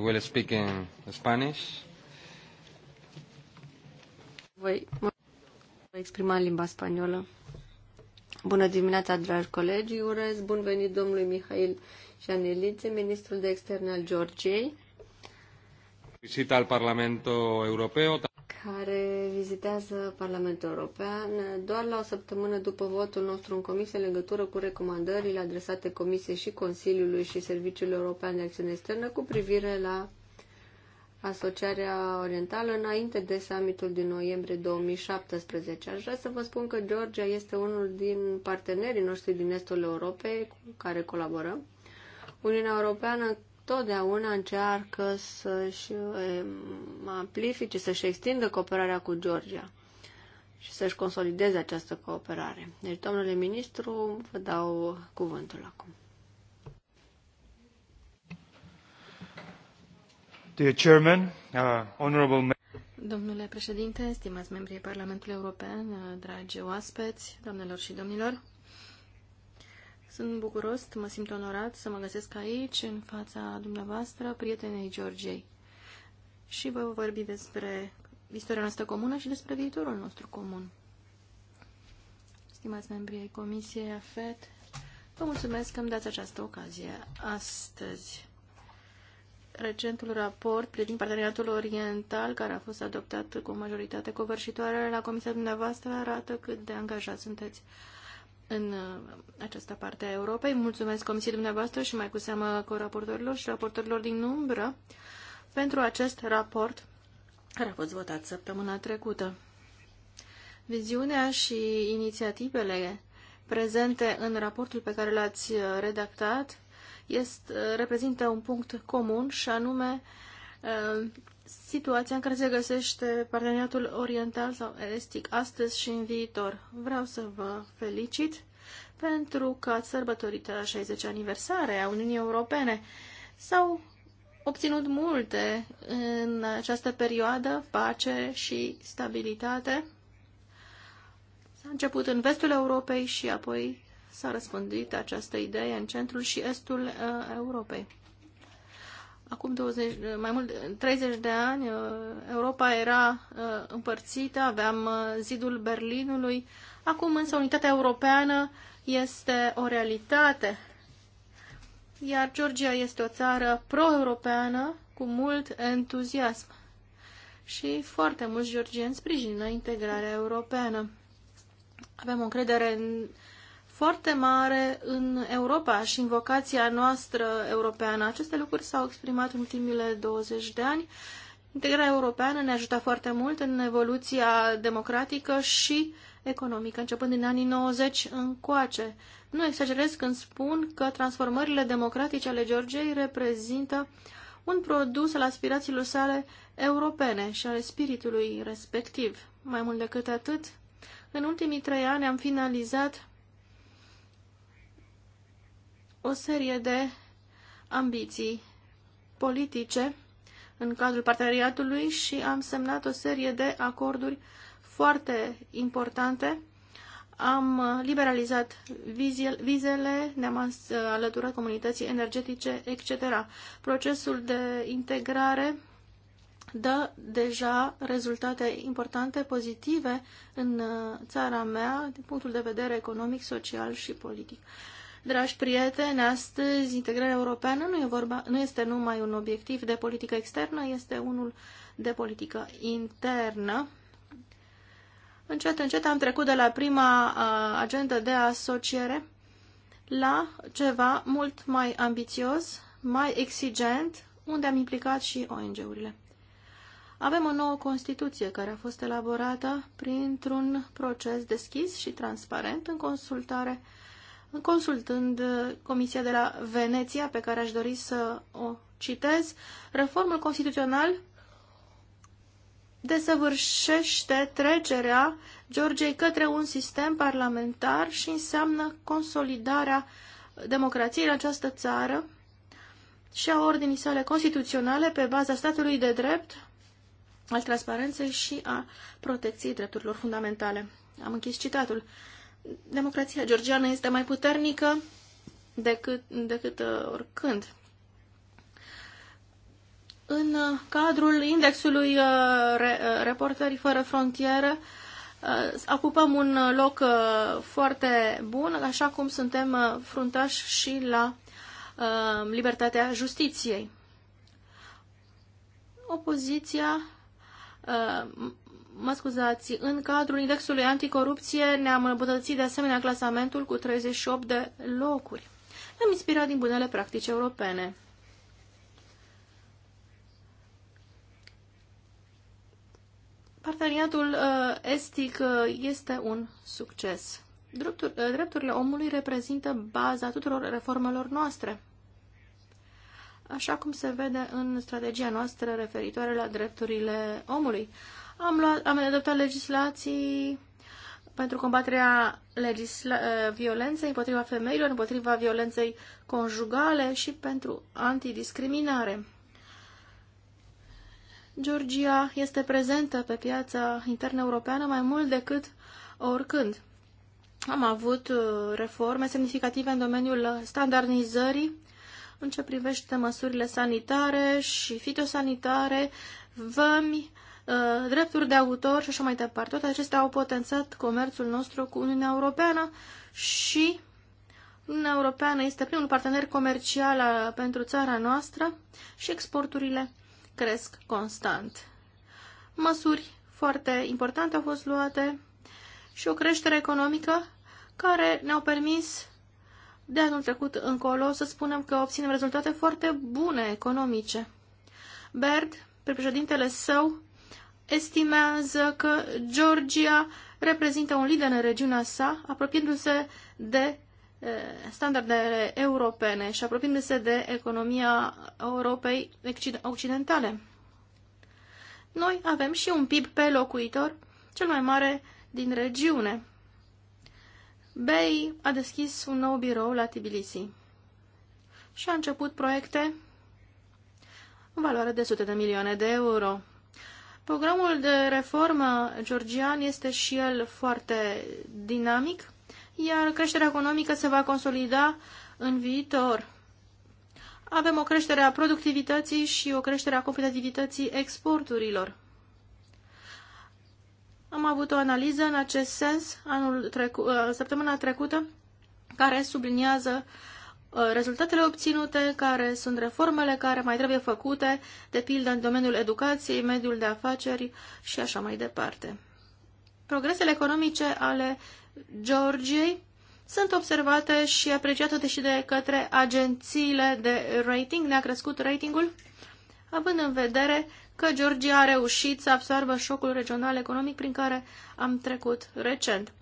will speak in Spanish. Voi, voi exprima limba spaniolă. Bună dimineața, dragi colegi! Urez bun venit domnului Mihail Janelițe, ministrul de externe al Georgiei. Vizita al Parlamento Europeo care vizitează Parlamentul European doar la o săptămână după votul nostru în comisie în legătură cu recomandările adresate Comisiei și Consiliului și Serviciului European de Acțiune Externă cu privire la asocierea orientală înainte de summitul din noiembrie 2017. Aș vrea să vă spun că Georgia este unul din partenerii noștri din estul Europei cu care colaborăm. Uniunea Europeană totdeauna încearcă să-și amplifice, să-și extindă cooperarea cu Georgia și să-și consolideze această cooperare. Deci, domnule ministru, vă dau cuvântul acum. Dear Chairman, uh, honorable Domnule președinte, stimați membrii Parlamentului European, uh, dragi oaspeți, doamnelor și domnilor, sunt bucuros, mă simt onorat să mă găsesc aici, în fața dumneavoastră, prietenei Georgiei. Și vă vorbi despre istoria noastră comună și despre viitorul nostru comun. Stimați membrii ai Comisiei AFET, vă mulțumesc că îmi dați această ocazie astăzi. Recentul raport privind parteneriatul oriental, care a fost adoptat cu majoritate covârșitoare la Comisia dumneavoastră, arată cât de angajați sunteți în uh, această parte a Europei. Mulțumesc Comisiei dumneavoastră și mai cu seamă coraportorilor și raportorilor din umbră pentru acest raport care a fost votat săptămâna trecută. Viziunea și inițiativele prezente în raportul pe care l-ați uh, redactat este, uh, reprezintă un punct comun și anume situația în care se găsește parteneriatul oriental sau estic astăzi și în viitor. Vreau să vă felicit pentru că ați sărbătorit 60 aniversare a Uniunii Europene. S-au obținut multe în această perioadă, pace și stabilitate. S-a început în vestul Europei și apoi s-a răspândit această idee în centrul și estul uh, Europei. Acum 20, mai mult 30 de ani uh, Europa era uh, împărțită, aveam uh, zidul Berlinului. Acum însă unitatea europeană este o realitate. Iar Georgia este o țară pro-europeană cu mult entuziasm. Și foarte mulți georgieni sprijină integrarea europeană. Avem o încredere în foarte mare în Europa și în vocația noastră europeană. Aceste lucruri s-au exprimat în ultimile 20 de ani. Integrarea europeană ne ajută foarte mult în evoluția democratică și economică, începând din anii 90 încoace. Nu exagerez când spun că transformările democratice ale Georgiei reprezintă un produs al aspirațiilor sale europene și ale spiritului respectiv. Mai mult decât atât, în ultimii trei ani am finalizat o serie de ambiții politice în cadrul parteneriatului și am semnat o serie de acorduri foarte importante. Am liberalizat vizele, ne-am alăturat comunității energetice, etc. Procesul de integrare dă deja rezultate importante, pozitive în uh, țara mea, din punctul de vedere economic, social și politic. Dragi prieteni, astăzi integrarea europeană nu, e vorba, nu este numai un obiectiv de politică externă, este unul de politică internă. Încet, încet am trecut de la prima agendă de asociere la ceva mult mai ambițios, mai exigent, unde am implicat și ONG-urile. Avem o nouă Constituție care a fost elaborată printr-un proces deschis și transparent în consultare consultând uh, Comisia de la Veneția, pe care aș dori să o citez, reformul constituțional desăvârșește trecerea Georgiei către un sistem parlamentar și înseamnă consolidarea democrației în această țară și a ordinii sale constituționale pe baza statului de drept, al transparenței și a protecției drepturilor fundamentale. Am închis citatul democrația georgiană este mai puternică decât, decât uh, oricând. În uh, cadrul indexului uh, reporterii fără frontiere ocupăm un loc foarte bun, așa cum suntem fruntași și la libertatea justiției. Opoziția mă scuzați, în cadrul indexului anticorupție ne-am îmbunătățit de asemenea clasamentul cu 38 de locuri. Ne-am inspirat din bunele practici europene. Parteneriatul uh, estic uh, este un succes. Uh, drepturile omului reprezintă baza tuturor reformelor noastre, așa cum se vede în strategia noastră referitoare la drepturile omului. Am, luat, am adoptat legislații pentru combaterea legisla- eh, violenței împotriva femeilor, împotriva violenței conjugale și pentru antidiscriminare. Georgia este prezentă pe piața internă europeană mai mult decât oricând. Am avut eh, reforme semnificative în domeniul standardizării în ce privește măsurile sanitare și fitosanitare, vămi, Uh, drepturi de autor și așa mai departe. Toate acestea au potențat comerțul nostru cu Uniunea Europeană și Uniunea Europeană este primul partener comercial uh, pentru țara noastră și exporturile cresc constant. Măsuri foarte importante au fost luate și o creștere economică care ne-au permis de anul trecut încolo să spunem că obținem rezultate foarte bune economice. Baird, pe președintele său, estimează că Georgia reprezintă un lider în regiunea sa, apropiindu-se de eh, standardele europene și apropiindu-se de economia Europei Occidentale. Noi avem și un PIB pe locuitor, cel mai mare din regiune. Bay a deschis un nou birou la Tbilisi și a început proiecte în valoare de sute de milioane de euro. Programul de reformă georgian este și el foarte dinamic, iar creșterea economică se va consolida în viitor. Avem o creștere a productivității și o creștere a competitivității exporturilor. Am avut o analiză în acest sens anul trecu uh, săptămâna trecută care subliniază uh, Uh, rezultatele obținute, care sunt reformele care mai trebuie făcute, de pildă în domeniul educației, mediul de afaceri și așa mai departe. Progresele economice ale Georgiei sunt observate și apreciate deși de către agențiile de rating, ne-a crescut ratingul, având în vedere că Georgia a reușit să absorbă șocul regional economic prin care am trecut recent.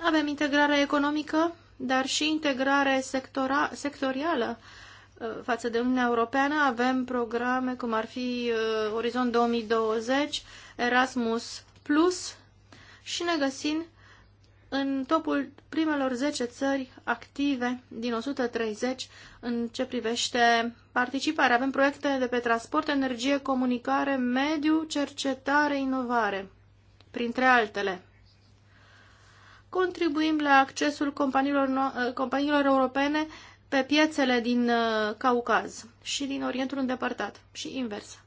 Avem integrare economică dar și integrare sectora, sectorială uh, față de Uniunea Europeană. Avem programe cum ar fi uh, Orizont 2020, Erasmus Plus și ne găsim în topul primelor 10 țări active din 130 în ce privește participare. Avem proiecte de pe transport, energie, comunicare, mediu, cercetare, inovare, printre altele contribuim la accesul companiilor, eh, companiilor europene pe piețele din eh, Caucaz și din Orientul îndepărtat și invers.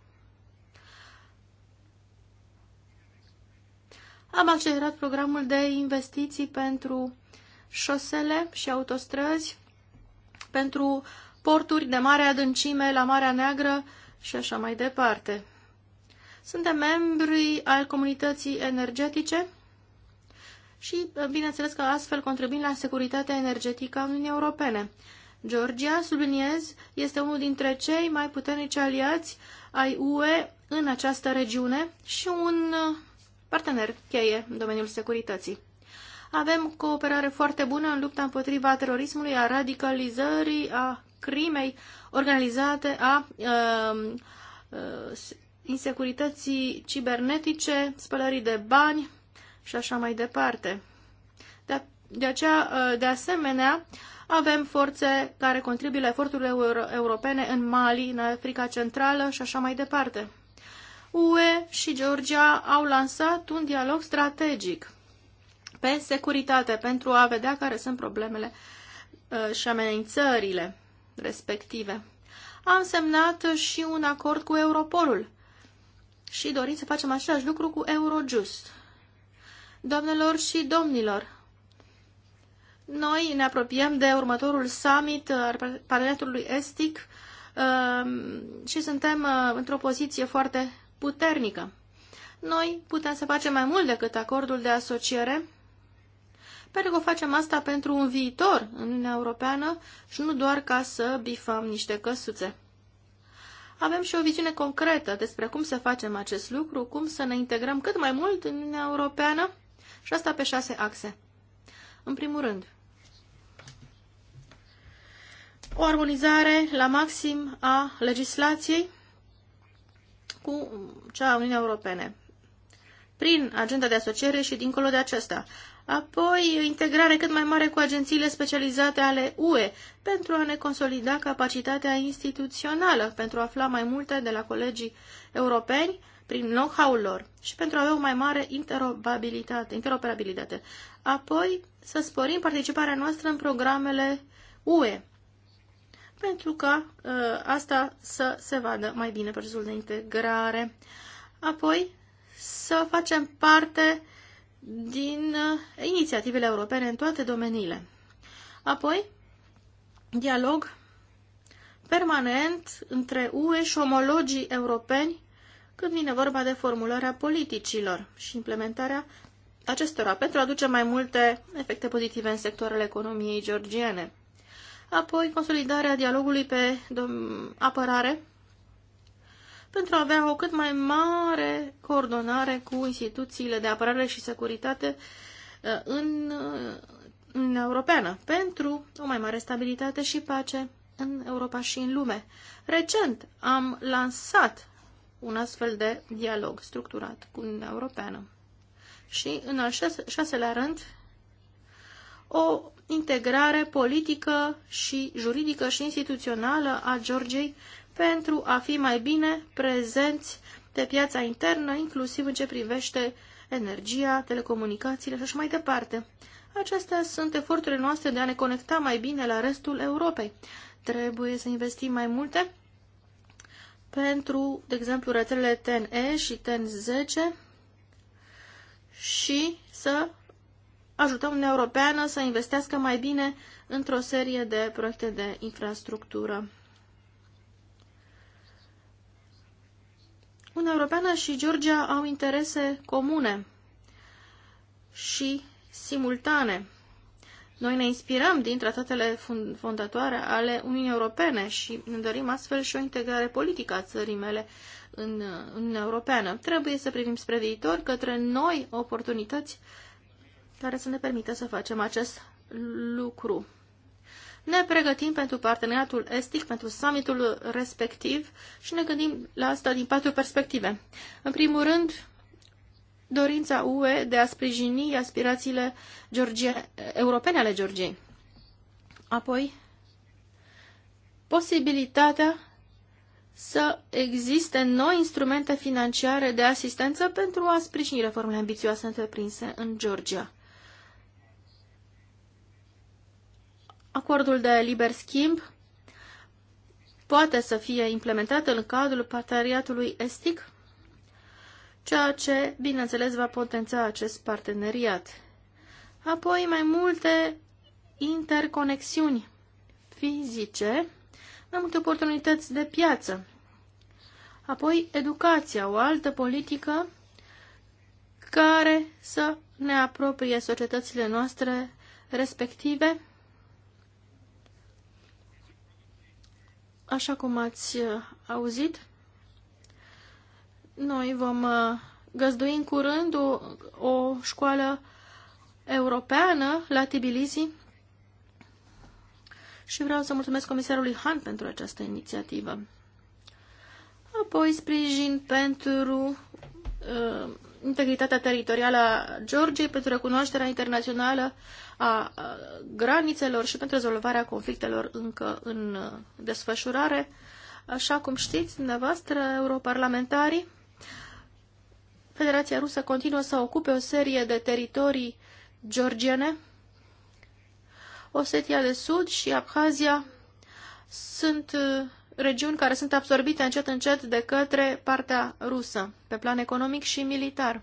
Am accelerat programul de investiții pentru șosele și autostrăzi, pentru porturi de mare adâncime la Marea Neagră și așa mai departe. Suntem membri al comunității energetice și, uh, bineînțeles, că astfel contribuim la securitatea energetică a Uniunii Europene. Georgia, subliniez, este unul dintre cei mai puternici aliați ai UE în această regiune și un uh, partener cheie în domeniul securității. Avem cooperare foarte bună în lupta împotriva terorismului, a radicalizării, a crimei organizate, a uh, uh, insecurității cibernetice, spălării de bani, și așa mai departe. De, de, aceea, ă, de asemenea, avem forțe care contribuie la eforturile europene în Mali, în Africa Centrală și așa mai departe. UE și Georgia au lansat un dialog strategic pe securitate pentru a vedea care sunt problemele ă, și amenințările respective. Am semnat și un acord cu Europolul și dorim să facem același lucru cu Eurojust. Doamnelor și domnilor, noi ne apropiem de următorul summit al Parlamentului estic um, și suntem uh, într-o poziție foarte puternică. Noi putem să facem mai mult decât acordul de asociere, pentru că o facem asta pentru un viitor în Uniunea Europeană și nu doar ca să bifăm niște căsuțe. Avem și o viziune concretă despre cum să facem acest lucru, cum să ne integrăm cât mai mult în Uniunea Europeană, și asta pe șase axe. În primul rând, o armonizare la maxim a legislației cu cea a Uniunii Europene, prin agenda de asociere și dincolo de aceasta. Apoi, integrare cât mai mare cu agențiile specializate ale UE pentru a ne consolida capacitatea instituțională, pentru a afla mai multe de la colegii europeni prin know-how-ul lor și pentru a avea o mai mare interoperabilitate. Apoi, să sporim participarea noastră în programele UE, pentru ca ă, asta să se vadă mai bine procesul de integrare. Apoi, să facem parte din uh, inițiativele europene în toate domeniile. Apoi, dialog permanent între UE și omologii europeni când vine vorba de formularea politicilor și implementarea acestora pentru a aduce mai multe efecte pozitive în sectoarele economiei georgiene. Apoi, consolidarea dialogului pe apărare pentru a avea o cât mai mare coordonare cu instituțiile de apărare și securitate uh, uh, în Uniunea Europeană, pentru o mai mare stabilitate și pace în Europa și în lume. Recent am lansat un astfel de dialog structurat cu Uniunea Europeană. Și, în al șase, șaselea rând, o integrare politică și juridică și instituțională a Georgiei pentru a fi mai bine prezenți pe piața internă, inclusiv în ce privește energia, telecomunicațiile și așa mai departe. Acestea sunt eforturile noastre de a ne conecta mai bine la restul Europei. Trebuie să investim mai multe pentru, de exemplu, rețelele TNE și TEN10 și să ajutăm Uniunea Europeană să investească mai bine într-o serie de proiecte de infrastructură. Uniunea Europeană și Georgia au interese comune și simultane. Noi ne inspirăm din tratatele fondatoare ale Uniunii Europene și ne dorim astfel și o integrare politică a țării mele uh, în Uniunea Europeană. Trebuie să privim spre viitor către noi oportunități care să ne permită să facem acest lucru. Ne pregătim pentru parteneriatul estic, pentru summitul respectiv și ne gândim la asta din patru perspective. În primul rând, dorința UE de a sprijini aspirațiile georgie, europene ale Georgiei. Apoi, posibilitatea să existe noi instrumente financiare de asistență pentru a sprijini reformele ambițioase întreprinse în Georgia. Acordul de liber schimb poate să fie implementat în cadrul parteneriatului estic ceea ce, bineînțeles, va potența acest parteneriat. Apoi, mai multe interconexiuni fizice, mai multe oportunități de piață. Apoi, educația, o altă politică care să ne apropie societățile noastre respective, așa cum ați auzit, noi vom uh, găzdui în curând o, o școală europeană la Tbilisi și vreau să mulțumesc comisarului Han pentru această inițiativă. Apoi sprijin pentru uh, integritatea teritorială a Georgiei, pentru recunoașterea internațională a uh, granițelor și pentru rezolvarea conflictelor încă în uh, desfășurare. Așa cum știți, dumneavoastră, europarlamentarii, Federația Rusă continuă să ocupe o serie de teritorii georgiene. Osetia de Sud și Abhazia sunt uh, regiuni care sunt absorbite încet încet de către partea rusă, pe plan economic și militar.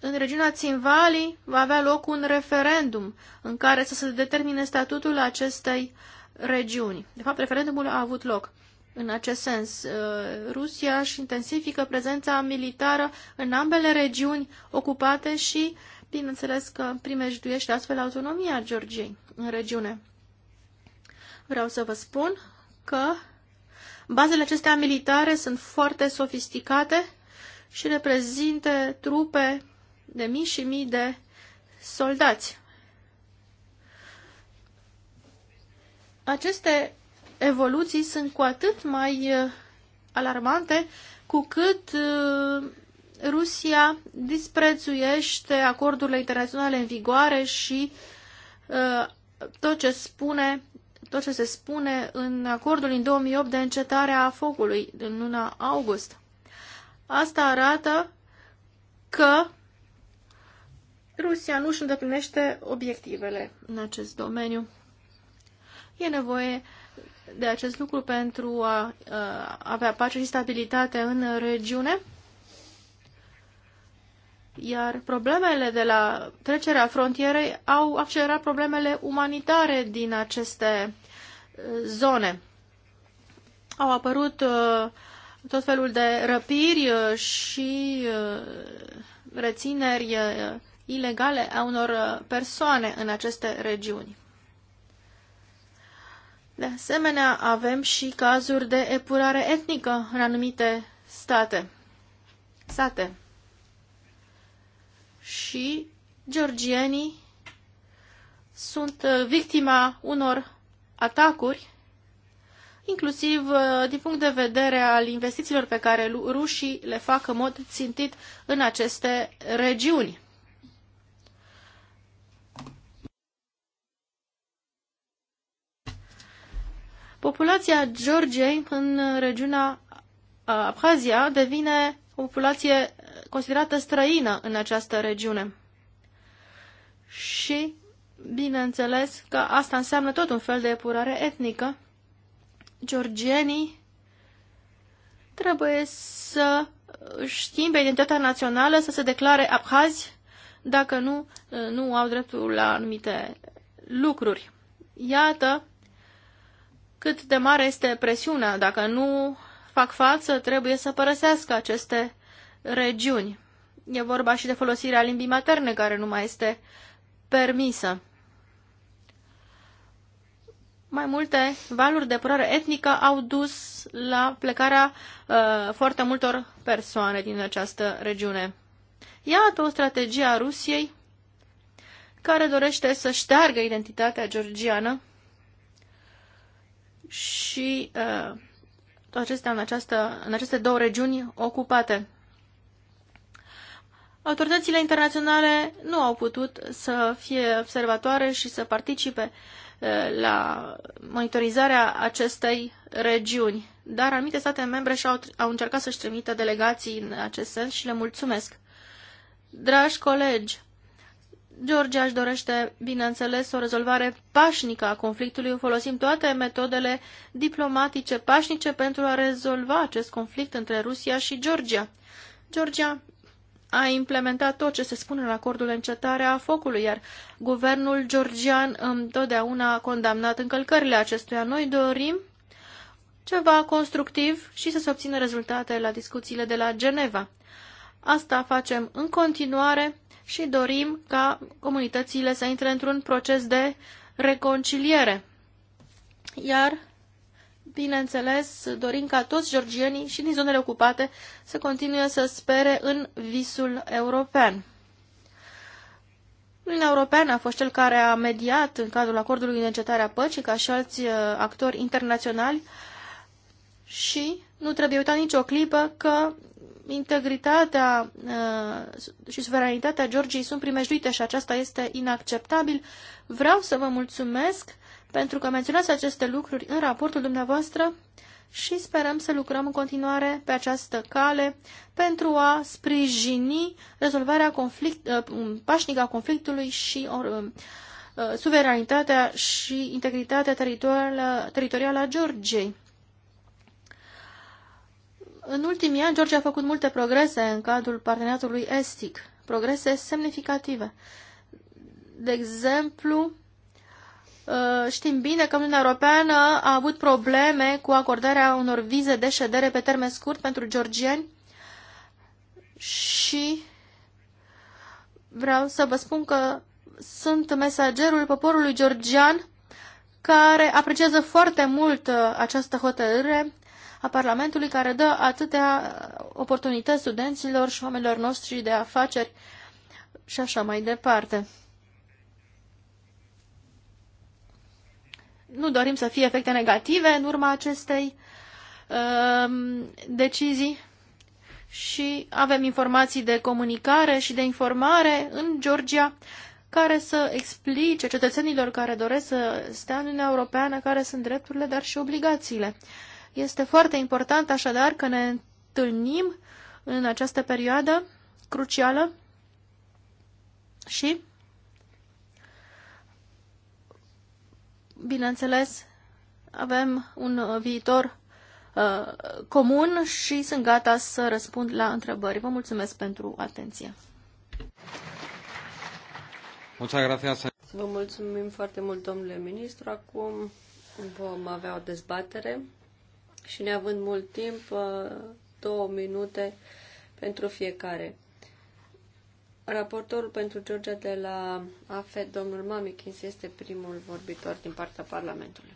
În regiunea Tsinvali va avea loc un referendum în care să se determine statutul acestei regiuni. De fapt, referendumul a avut loc în acest sens. Uh, Rusia își intensifică prezența militară în ambele regiuni ocupate și, bineînțeles, că primejduiește astfel autonomia Georgiei în regiune. Vreau să vă spun că bazele acestea militare sunt foarte sofisticate și reprezintă trupe de mii și mii de soldați. Aceste evoluții sunt cu atât mai uh, alarmante cu cât uh, Rusia disprețuiește acordurile internaționale în vigoare și uh, tot ce spune tot ce se spune în acordul din 2008 de încetare a focului în luna august. Asta arată că Rusia nu își îndeplinește obiectivele în acest domeniu. E nevoie uh, de acest lucru pentru a avea pace și stabilitate în regiune. Iar problemele de la trecerea frontierei au accelerat problemele umanitare din aceste zone. Au apărut tot felul de răpiri și rețineri ilegale a unor persoane în aceste regiuni. De asemenea, avem și cazuri de epurare etnică în anumite state. Sate. Și georgienii sunt uh, victima unor atacuri, inclusiv uh, din punct de vedere al investițiilor pe care rușii le fac în mod țintit în aceste regiuni. Populația Georgiei în regiunea Abhazia devine o populație considerată străină în această regiune. Și, bineînțeles, că asta înseamnă tot un fel de epurare etnică. Georgienii trebuie să își schimbe identitatea națională, să se declare abhazi, dacă nu, nu au dreptul la anumite lucruri. Iată cât de mare este presiunea. Dacă nu fac față, trebuie să părăsească aceste regiuni. E vorba și de folosirea limbii materne, care nu mai este permisă. Mai multe valuri de purare etnică au dus la plecarea uh, foarte multor persoane din această regiune. Iată o strategie a Rusiei care dorește să șteargă identitatea georgiană și uh, acestea în, această, în aceste două regiuni ocupate. Autoritățile internaționale nu au putut să fie observatoare și să participe uh, la monitorizarea acestei regiuni, dar anumite state membre și-au au încercat să-și trimită delegații în acest sens și le mulțumesc. Dragi colegi, Georgia își dorește, bineînțeles, o rezolvare pașnică a conflictului. Folosim toate metodele diplomatice pașnice pentru a rezolva acest conflict între Rusia și Georgia. Georgia a implementat tot ce se spune în acordul a focului, iar guvernul georgian întotdeauna a condamnat încălcările acestuia. Noi dorim ceva constructiv și să se obțină rezultate la discuțiile de la Geneva. Asta facem în continuare și dorim ca comunitățile să intre într-un proces de reconciliere. Iar, bineînțeles, dorim ca toți georgienii și din zonele ocupate să continue să spere în visul european. Uniunea Europeană a fost cel care a mediat în cadrul acordului de încetare a păcii, ca și alți uh, actori internaționali, și nu trebuie uitat nicio clipă că integritatea uh, și suveranitatea Georgiei sunt primejduite și aceasta este inacceptabil. Vreau să vă mulțumesc pentru că menționați aceste lucruri în raportul dumneavoastră și sperăm să lucrăm în continuare pe această cale pentru a sprijini rezolvarea conflict, uh, pașnică a conflictului și uh, suveranitatea și integritatea teritorială, teritorială a Georgiei. În ultimii ani, Georgia a făcut multe progrese în cadrul parteneriatului estic, progrese semnificative. De exemplu, uh, știm bine că Uniunea Europeană a avut probleme cu acordarea unor vize de ședere pe termen scurt pentru georgieni și vreau să vă spun că sunt mesagerul poporului georgian care apreciază foarte mult uh, această hotărâre a Parlamentului care dă atâtea oportunități studenților și oamenilor noștri de afaceri și așa mai departe. Nu dorim să fie efecte negative în urma acestei uh, decizii și avem informații de comunicare și de informare în Georgia care să explice cetățenilor care doresc să stea în Uniunea Europeană care sunt drepturile, dar și obligațiile este foarte important așadar că ne întâlnim în această perioadă crucială și, bineînțeles, avem un viitor uh, comun și sunt gata să răspund la întrebări. Vă mulțumesc pentru atenție. Vă mulțumim foarte mult, domnule ministru. Acum vom avea o dezbatere și neavând mult timp, uh, două minute pentru fiecare. Raportorul pentru Georgia de la AFED, domnul Mamikins, este primul vorbitor din partea Parlamentului.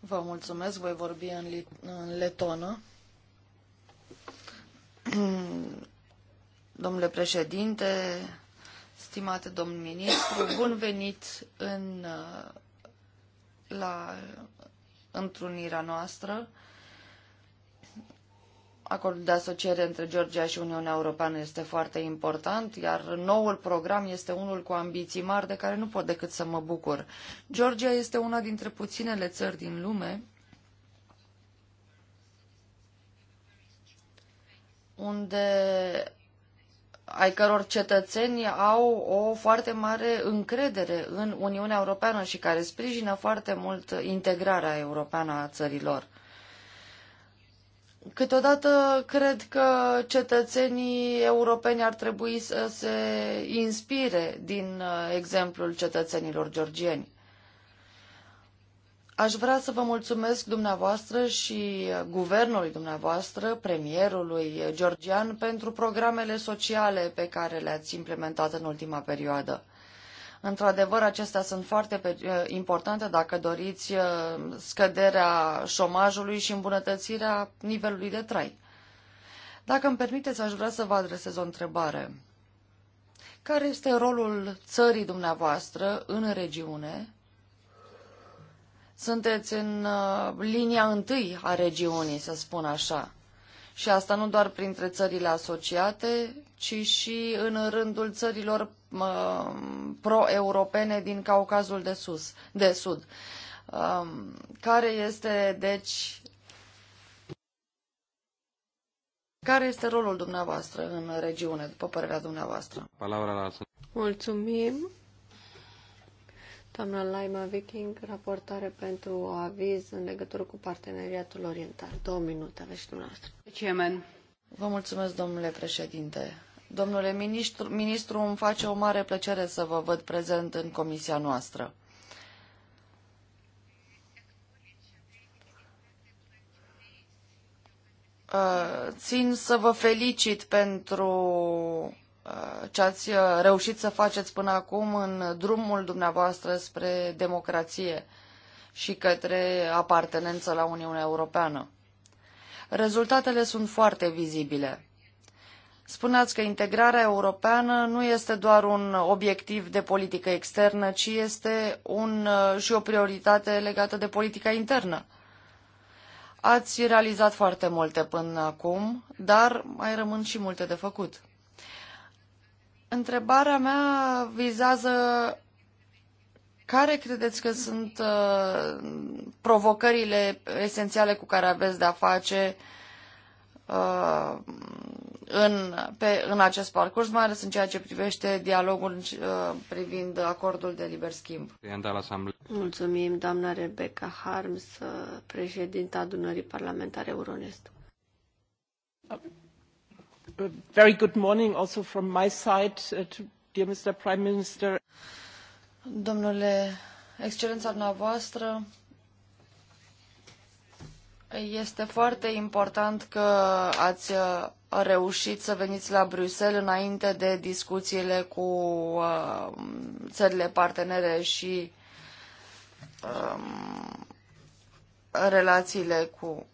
Vă mulțumesc, voi vorbi în, în letonă. Domnule președinte, stimate domn ministru, bun venit în, uh, la întrunirea noastră. Acordul de asociere între Georgia și Uniunea Europeană este foarte important, iar noul program este unul cu ambiții mari de care nu pot decât să mă bucur. Georgia este una dintre puținele țări din lume unde ai căror cetățeni au o foarte mare încredere în Uniunea Europeană și care sprijină foarte mult integrarea europeană a țărilor. Câteodată cred că cetățenii europeni ar trebui să se inspire din uh, exemplul cetățenilor georgieni. Aș vrea să vă mulțumesc dumneavoastră și guvernului dumneavoastră, premierului georgian, pentru programele sociale pe care le-ați implementat în ultima perioadă. Într-adevăr, acestea sunt foarte eh, importante dacă doriți eh, scăderea șomajului și îmbunătățirea nivelului de trai. Dacă îmi permiteți, aș vrea să vă adresez o întrebare. Care este rolul țării dumneavoastră în regiune sunteți în uh, linia întâi a regiunii, să spun așa. Și asta nu doar printre țările asociate, ci și în rândul țărilor uh, pro-europene din Caucazul de, sus, de Sud, uh, care este, deci, care este rolul dumneavoastră în regiune, după părerea dumneavoastră? Palabra la Mulțumim. Doamna Laima Viking, raportare pentru aviz în legătură cu parteneriatul oriental. Două minute aveți dumneavoastră. Chairman. Vă mulțumesc, domnule președinte. Domnule ministru, ministru, îmi face o mare plăcere să vă văd prezent în comisia noastră. Uh, țin să vă felicit pentru ce ați uh, reușit să faceți până acum în drumul dumneavoastră spre democrație și către apartenență la Uniunea Europeană. Rezultatele sunt foarte vizibile. Spuneați că integrarea europeană nu este doar un obiectiv de politică externă, ci este un, uh, și o prioritate legată de politica internă. Ați realizat foarte multe până acum, dar mai rămân și multe de făcut. Întrebarea mea vizează care credeți că sunt uh, provocările esențiale cu care aveți de-a face uh, în, pe, în acest parcurs, mai ales în ceea ce privește dialogul uh, privind acordul de liber schimb? Mulțumim, doamna Rebecca Harms, președinta adunării parlamentare Euronest very good morning also from my side uh, to dear Mr. Prime Minister. Domnule, excelența dumneavoastră, este foarte important că ați uh, reușit să veniți la Bruxelles înainte de discuțiile cu uh, țările partenere și um, relațiile cu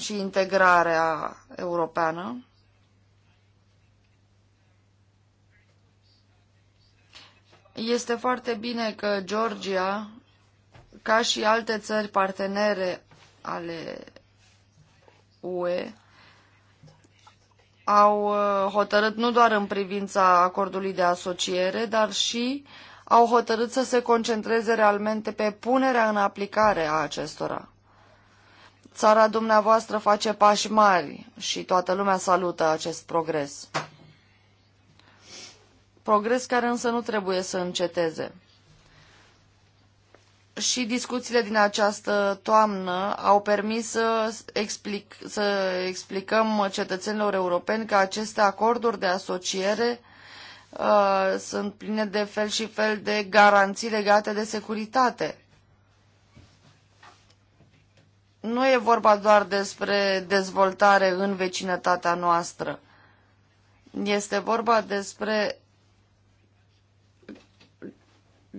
și integrarea europeană. Este foarte bine că Georgia, ca și alte țări partenere ale UE, au uh, hotărât nu doar în privința acordului de asociere, dar și au hotărât să se concentreze realmente pe punerea în aplicare a acestora. Țara dumneavoastră face pași mari și toată lumea salută acest progres progres care însă nu trebuie să înceteze. Și discuțiile din această toamnă au permis să, explic, să explicăm cetățenilor europeni că aceste acorduri de asociere uh, sunt pline de fel și fel de garanții legate de securitate. Nu e vorba doar despre dezvoltare în vecinătatea noastră. Este vorba despre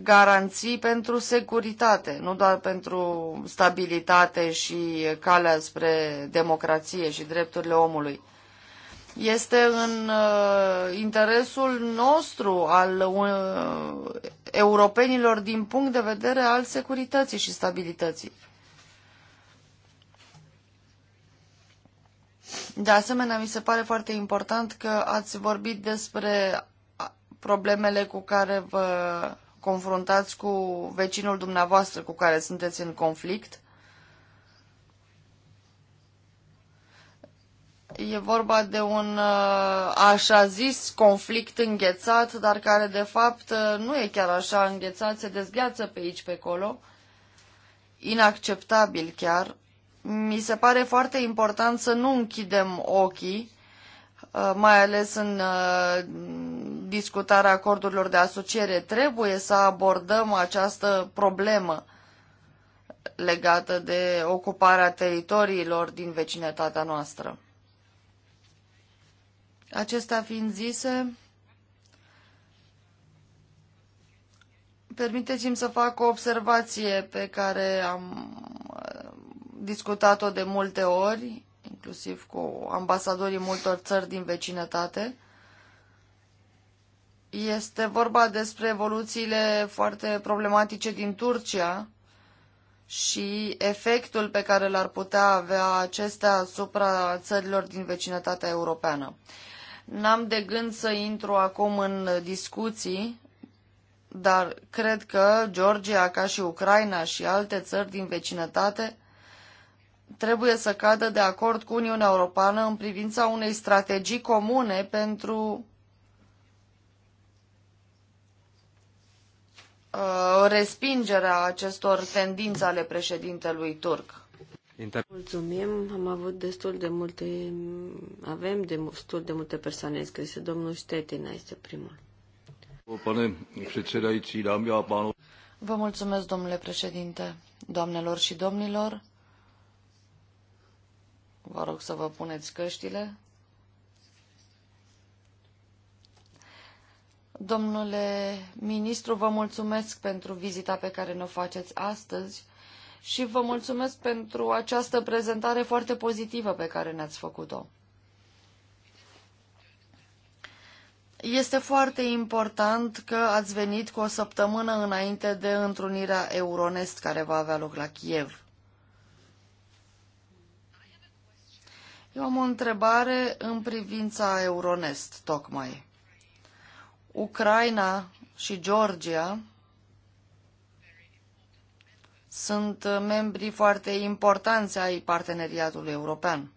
garanții pentru securitate, nu doar pentru stabilitate și calea spre democrație și drepturile omului. Este în uh, interesul nostru al uh, europenilor din punct de vedere al securității și stabilității. De asemenea, mi se pare foarte important că ați vorbit despre problemele cu care vă confruntați cu vecinul dumneavoastră cu care sunteți în conflict. E vorba de un uh, așa zis conflict înghețat, dar care de fapt uh, nu e chiar așa înghețat, se dezgheață pe aici, pe acolo. Inacceptabil chiar. Mi se pare foarte important să nu închidem ochii Uh, mai ales în uh, discutarea acordurilor de asociere, trebuie să abordăm această problemă legată de ocuparea teritoriilor din vecinătatea noastră. Acestea fiind zise, permiteți-mi să fac o observație pe care am uh, discutat-o de multe ori inclusiv cu ambasadorii multor țări din vecinătate. Este vorba despre evoluțiile foarte problematice din Turcia și efectul pe care l-ar putea avea acestea asupra țărilor din vecinătatea europeană. N-am de gând să intru acum în discuții, dar cred că Georgia, ca și Ucraina și alte țări din vecinătate, trebuie să cadă de acord cu Uniunea Europeană în privința unei strategii comune pentru uh, respingerea acestor tendințe ale președintelui turc. Mulțumim, am avut destul de multe, avem destul de multe persoane înscrise. Domnul Ștetina este primul. Vă mulțumesc, domnule președinte, doamnelor și domnilor. Vă rog să vă puneți căștile. Domnule ministru, vă mulțumesc pentru vizita pe care ne-o faceți astăzi și vă mulțumesc pentru această prezentare foarte pozitivă pe care ne-ați făcut-o. Este foarte important că ați venit cu o săptămână înainte de întrunirea Euronest care va avea loc la Kiev. Eu am o întrebare în privința Euronest, tocmai. Ucraina și Georgia sunt membri foarte importanți ai parteneriatului european.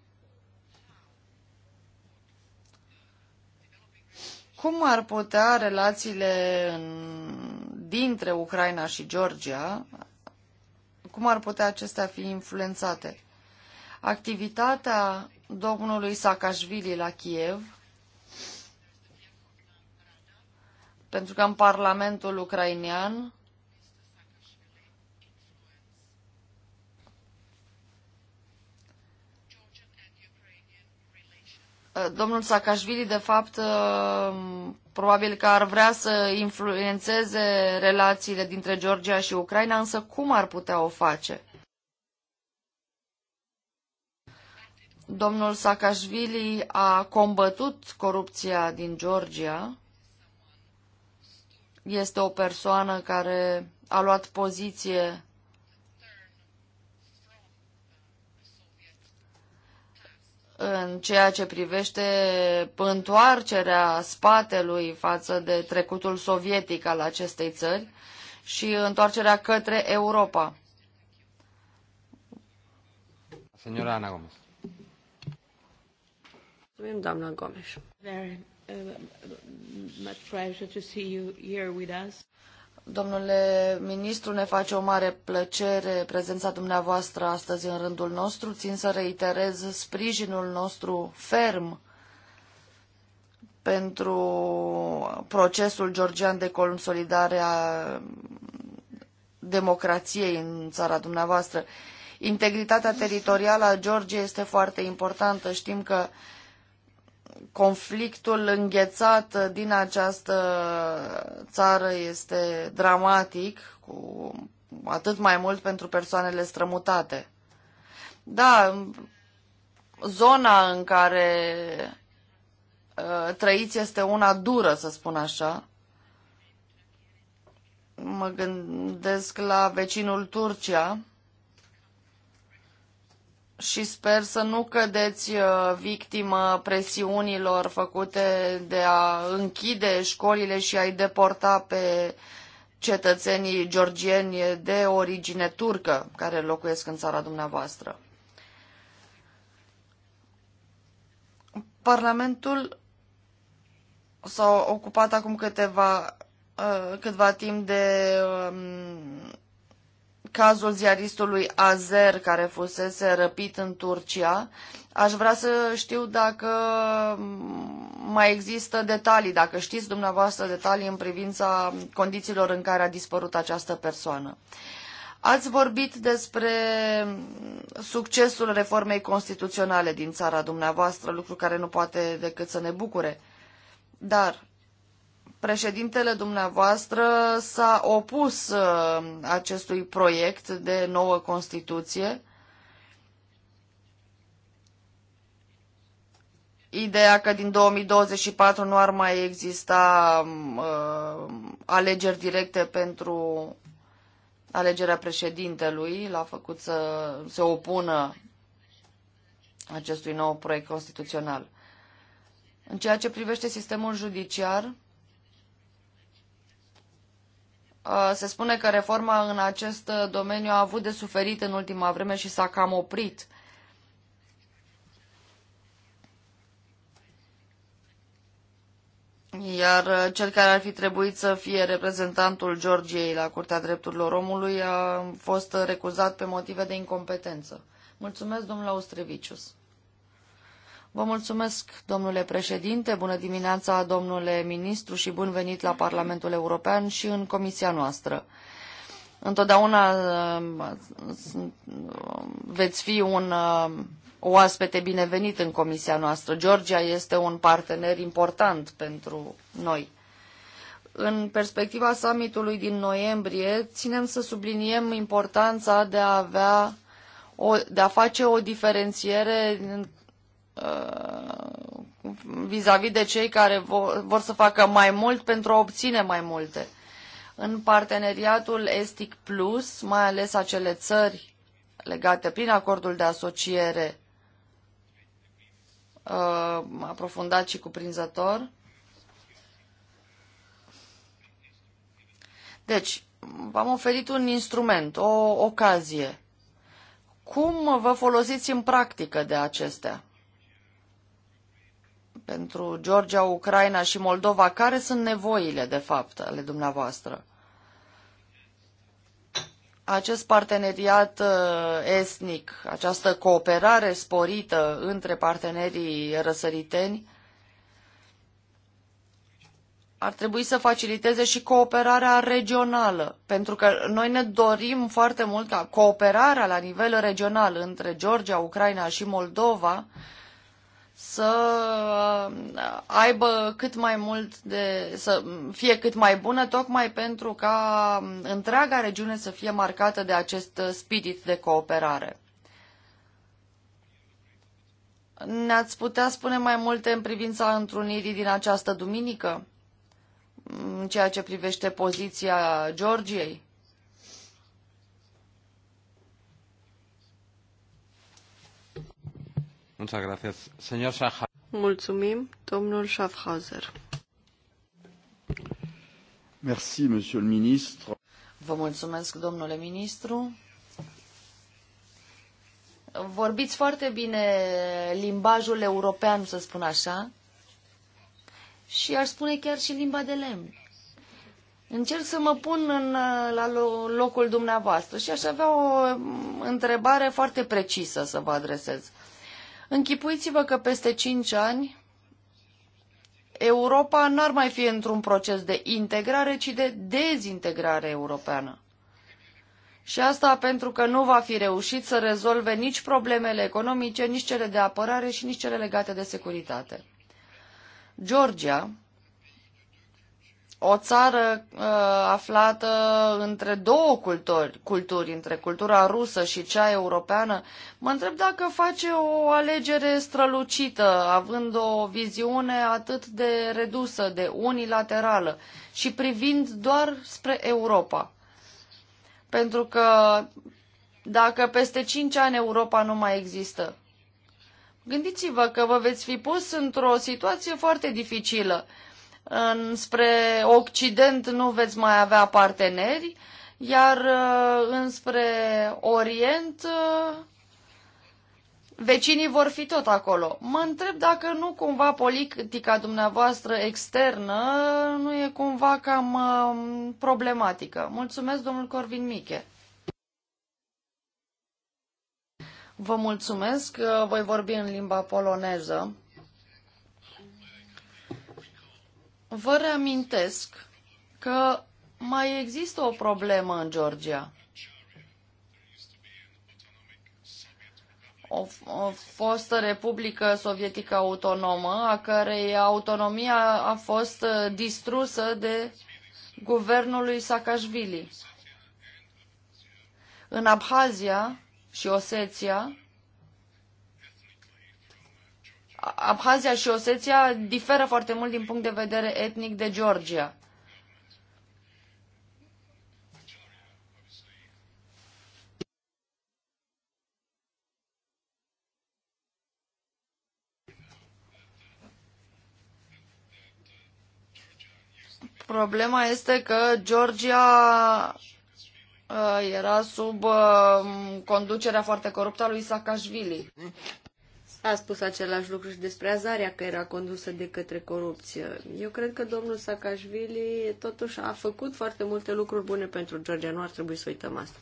Cum ar putea relațiile în, dintre Ucraina și Georgia, cum ar putea acestea fi influențate? Activitatea domnului Saakashvili la Kiev, pentru că în Parlamentul ucrainean domnul Saakashvili, de fapt, probabil că ar vrea să influențeze relațiile dintre Georgia și Ucraina, însă cum ar putea o face? Domnul Saakashvili a combătut corupția din Georgia. Este o persoană care a luat poziție în ceea ce privește întoarcerea spatelui față de trecutul sovietic al acestei țări și întoarcerea către Europa. Senora Ana Gomez. Mulțumim, doamna Gomes. Domnule ministru, ne face o mare plăcere prezența dumneavoastră astăzi în rândul nostru. Țin să reiterez sprijinul nostru ferm pentru procesul georgian de consolidare a democrației în țara dumneavoastră. Integritatea teritorială a Georgiei este foarte importantă. Știm că uh, conflictul înghețat din această țară este dramatic, cu atât mai mult pentru persoanele strămutate. Da, zona în care uh, trăiți este una dură, să spun așa. Mă gândesc la vecinul Turcia, și sper să nu cădeți uh, victimă presiunilor făcute de a închide școlile și a-i deporta pe cetățenii georgieni de origine turcă care locuiesc în țara dumneavoastră. Parlamentul s-a ocupat acum câteva, uh, câtva timp de um, cazul ziaristului Azer care fusese răpit în Turcia. Aș vrea să știu dacă mai există detalii, dacă știți dumneavoastră detalii în privința condițiilor în care a dispărut această persoană. Ați vorbit despre succesul reformei constituționale din țara dumneavoastră, lucru care nu poate decât să ne bucure. Dar Președintele dumneavoastră s-a opus uh, acestui proiect de nouă Constituție. Ideea că din 2024 nu ar mai exista um, uh, alegeri directe pentru alegerea președintelui l-a făcut să se opună acestui nou proiect constituțional. În ceea ce privește sistemul judiciar, Uh, se spune că reforma în acest uh, domeniu a avut de suferit în ultima vreme și s-a cam oprit. Iar uh, cel care ar fi trebuit să fie reprezentantul Georgiei la Curtea Drepturilor Omului a fost recuzat pe motive de incompetență. Mulțumesc, domnul Austrevicius. Vă mulțumesc, domnule președinte, bună dimineața, domnule ministru și bun venit la Parlamentul European și în comisia noastră. Întotdeauna um, veți fi un um, oaspete binevenit în comisia noastră. Georgia este un partener important pentru noi. În perspectiva summitului din noiembrie, ținem să subliniem importanța de a avea o, de a face o diferențiere Uh, vis-a-vis -vis de cei care vor să facă mai mult pentru a obține mai multe. În parteneriatul Estic Plus, mai ales acele țări legate prin acordul de asociere uh, aprofundat și cuprinzător. Deci, v-am oferit un instrument, o ocazie. Cum vă folosiți în practică de acestea? pentru Georgia, Ucraina și Moldova, care sunt nevoile, de fapt, ale dumneavoastră? Acest parteneriat uh, esnic, această cooperare sporită între partenerii răsăriteni, ar trebui să faciliteze și cooperarea regională, pentru că noi ne dorim foarte mult ca cooperarea la nivel regional între Georgia, Ucraina și Moldova să uh, aibă cât mai mult de, să fie cât mai bună, tocmai pentru ca întreaga regiune să fie marcată de acest spirit de cooperare. Ne-ați putea spune mai multe în privința întrunirii din această duminică, în ceea ce privește poziția Georgiei? Mulțumim, domnul Schaffhauser. Merci, monsieur le ministre. Vă mulțumesc, domnule ministru. Vorbiți foarte bine limbajul european, să spun așa, și aș spune chiar și limba de lemn. Încerc să mă pun în, la locul dumneavoastră și aș avea o mm, întrebare foarte precisă să vă adresez. Închipuiți-vă că peste 5 ani Europa n-ar mai fi într-un proces de integrare, ci de dezintegrare europeană. Și asta pentru că nu va fi reușit să rezolve nici problemele economice, nici cele de apărare și nici cele legate de securitate. Georgia o țară uh, aflată între două culturi, culturi, între cultura rusă și cea europeană, mă întreb dacă face o alegere strălucită, având o viziune atât de redusă, de unilaterală și privind doar spre Europa. Pentru că dacă peste cinci ani Europa nu mai există, gândiți-vă că vă veți fi pus într-o situație foarte dificilă înspre Occident nu veți mai avea parteneri, iar uh, înspre Orient uh, vecinii vor fi tot acolo. Mă întreb dacă nu cumva politica dumneavoastră externă nu e cumva cam um, problematică. Mulțumesc, domnul Corvin Miche. Vă mulțumesc, uh, voi vorbi în limba poloneză. Vă reamintesc că mai există o problemă în Georgia. O, o fostă republică sovietică autonomă, a cărei autonomia a fost uh, distrusă de guvernul lui Saakashvili. În Abhazia și Oseția, Abhazia și Oseția diferă foarte mult din punct de vedere etnic de Georgia. Problema este că Georgia uh, era sub uh, conducerea foarte coruptă a lui Saakashvili a spus același lucru și despre Azaria, că era condusă de către corupție. Eu cred că domnul Sakașvili totuși a făcut foarte multe lucruri bune pentru Georgia. Nu ar trebui să uităm asta.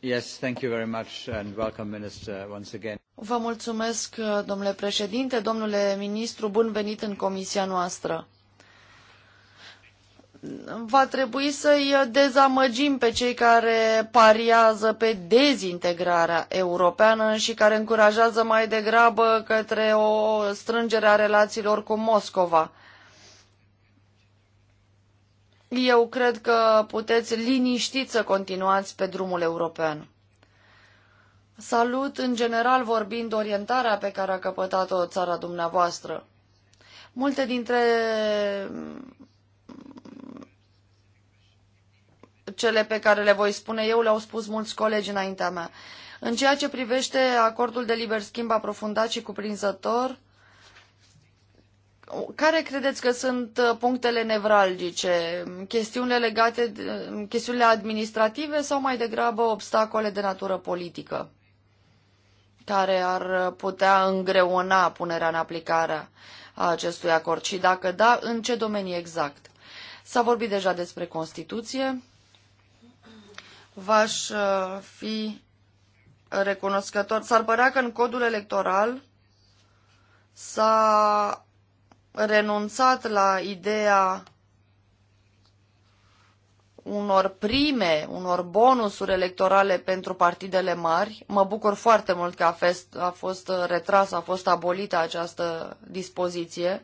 Yes, thank you very much and welcome, Minister, once again. Vă mulțumesc, domnule președinte, domnule ministru, bun venit în comisia noastră va trebui să-i dezamăgim pe cei care pariază pe dezintegrarea europeană și care încurajează mai degrabă către o strângere a relațiilor cu Moscova. Eu cred că puteți liniștit să continuați pe drumul european. Salut, în general vorbind, orientarea pe care a căpătat-o țara dumneavoastră. Multe dintre cele pe care le voi spune eu le-au spus mulți colegi înaintea mea. În ceea ce privește acordul de liber schimb aprofundat și cuprinzător, care credeți că sunt uh, punctele nevralgice? Chestiunile legate, uh, chestiunile administrative sau mai degrabă obstacole de natură politică care ar uh, putea îngreuna punerea în aplicare a acestui acord și dacă da, în ce domenii exact? S-a vorbit deja despre Constituție v-aș uh, fi recunoscător. S-ar părea că în codul electoral s-a renunțat la ideea unor prime, unor bonusuri electorale pentru partidele mari. Mă bucur foarte mult că a fost, a fost retrasă, a fost abolită această dispoziție.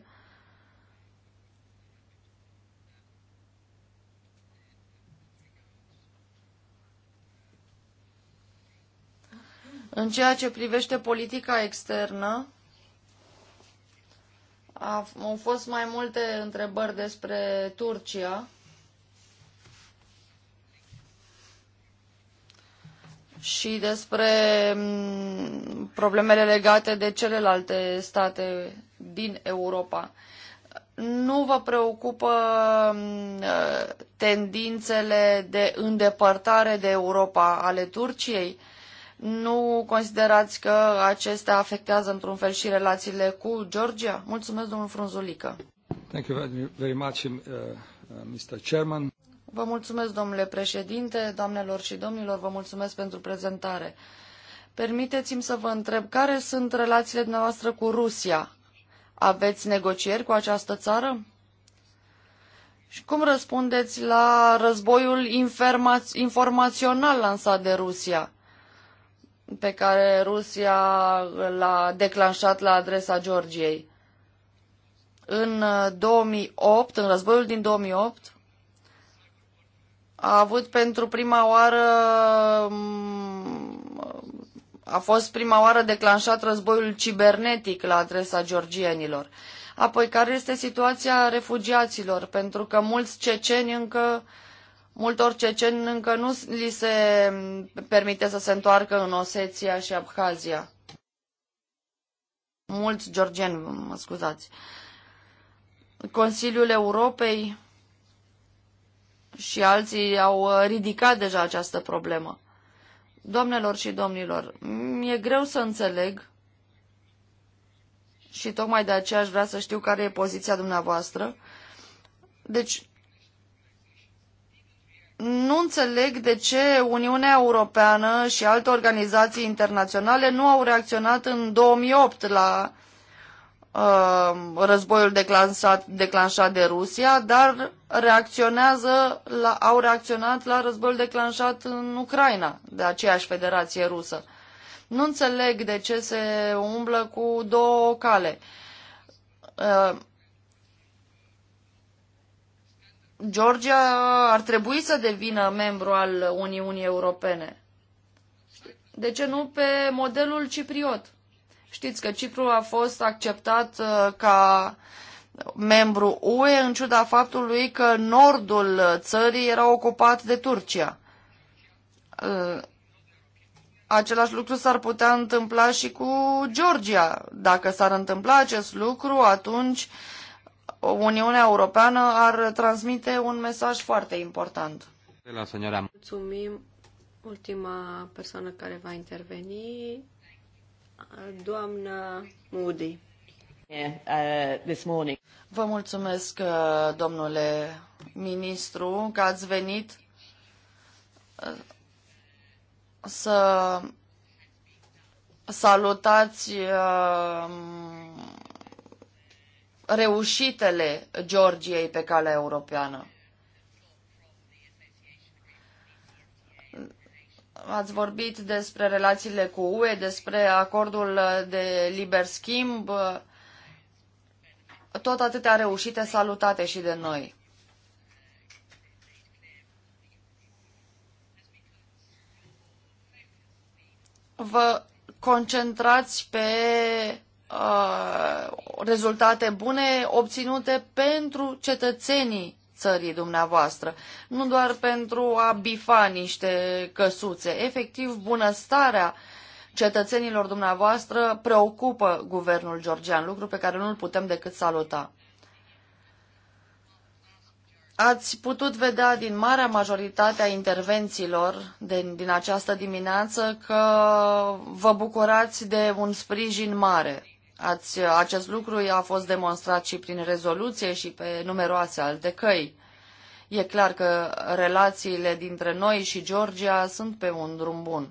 În ceea ce privește politica externă, au fost mai multe întrebări despre Turcia. și despre mm, problemele legate de celelalte state din Europa. Nu vă preocupă mm, tendințele de îndepărtare de Europa ale Turciei? Nu considerați că acestea afectează într-un fel și relațiile cu Georgia? Mulțumesc, domnul Frunzulică. Thank you very much, uh, uh Mr. Chairman. Vă mulțumesc, domnule președinte, doamnelor și domnilor, vă mulțumesc pentru prezentare. Permiteți-mi să vă întreb, care sunt relațiile dumneavoastră cu Rusia? Aveți negocieri cu această țară? Și cum răspundeți la războiul informațional lansat de Rusia? pe care Rusia l-a declanșat la adresa Georgiei. În 2008, uh, în războiul din 2008, a avut pentru prima oară mm, a fost prima oară declanșat războiul cibernetic la adresa georgienilor. Apoi, care este situația refugiaților? Pentru că mulți ceceni încă uh, Multor ceceni încă nu li se permite să se întoarcă în Oseția și Abhazia. Mulți georgieni, mă scuzați. Consiliul Europei și alții au ridicat deja această problemă. Doamnelor și domnilor, mi-e greu să înțeleg și tocmai de aceea aș vrea să știu care e poziția dumneavoastră. Deci, nu înțeleg de ce Uniunea Europeană și alte organizații internaționale nu au reacționat în 2008 la uh, războiul declanșat, declanșat de Rusia, dar reacționează la, au reacționat la războiul declanșat în Ucraina de aceeași Federație Rusă. Nu înțeleg de ce se umblă cu două cale. Uh, Georgia ar trebui să devină membru al Uniunii Europene. De ce nu pe modelul cipriot? Știți că Cipru a fost acceptat uh, ca membru UE în ciuda faptului că nordul țării era ocupat de Turcia. Uh, același lucru s-ar putea întâmpla și cu Georgia. Dacă s-ar întâmpla acest lucru, atunci uh, Uniunea Europeană ar transmite un mesaj foarte important. La señora. Mulțumim. Ultima persoană care va interveni, doamna Moody. Uh, this morning. Vă mulțumesc, uh, domnule ministru, că ați venit uh, să salutați reușitele Georgiei pe calea europeană. Ați vorbit despre relațiile cu UE, despre acordul de liber schimb, tot atâtea reușite salutate și de noi. Vă concentrați pe Uh, rezultate bune obținute pentru cetățenii țării dumneavoastră, nu doar pentru a bifa niște căsuțe. Efectiv, bunăstarea cetățenilor dumneavoastră preocupă guvernul georgian, lucru pe care nu-l putem decât saluta. Ați putut vedea din marea majoritate a intervențiilor din, din această dimineață că vă bucurați de un sprijin mare Ați, acest lucru a fost demonstrat și prin rezoluție și pe numeroase alte căi. E clar că relațiile dintre noi și Georgia sunt pe un drum bun.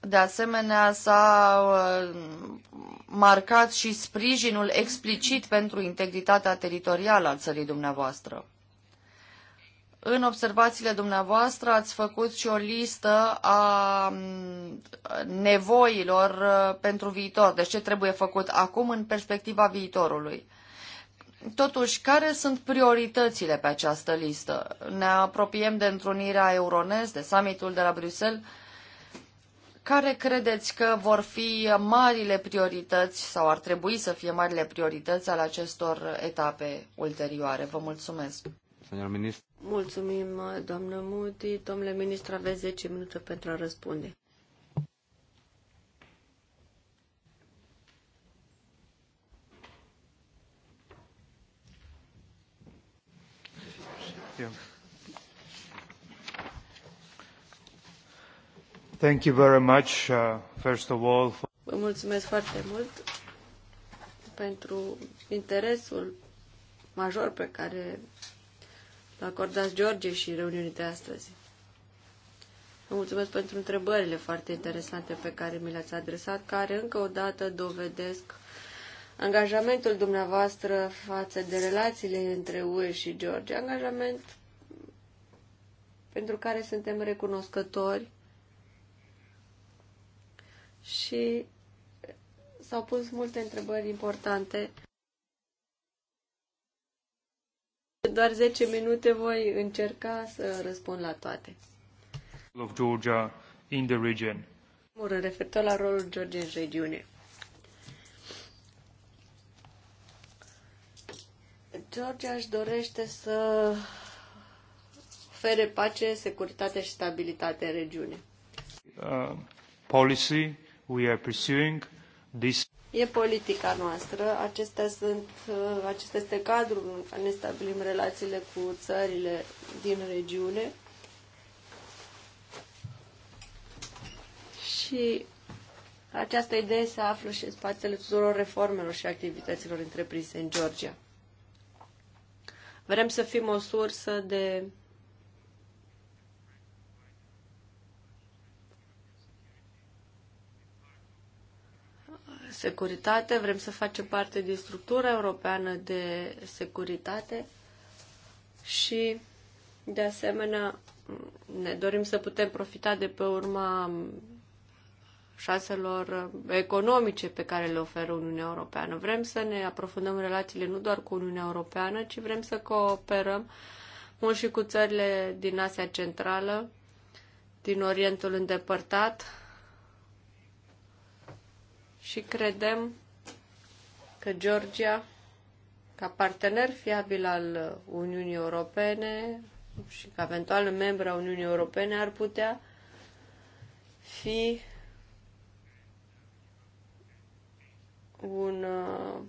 De asemenea, s-a uh, marcat și sprijinul explicit pentru integritatea teritorială a țării dumneavoastră. În observațiile dumneavoastră ați făcut și o listă a nevoilor uh, pentru viitor, deci ce trebuie făcut acum în perspectiva viitorului. Totuși, care sunt prioritățile pe această listă? Ne apropiem de întrunirea Euronest, de summitul de la Bruxelles. Care credeți că vor fi marile priorități sau ar trebui să fie marile priorități ale acestor etape ulterioare? Vă mulțumesc. Domnul ministru. Mulțumim, doamnă Muti. Domnule ministru, aveți 10 minute pentru a răspunde. Thank you very much, uh, first of all. For... Vă mulțumesc foarte mult pentru interesul major pe care acordați George și reuniunii de astăzi. Vă mulțumesc pentru întrebările foarte interesante pe care mi le-ați adresat, care încă o dată dovedesc angajamentul dumneavoastră față de relațiile între UE și George, angajament pentru care suntem recunoscători și s-au pus multe întrebări importante doar 10 minute voi încerca să răspund la toate. Of Georgia in the region. Mură, referitor la rolul Georgia în regiune. Georgia își dorește să ofere pace, securitate și stabilitate în regiune. Uh, policy we are pursuing this E politica noastră, acestea sunt, uh, acesta este cadrul în care ne stabilim relațiile cu țările din regiune și această idee se află și în spațiile tuturor reformelor și activităților întreprinse în Georgia. Vrem să fim o sursă de securitate, vrem să facem parte din structura europeană de securitate și, de asemenea, ne dorim să putem profita de pe urma șanselor economice pe care le oferă Uniunea Europeană. Vrem să ne aprofundăm relațiile nu doar cu Uniunea Europeană, ci vrem să cooperăm mult și cu țările din Asia Centrală, din Orientul îndepărtat, și credem că Georgia, ca partener fiabil al Uniunii Europene și ca eventual membru a Uniunii Europene, ar putea fi un uh,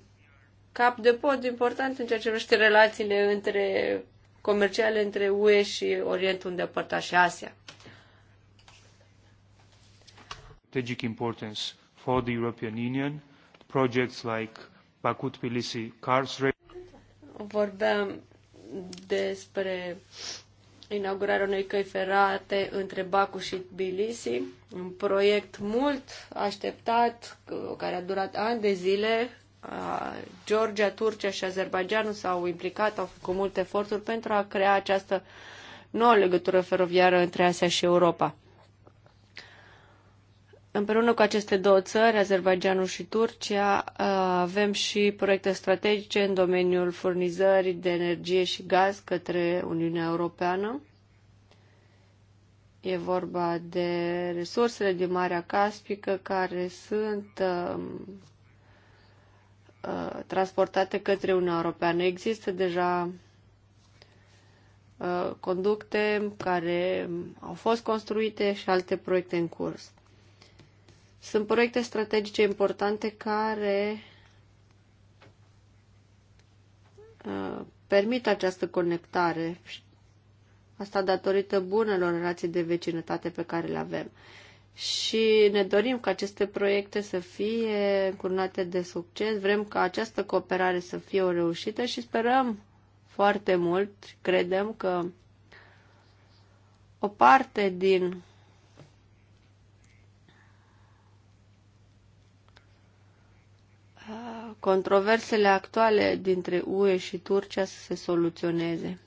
cap de pod important în ceea ce privește relațiile între comerciale între UE și Orientul Îndepărtat și Asia. Strategic importance for the European Union, projects like Baku-Tbilisi-Karlsruhe. Vorbeam despre inaugurarea unei căi ferate între Baku și Tbilisi, un proiect mult așteptat, care a durat ani de zile. Georgia, Turcia și Azerbaijanul s-au implicat, au făcut multe eforturi pentru a crea această nouă legătură feroviară între Asia și Europa. Împreună cu aceste două țări, Azerbaijanul și Turcia, uh, avem și proiecte strategice în domeniul furnizării de energie și gaz către Uniunea Europeană. E vorba de resursele din Marea Caspică care sunt um, uh, transportate către Uniunea Europeană. Există deja uh, conducte care au fost construite și alte proiecte în curs. Sunt proiecte strategice importante care uh, permit această conectare. Asta datorită bunelor relații de vecinătate pe care le avem. Și ne dorim ca aceste proiecte să fie încurnate de succes, vrem ca această cooperare să fie o reușită și sperăm foarte mult, credem că o parte din controversele actuale dintre UE și Turcia să se soluționeze.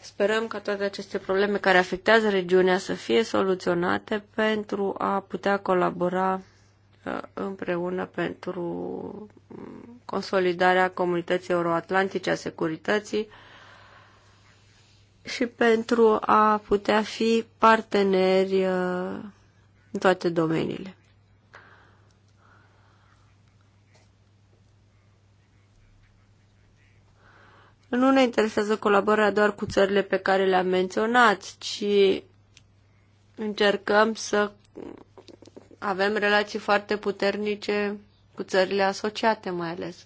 Sperăm ca toate aceste probleme care afectează regiunea să fie soluționate pentru a putea colabora uh, împreună pentru mm, consolidarea comunității euroatlantice a securității și pentru a putea fi parteneri uh, în toate domeniile. nu ne interesează colaborarea doar cu țările pe care le-am menționat, ci încercăm să avem relații foarte puternice cu țările asociate mai ales.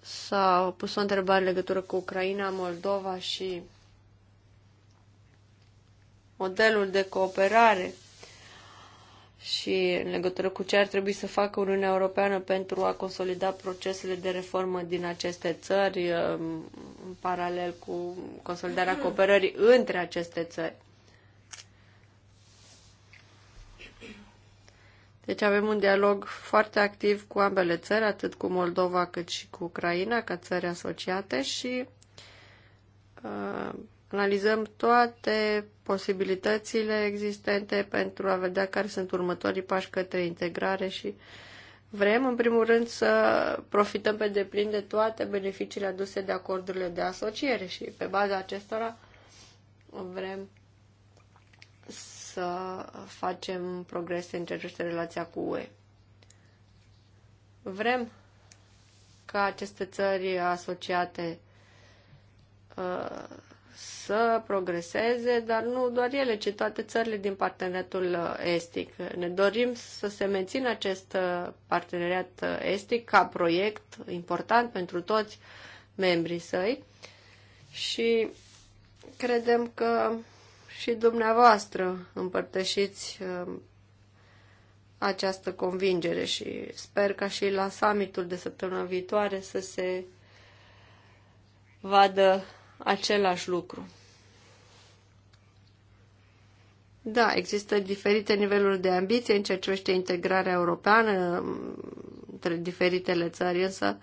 S-a pus o întrebare în legătură cu Ucraina, Moldova și modelul de cooperare și în legătură cu ce ar trebui să facă Uniunea Europeană pentru a consolida procesele de reformă din aceste țări, uh, în paralel cu consolidarea mm. cooperării între aceste țări. Deci avem un dialog foarte activ cu ambele țări, atât cu Moldova cât și cu Ucraina, ca țări asociate și uh, Analizăm toate posibilitățile existente pentru a vedea care sunt următorii pași către integrare și vrem, în primul rând, să profităm pe deplin de toate beneficiile aduse de acordurile de asociere și pe baza acestora vrem să facem progrese în ceea ce este relația cu UE. Vrem ca aceste țări asociate uh, să progreseze, dar nu doar ele, ci toate țările din parteneriatul uh, estic. Ne dorim să se mențină acest uh, parteneriat uh, estic ca proiect important pentru toți membrii săi și credem că și dumneavoastră împărtășiți această convingere și sper ca și la summitul de săptămâna viitoare să se vadă același lucru. Da, există diferite niveluri de ambiție în ceea ce privește integrarea europeană între diferitele țări, însă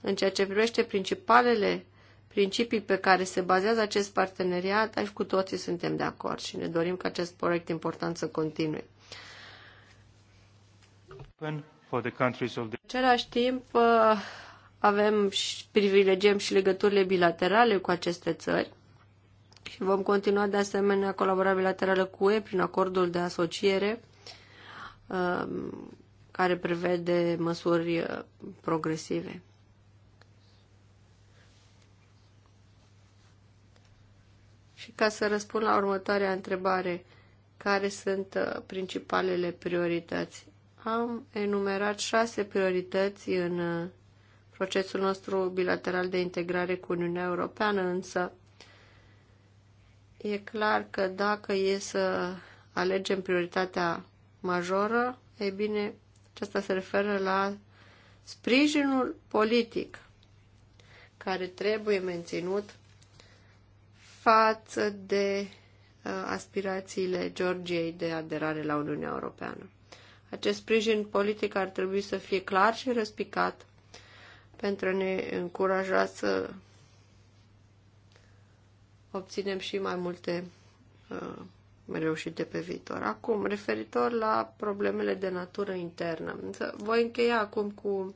în ceea ce privește principalele principii pe care se bazează acest parteneriat, aici cu toții suntem de acord și ne dorim ca acest proiect important să continue. În același timp, avem și privilegiem și legăturile bilaterale cu aceste țări și vom continua de asemenea colaborarea bilaterală cu UE prin acordul de asociere um, care prevede măsuri uh, progresive. Și ca să răspund la următoarea întrebare, care sunt uh, principalele priorități? Am enumerat șase priorități în uh, procesul nostru bilateral de integrare cu Uniunea Europeană, însă e clar că dacă e să alegem prioritatea majoră, e bine, aceasta se referă la sprijinul politic care trebuie menținut față de uh, aspirațiile Georgiei de aderare la Uniunea Europeană. Acest sprijin politic ar trebui să fie clar și răspicat pentru a ne încuraja să obținem și mai multe uh, reușite pe viitor. Acum, referitor la problemele de natură internă, voi încheia acum cu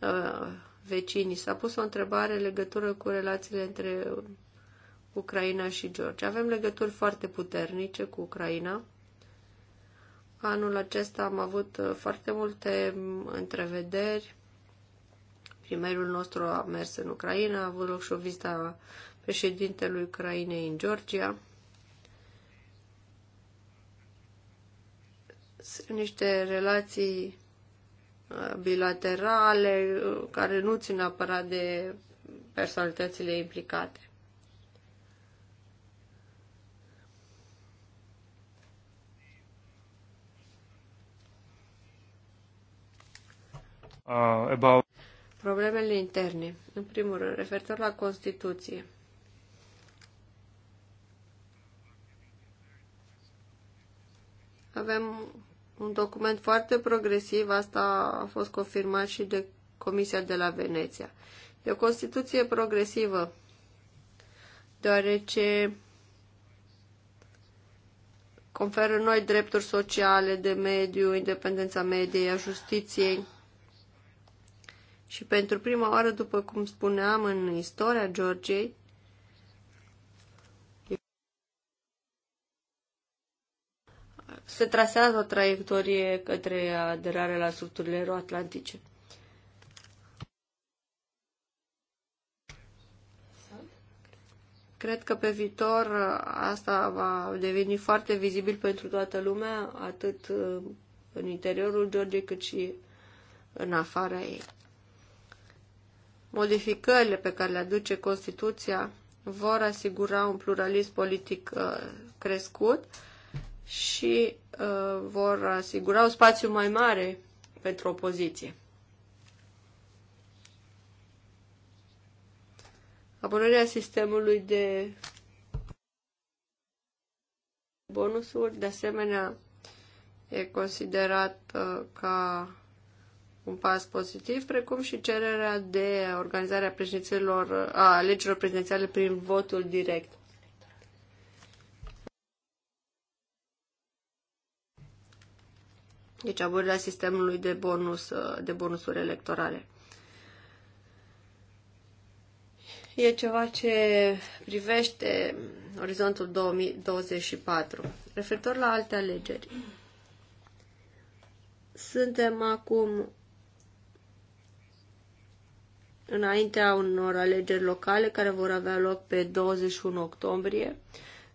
uh, vecinii. S-a pus o întrebare în legătură cu relațiile între Ucraina și Georgia. Avem legături foarte puternice cu Ucraina. Anul acesta am avut uh, foarte multe mm, întrevederi Primerul nostru a mers în Ucraina, a avut loc și o vizită a președintelui Ucrainei în Georgia. Sunt niște relații uh, bilaterale uh, care nu țin apărat de personalitățile implicate. Uh, about Problemele interne. În primul rând, referitor la Constituție. Avem un document foarte progresiv, asta a fost confirmat și de Comisia de la Veneția. E o Constituție progresivă, deoarece conferă noi drepturi sociale, de mediu, independența mediei, a justiției. Și pentru prima oară, după cum spuneam, în istoria Georgiei, se trasează o traiectorie către aderare la structurile euroatlantice. Cred că pe viitor uh, asta va deveni foarte vizibil pentru toată lumea, atât uh, în interiorul Georgiei cât și în afara ei modificările pe care le aduce Constituția vor asigura un pluralism politic uh, crescut și uh, vor asigura un spațiu mai mare pentru opoziție. Abonarea sistemului de bonusuri, de asemenea, e considerat uh, ca un pas pozitiv, precum și cererea de organizarea președințelor, a alegerilor prezidențiale prin votul direct. Deci abordarea sistemului de, bonus, de bonusuri electorale. E ceva ce privește orizontul 2024. Referitor la alte alegeri, suntem acum înaintea unor alegeri locale care vor avea loc pe 21 octombrie.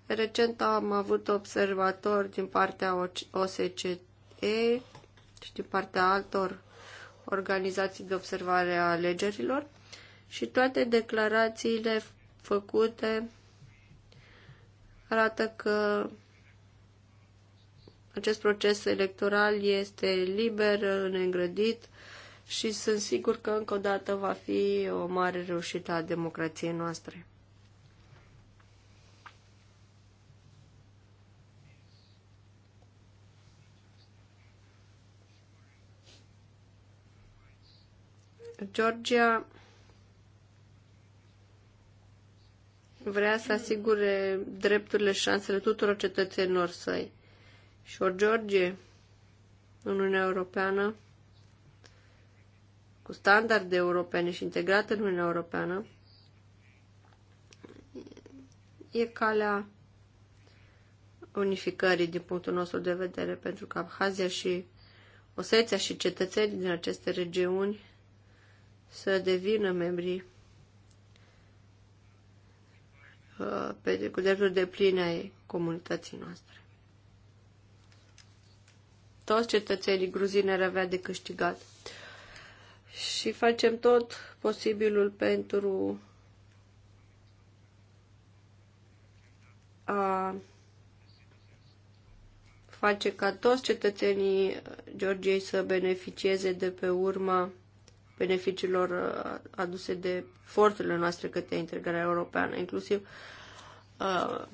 Recent am avut observatori din partea OSCE și din partea altor organizații de observare a alegerilor și toate declarațiile făcute arată că acest proces electoral este liber, neîngrădit și sunt sigur că încă o dată va fi o mare reușită a democrației noastre. Georgia vrea să asigure drepturile și șansele tuturor cetățenilor săi. Și o Georgie în Uniunea Europeană cu standarde europene și integrate în Uniunea Europeană, e calea unificării din punctul nostru de vedere, pentru că Abhazia și Oseția și cetățenii din aceste regiuni să devină membrii uh, pe, cu dreptul de pline ai comunității noastre. Toți cetățenii gruzini ar avea de câștigat și facem tot posibilul pentru a face ca toți cetățenii Georgiei să beneficieze de pe urma beneficiilor uh, aduse de forțele noastre către integrarea europeană, inclusiv uh,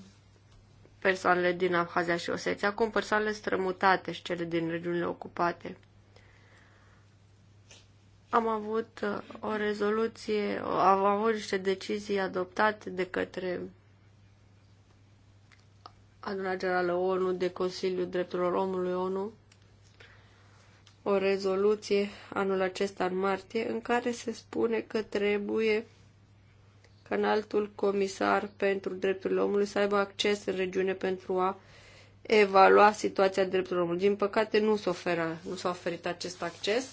persoanele din Abhazia și Oseția, acum persoanele strămutate și cele din regiunile ocupate. Am avut uh, o rezoluție, am avut niște decizii adoptate de către Adunarea Generală ONU, de Consiliul Drepturilor Omului ONU, o rezoluție anul acesta în martie, în care se spune că trebuie ca înaltul comisar pentru drepturile omului să aibă acces în regiune pentru a evalua situația drepturilor omului. Din păcate nu s-a oferit acest acces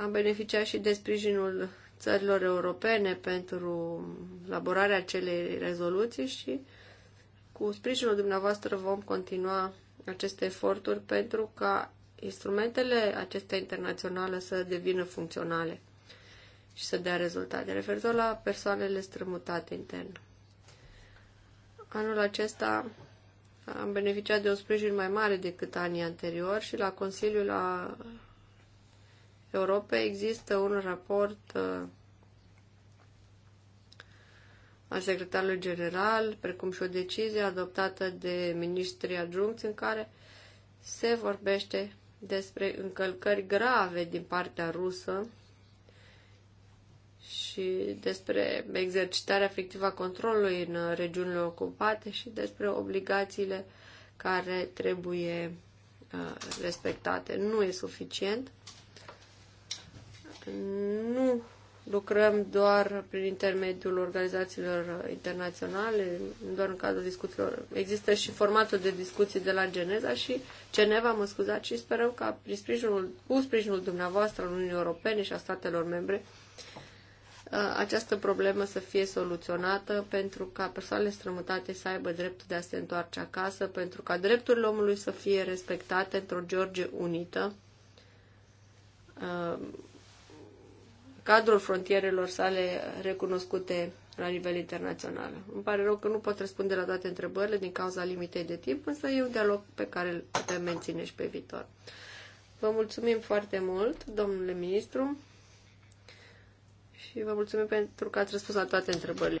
am beneficiat și de sprijinul țărilor europene pentru elaborarea acelei rezoluții și cu sprijinul dumneavoastră vom continua aceste eforturi pentru ca instrumentele acestea internaționale să devină funcționale și să dea rezultate, referitor la persoanele strămutate intern. Anul acesta am beneficiat de un sprijin mai mare decât anii anterior și la Consiliul a Europei există un raport uh, al secretarului general, precum și o decizie adoptată de ministrii adjuncți în care se vorbește despre încălcări grave din partea rusă și despre exercitarea efectivă a controlului în regiunile ocupate și despre obligațiile care trebuie uh, respectate. Nu e suficient nu lucrăm doar prin intermediul organizațiilor internaționale, doar în cadrul discuțiilor. Există și formatul de discuții de la Geneza și Geneva, mă scuzați, și sperăm ca prin sprijinul, cu sprijinul dumneavoastră al Uniunii Europene și a statelor membre, această problemă să fie soluționată pentru ca persoanele strămutate să aibă dreptul de a se întoarce acasă, pentru ca drepturile omului să fie respectate într-o George unită cadrul frontierelor sale recunoscute la nivel internațional. Îmi pare rău că nu pot răspunde la toate întrebările din cauza limitei de timp, însă e un dialog pe care îl putem menține și pe viitor. Vă mulțumim foarte mult, domnule ministru, și vă mulțumim pentru că ați răspuns la toate întrebările.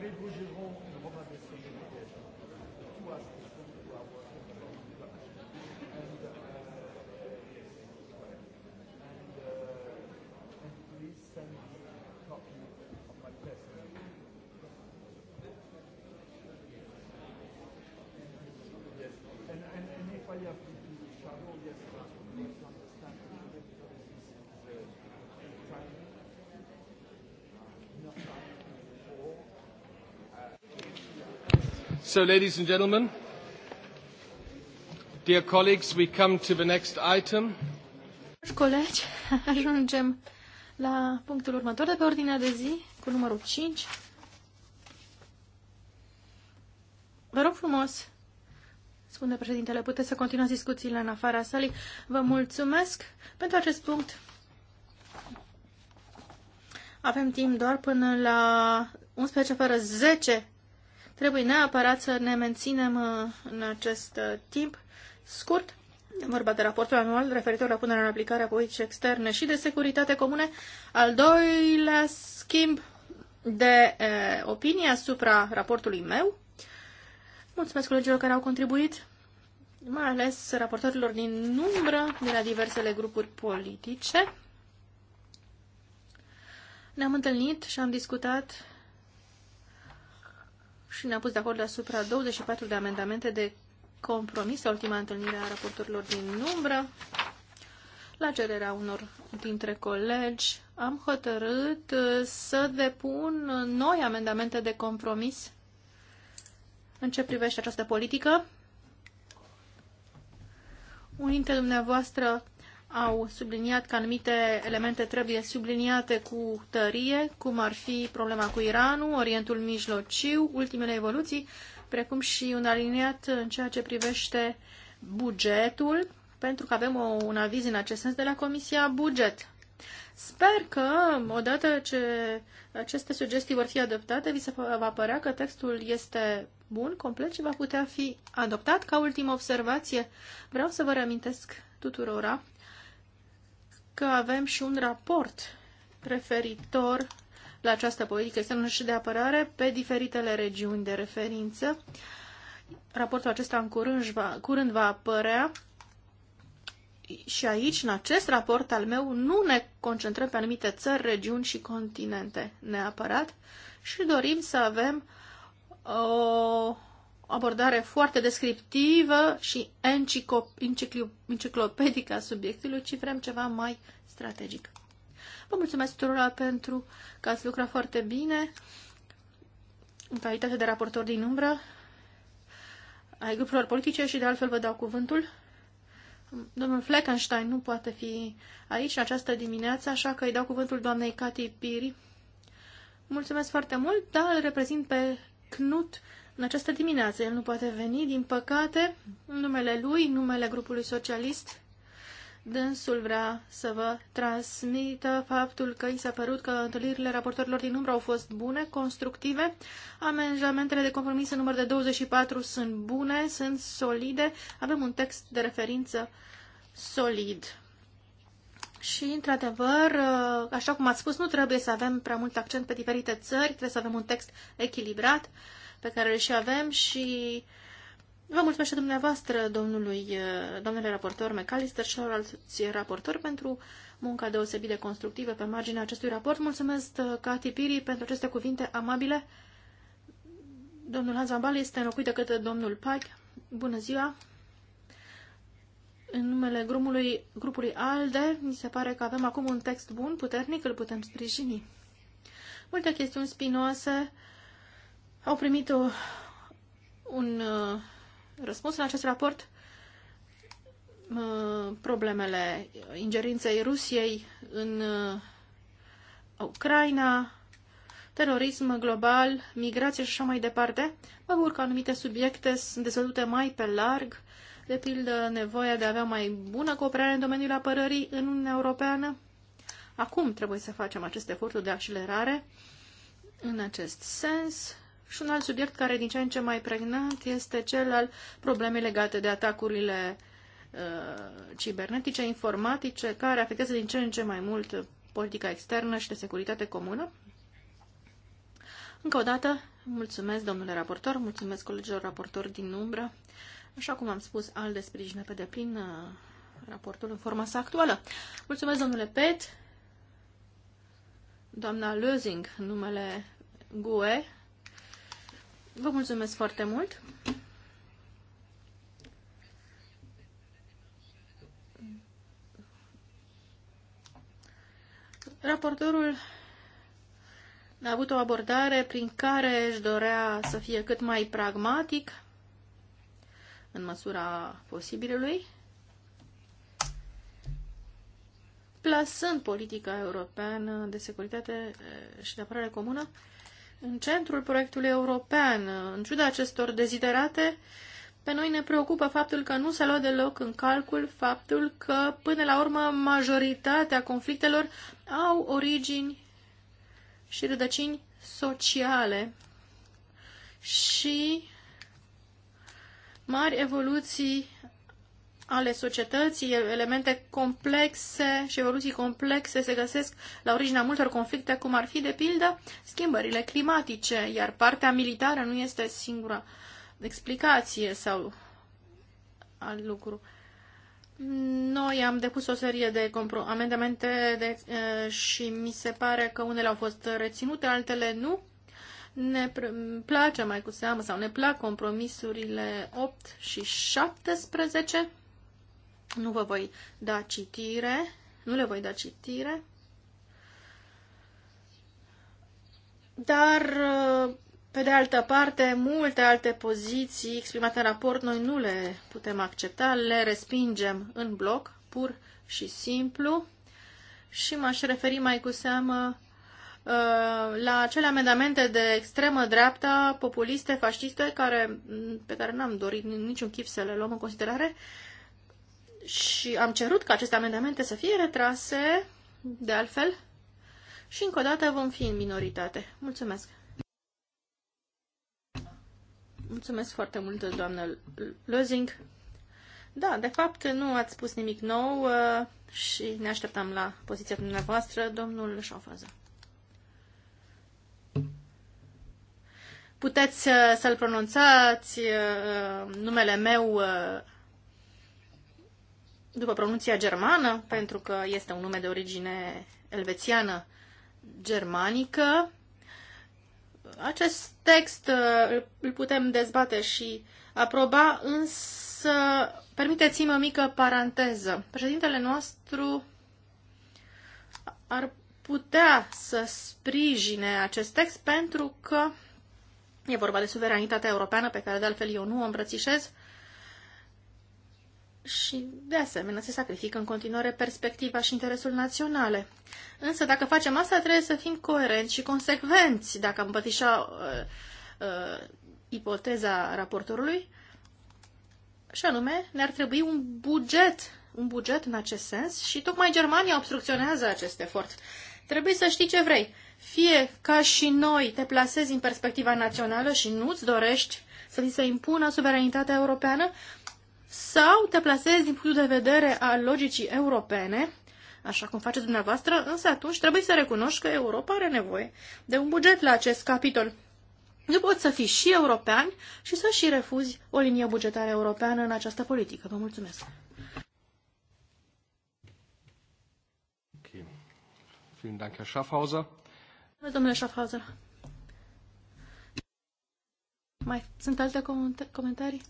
Thierry Bougeron et Romain Besson. Tout So, ladies and gentlemen, dear colleagues, we come to the next item. Colegi, ajungem la punctul următor de pe ordinea de zi, cu numărul 5. Vă rog frumos, spune președintele, puteți să continuați discuțiile în afara sălii. Vă mulțumesc pentru acest punct. Avem timp doar până la 11 fără 10 Trebuie neapărat să ne menținem uh, în acest uh, timp scurt. E vorba de raportul anual referitor la punerea în aplicare a politici externe și de securitate comune. Al doilea schimb de e, uh, opinie asupra raportului meu. Mulțumesc colegilor care au contribuit, mai ales raportorilor din umbră de la diversele grupuri politice. Ne-am întâlnit și am discutat și ne-am pus de acord asupra 24 de amendamente de compromis la ultima întâlnire a raporturilor din umbră. La cererea unor dintre colegi am hotărât uh, să depun uh, noi amendamente de compromis în ce privește această politică. Unii dintre dumneavoastră au subliniat că anumite elemente trebuie subliniate cu tărie, cum ar fi problema cu Iranul, Orientul Mijlociu, ultimele evoluții, precum și un aliniat în ceea ce privește bugetul, pentru că avem o, un aviz în acest sens de la Comisia Buget. Sper că, odată ce aceste sugestii vor fi adoptate, vi se va părea că textul este bun, complet și va putea fi adoptat. Ca ultimă observație, vreau să vă reamintesc tuturora că avem și un raport referitor la această politică externă și de apărare pe diferitele regiuni de referință. Raportul acesta în curând va, curând va apărea și aici, în acest raport al meu, nu ne concentrăm pe anumite țări, regiuni și continente neapărat și dorim să avem o abordare foarte descriptivă și enciclopedică a subiectului, ci vrem ceva mai strategic. Vă mulțumesc tuturor pentru că ați lucrat foarte bine în calitate de raportor din umbră ai grupurilor politice și de altfel vă dau cuvântul. Domnul Fleckenstein nu poate fi aici în această dimineață, așa că îi dau cuvântul doamnei Cati Piri. Mulțumesc foarte mult, dar îl reprezint pe Knut în această dimineață. El nu poate veni, din păcate, numele lui, numele grupului socialist. Dânsul vrea să vă transmită faptul că i s-a părut că întâlnirile raportorilor din umbră au fost bune, constructive. Amendamentele de compromis în număr de 24 sunt bune, sunt solide. Avem un text de referință solid. Și, într-adevăr, așa cum ați spus, nu trebuie să avem prea mult accent pe diferite țări, trebuie să avem un text echilibrat pe care le și avem și vă mulțumesc și dumneavoastră, domnului, domnule raportor McAllister și alți raportori, pentru munca deosebit de constructivă pe marginea acestui raport. Mulțumesc, uh, Cati Piri, pentru aceste cuvinte amabile. Domnul Hazambal este înlocuit de către domnul Pag. Bună ziua! În numele grupului, grupului ALDE, mi se pare că avem acum un text bun, puternic, îl putem sprijini. Multe chestiuni spinoase au primit o, un uh, răspuns în acest raport uh, problemele ingerinței Rusiei în uh, Ucraina, terorism global, migrație și așa mai departe. Mă bucur că anumite subiecte sunt dezvoltate mai pe larg, de pildă nevoia de a avea mai bună cooperare în domeniul apărării în Uniunea Europeană. Acum trebuie să facem acest efort de accelerare în acest sens și un alt subiect care din ce în ce mai pregnant este cel al problemei legate de atacurile uh, cibernetice, informatice, care afectează din ce în ce mai mult politica externă și de securitate comună. Încă o dată, mulțumesc, domnule raportor, mulțumesc colegilor raportori din umbră. Așa cum am spus, al de sprijină pe deplin uh, raportul în forma sa actuală. Mulțumesc, domnule Pet, doamna Lozing, numele GUE, Vă mulțumesc foarte mult. Raportorul a avut o abordare prin care își dorea să fie cât mai pragmatic în măsura posibilului, plasând politica europeană de securitate eh, și de apărare comună în centrul proiectului european. În ciuda acestor deziderate, pe noi ne preocupă faptul că nu se lua deloc în calcul faptul că, până la urmă, majoritatea conflictelor au origini și rădăcini sociale și mari evoluții ale societății, elemente complexe și evoluții complexe se găsesc la originea multor conflicte, cum ar fi, de pildă, schimbările climatice, iar partea militară nu este singura explicație sau al lucru. Noi am depus o serie de amendamente de, e, și mi se pare că unele au fost reținute, altele nu. Ne place mai cu seamă sau ne plac compromisurile 8 și 17 nu vă voi da citire, nu le voi da citire, dar pe de altă parte, multe alte poziții exprimate în raport noi nu le putem accepta, le respingem în bloc, pur și simplu. Și m-aș referi mai cu seamă uh, la acele amendamente de extremă dreapta, populiste, fasciste, care, pe care n-am dorit niciun chip să le luăm în considerare și am cerut ca aceste amendamente să fie retrase, de altfel, și încă o dată vom fi în minoritate. Mulțumesc! Mulțumesc foarte mult, doamnă Lozing. Da, de fapt, nu ați spus nimic nou uh, și ne așteptam la poziția dumneavoastră, domnul Șofază. Puteți uh, să-l pronunțați uh, numele meu după pronunția germană, pentru că este un nume de origine elvețiană germanică. Acest text uh, îl putem dezbate și aproba, însă permiteți-mi o mică paranteză. Președintele nostru ar putea să sprijine acest text pentru că e vorba de suveranitatea europeană pe care de altfel eu nu o îmbrățișez și, de asemenea, se sacrifică în continuare perspectiva și interesul naționale. Însă, dacă facem asta, trebuie să fim coerenți și consecvenți. Dacă am pătișa uh, uh, ipoteza raportorului, și anume, ne-ar trebui un buget, un buget în acest sens și tocmai Germania obstrucționează acest efort. Trebuie să știi ce vrei. Fie ca și noi te plasezi în perspectiva națională și nu-ți dorești să ți se impună suveranitatea europeană, sau te plasezi din punctul de vedere al logicii europene, așa cum faceți dumneavoastră, însă atunci trebuie să recunoști că Europa are nevoie de un buget la acest capitol. Nu poți să fii și european și să și refuzi o linie bugetară europeană în această politică. Vă mulțumesc! Vielen Dank, Herr Schaffhauser. Domnule Schaffhauser, mai sunt alte comentarii?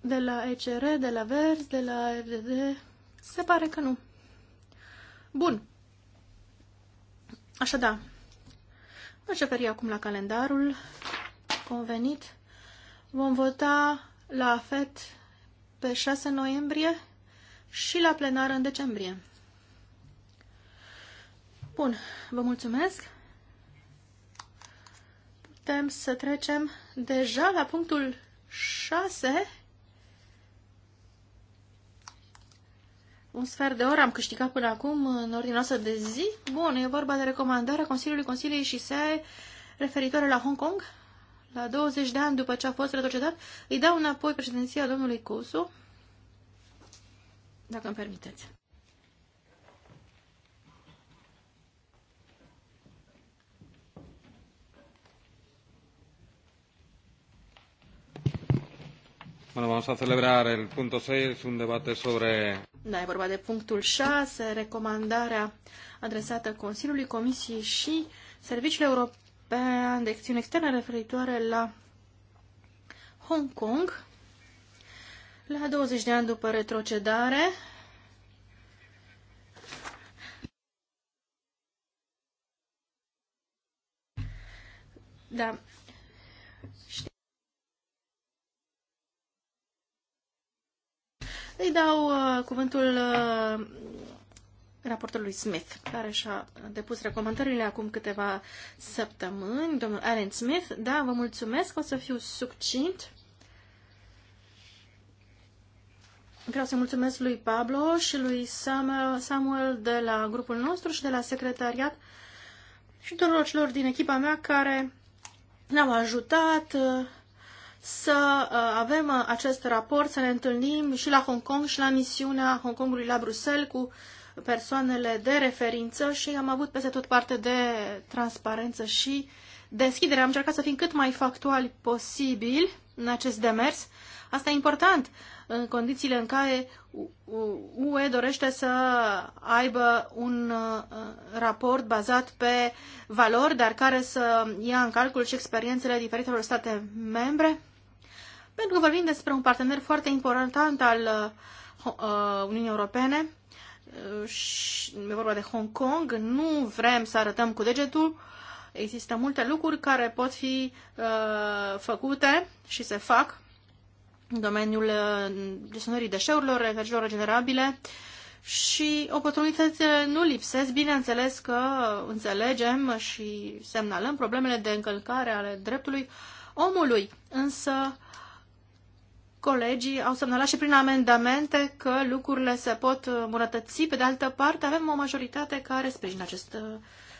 de la ECR, de la Vers, de la FDD. Se pare că nu. Bun. Așadar, mă referi acum la calendarul convenit. Vom vota la FET pe 6 noiembrie și la plenară în decembrie. Bun, vă mulțumesc. Putem să trecem deja la punctul 6 un sfert de oră am câștigat până acum în ordinea noastră de zi. Bun, e vorba de recomandarea Consiliului Consiliei și SEAE referitoare la Hong Kong. La 20 de ani după ce a fost retrocedat, îi dau înapoi președinția domnului Cusu, dacă îmi permiteți. Bueno, vamos a celebrar el punto 6, un debate sobre... Da, e vorba de punctul 6, recomandarea adresată Consiliului Comisiei și Serviciul European de Acțiune Externă referitoare la Hong Kong. La 20 de ani după retrocedare, Da. Îi dau uh, cuvântul uh, raportorului Smith, care și-a depus recomandările acum câteva săptămâni. Domnul Alan Smith, da, vă mulțumesc, o să fiu succint. Vreau să mulțumesc lui Pablo și lui Samuel de la grupul nostru și de la secretariat și tuturor celor din echipa mea care ne-au ajutat, uh, să uh, avem uh, acest raport, să ne întâlnim și la Hong Kong și la misiunea Hong Kongului la Bruxelles cu persoanele de referință și am avut peste tot parte de transparență și deschidere. Am încercat să fim cât mai factuali posibil în acest demers. Asta e important în condițiile în care UE dorește să aibă un uh, raport bazat pe valori, dar care să ia în calcul și experiențele diferitelor state membre pentru că vorbim despre un partener foarte important al uh, uh, Uniunii Europene, uh, și e vorba de Hong Kong, nu vrem să arătăm cu degetul, există multe lucruri care pot fi uh, făcute și se fac în domeniul gestionării deșeurilor, energiilor regenerabile și oportunitățile nu lipsesc. Bineînțeles că înțelegem și semnalăm problemele de încălcare ale dreptului omului, însă uh, Colegii au semnalat și prin amendamente că lucrurile se pot îmbunătăți. Pe de altă parte, avem o majoritate care sprijină acest uh,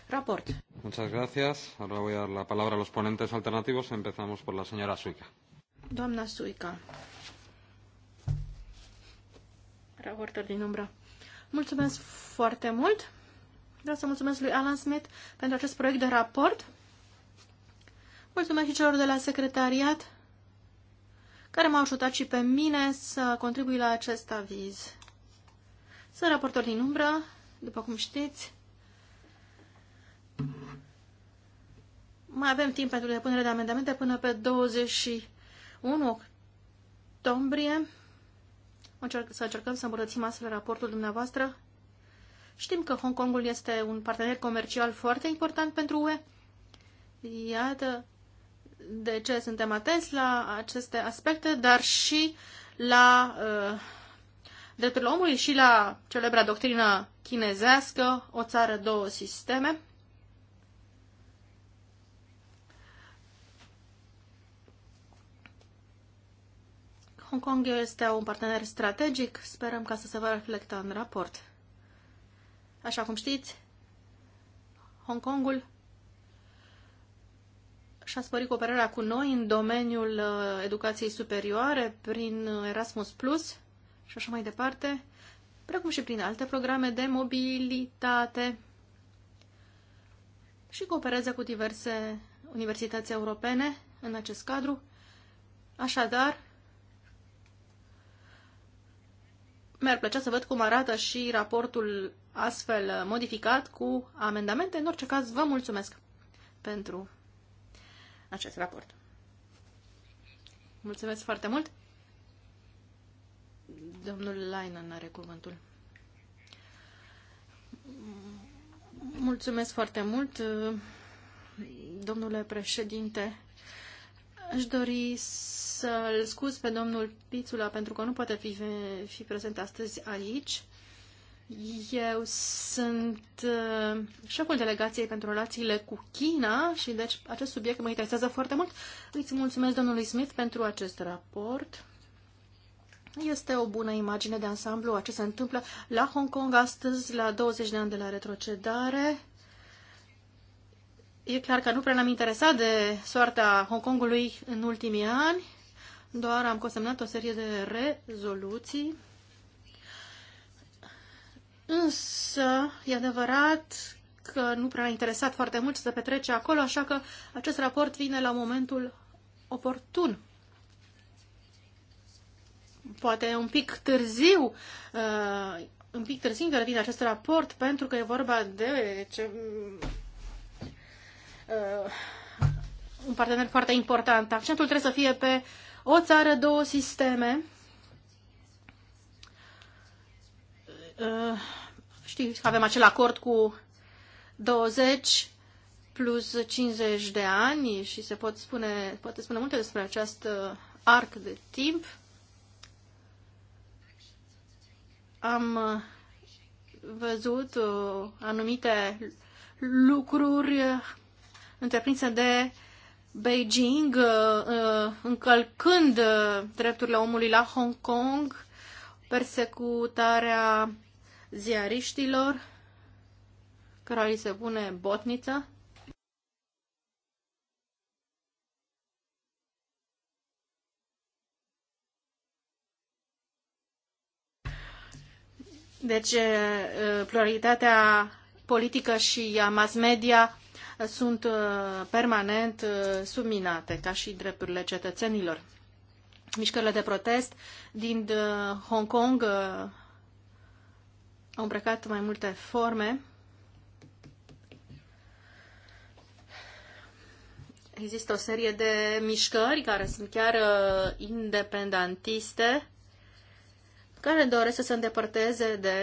raport. Muchas gracias. Ahora voy a dar la palabra a los ponentes alternativos. Empezamos por la señora Suica. Doamna Suica. Raportor din umbră. Mulțumesc foarte mult. Vreau să mulțumesc lui Alan Smith pentru acest proiect de raport. Mulțumesc și celor de la secretariat care m-au ajutat și pe mine să contribui la acest aviz. Sunt raportor din umbră, după cum știți. Mai avem timp pentru depunerea de amendamente până pe 21 octombrie. Încerc, să încercăm să îmbunătățim astfel raportul dumneavoastră. Știm că Hong Kongul este un partener comercial foarte important pentru UE. Iată de ce suntem atenți la aceste aspecte, dar și la uh, drepturile omului și la celebra doctrină chinezească, o țară, două sisteme. Hong Kong este un partener strategic, sperăm ca să se va reflecta în raport. Așa cum știți, Hong Kongul și-a sporit cooperarea cu noi în domeniul uh, educației superioare prin uh, Erasmus Plus și așa mai departe, precum și prin alte programe de mobilitate și cooperează cu diverse universități europene în acest cadru. Așadar, mi-ar plăcea să văd cum arată și raportul astfel modificat cu amendamente. În orice caz, vă mulțumesc pentru acest raport. Mulțumesc foarte mult! Domnul Lainan are cuvântul. Mulțumesc foarte mult, domnule președinte. Aș dori să-l scuz pe domnul Pițula pentru că nu poate fi, fi prezent astăzi aici. Eu sunt uh, șeful delegației pentru relațiile cu China și deci acest subiect mă interesează foarte mult. Îți mulțumesc domnului Smith pentru acest raport. Este o bună imagine de ansamblu a ce se întâmplă la Hong Kong astăzi, la 20 de ani de la retrocedare. E clar că nu prea ne-am interesat de soarta Hong Kongului în ultimii ani, doar am consemnat o serie de rezoluții Însă, e adevărat că nu prea a interesat foarte mult să se petrece acolo, așa că acest raport vine la momentul oportun. Poate un pic târziu, uh, un pic târziu intervine acest raport, pentru că e vorba de ce, uh, un partener foarte important. Accentul trebuie să fie pe o țară, două sisteme, Uh, știți că avem acel acord cu 20 plus 50 de ani și se pot spune, poate spune multe despre acest uh, arc de timp. Am uh, văzut anumite lucruri întreprinse de Beijing, încălcând drepturile omului la Hong Kong, persecutarea ziariștilor care li se pune botniță. Deci, pluralitatea politică și a mass media sunt permanent subminate, ca și drepturile cetățenilor. Mișcările de protest din Hong Kong au îmbrăcat mai multe forme. Există o serie de mișcări care sunt chiar uh, independentiste, care doresc să se îndepărteze de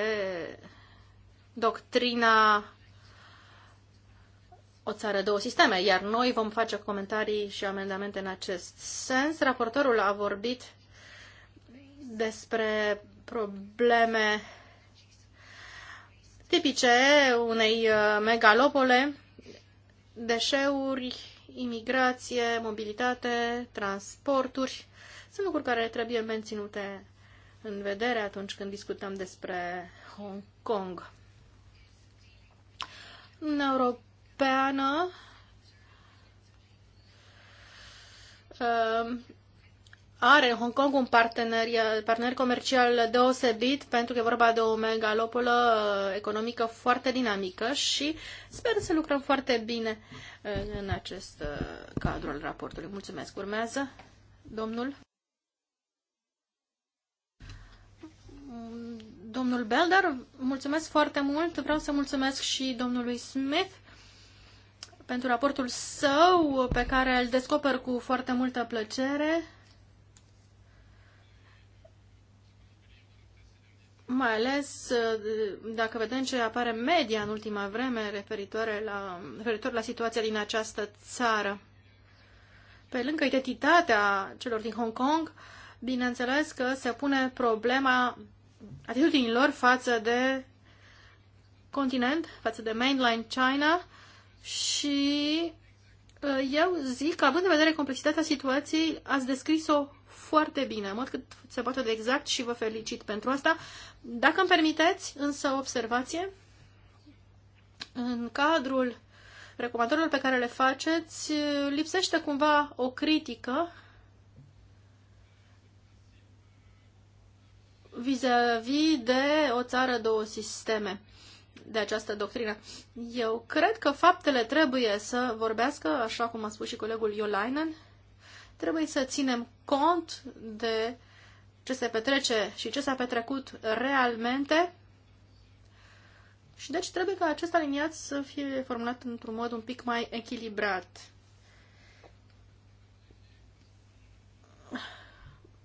doctrina o țară, două sisteme, iar noi vom face comentarii și amendamente în acest sens. Raportorul a vorbit despre probleme tipice unei uh, megalopole, deșeuri, imigrație, mobilitate, transporturi. Sunt lucruri care trebuie menținute în vedere atunci când discutăm despre Hong Kong. În europeană uh, are Hong Kong un partener, partener comercial deosebit pentru că e vorba de o megalopolă uh, economică foarte dinamică și sper să lucrăm foarte bine uh, în acest uh, cadru al raportului. Mulțumesc. Urmează domnul domnul Belder. Mulțumesc foarte mult. Vreau să mulțumesc și domnului Smith pentru raportul său pe care îl descoper cu foarte multă plăcere mai ales ă, dacă vedem ce apare media în ultima vreme referitoare la, referitor la situația din această țară. Pe lângă identitatea celor din Hong Kong, bineînțeles că se pune problema atitudinilor față de continent, față de mainland China și ă, eu zic că, având în vedere complexitatea situației, ați descris-o foarte bine, mult mod cât se poate de exact și vă felicit pentru asta. Dacă îmi permiteți, însă, o observație, în cadrul recomandărilor pe care le faceți, lipsește cumva o critică vis-a-vis -vis de o țară, două sisteme de această doctrină. Eu cred că faptele trebuie să vorbească, așa cum a spus și colegul Iolainen, trebuie să ținem cont de ce se petrece și ce s-a petrecut realmente și deci trebuie ca acest aliniat să fie formulat într-un mod un pic mai echilibrat.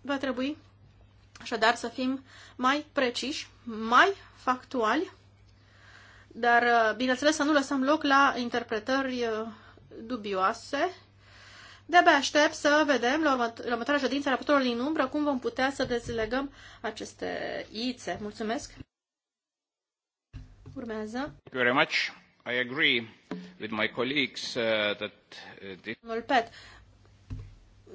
Va trebui așadar să fim mai preciși, mai factuali, dar uh, bineînțeles să nu lăsăm loc la interpretări uh, dubioase de-abia aștept să vedem la, următoarea ședință a raportorului din umbră cum vom putea să dezlegăm aceste ițe. Mulțumesc! Urmează. Thank you very much. I agree with my colleagues uh, that uh, Pet.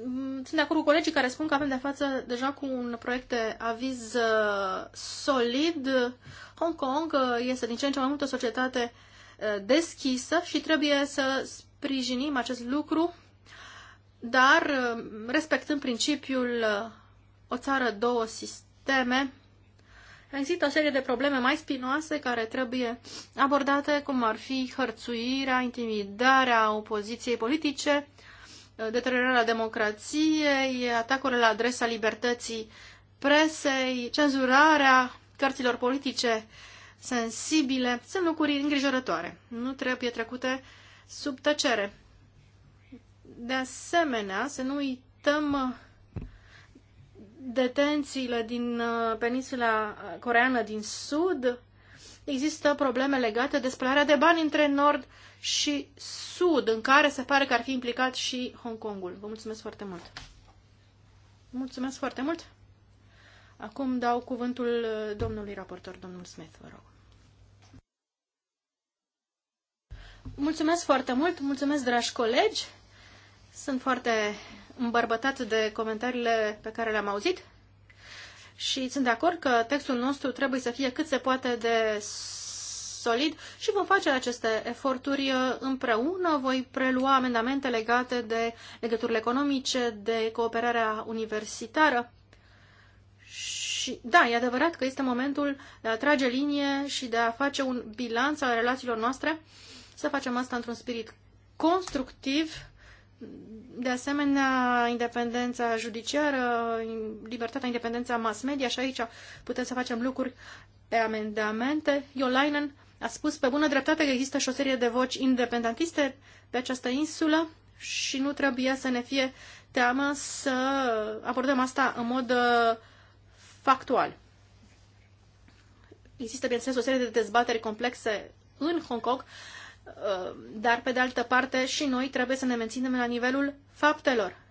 Mm, sunt de acord cu colegii care spun că avem de față deja cu un proiect de aviz uh, solid. Hong Kong uh, este din ce în ce mai mult o societate deschisă și trebuie să sprijinim acest lucru dar uh, respectând principiul uh, o țară, două sisteme, există o serie de probleme mai spinoase care trebuie abordate, cum ar fi hărțuirea, intimidarea opoziției politice, uh, deteriorarea democrației, atacurile la adresa libertății presei, cenzurarea cărților politice sensibile. Sunt lucruri îngrijorătoare. Nu trebuie trecute sub tăcere. De asemenea, să nu uităm uh, detențiile din uh, peninsula coreană din sud. Există probleme legate de spălarea de bani între nord și sud, în care se pare că ar fi implicat și Hong Kongul. Vă mulțumesc foarte mult! Mulțumesc foarte mult! Acum dau cuvântul uh, domnului raportor, domnul Smith, vă rog. Mulțumesc foarte mult, mulțumesc, dragi colegi! Sunt foarte îmbărbătat de comentariile pe care le-am auzit și sunt de acord că textul nostru trebuie să fie cât se poate de solid și vom face aceste eforturi uh, împreună. Voi prelua amendamente legate de legăturile economice, de cooperarea universitară. Și da, e adevărat că este momentul de a trage linie și de a face un bilanț al relațiilor noastre, să facem asta într-un spirit constructiv de asemenea, independența judiciară, libertatea, independența mass media și aici putem să facem lucruri pe amendamente. Iolainen a spus pe bună dreptate că există și o serie de voci independentiste pe această insulă și nu trebuie să ne fie teamă să abordăm asta în mod uh, factual. Există, bineînțeles, o serie de dezbateri complexe în Hong Kong Uh, dar pe de altă parte și noi trebuie să ne menținem la nivelul faptelor.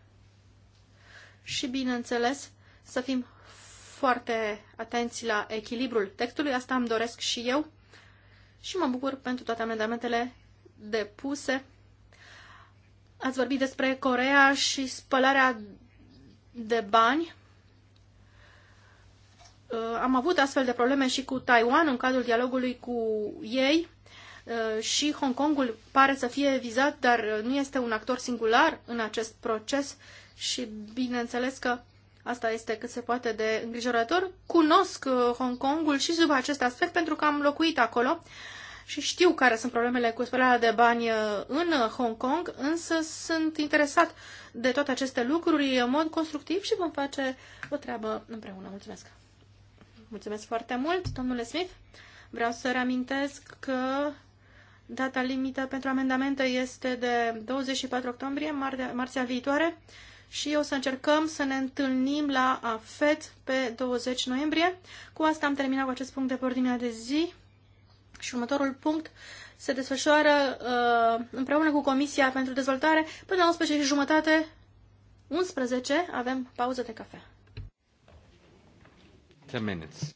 Și bineînțeles, să fim foarte atenți la echilibrul textului, asta îmi doresc și eu și mă bucur pentru toate amendamentele depuse. Ați vorbit despre Corea și spălarea de bani. Uh, am avut astfel de probleme și cu Taiwan în cadrul dialogului cu ei Uh, și Hong Kongul pare să fie vizat, dar uh, nu este un actor singular în acest proces și bineînțeles că asta este cât se poate de îngrijorător. Cunosc uh, Hong Kongul și sub acest aspect pentru că am locuit acolo și știu care sunt problemele cu spălarea de bani în Hong Kong, însă sunt interesat de toate aceste lucruri în mod constructiv și vom face o treabă împreună. Mulțumesc! Mulțumesc foarte mult, domnule Smith! Vreau să reamintesc că Data limită pentru amendamente este de 24 octombrie, mar marțea viitoare, și o să încercăm să ne întâlnim la AFET pe 20 noiembrie. Cu asta am terminat cu acest punct de ordinea de zi și următorul punct se desfășoară uh, împreună cu Comisia pentru Dezvoltare până la 11 și jumătate, 11, avem pauză de cafea. 10 minutes.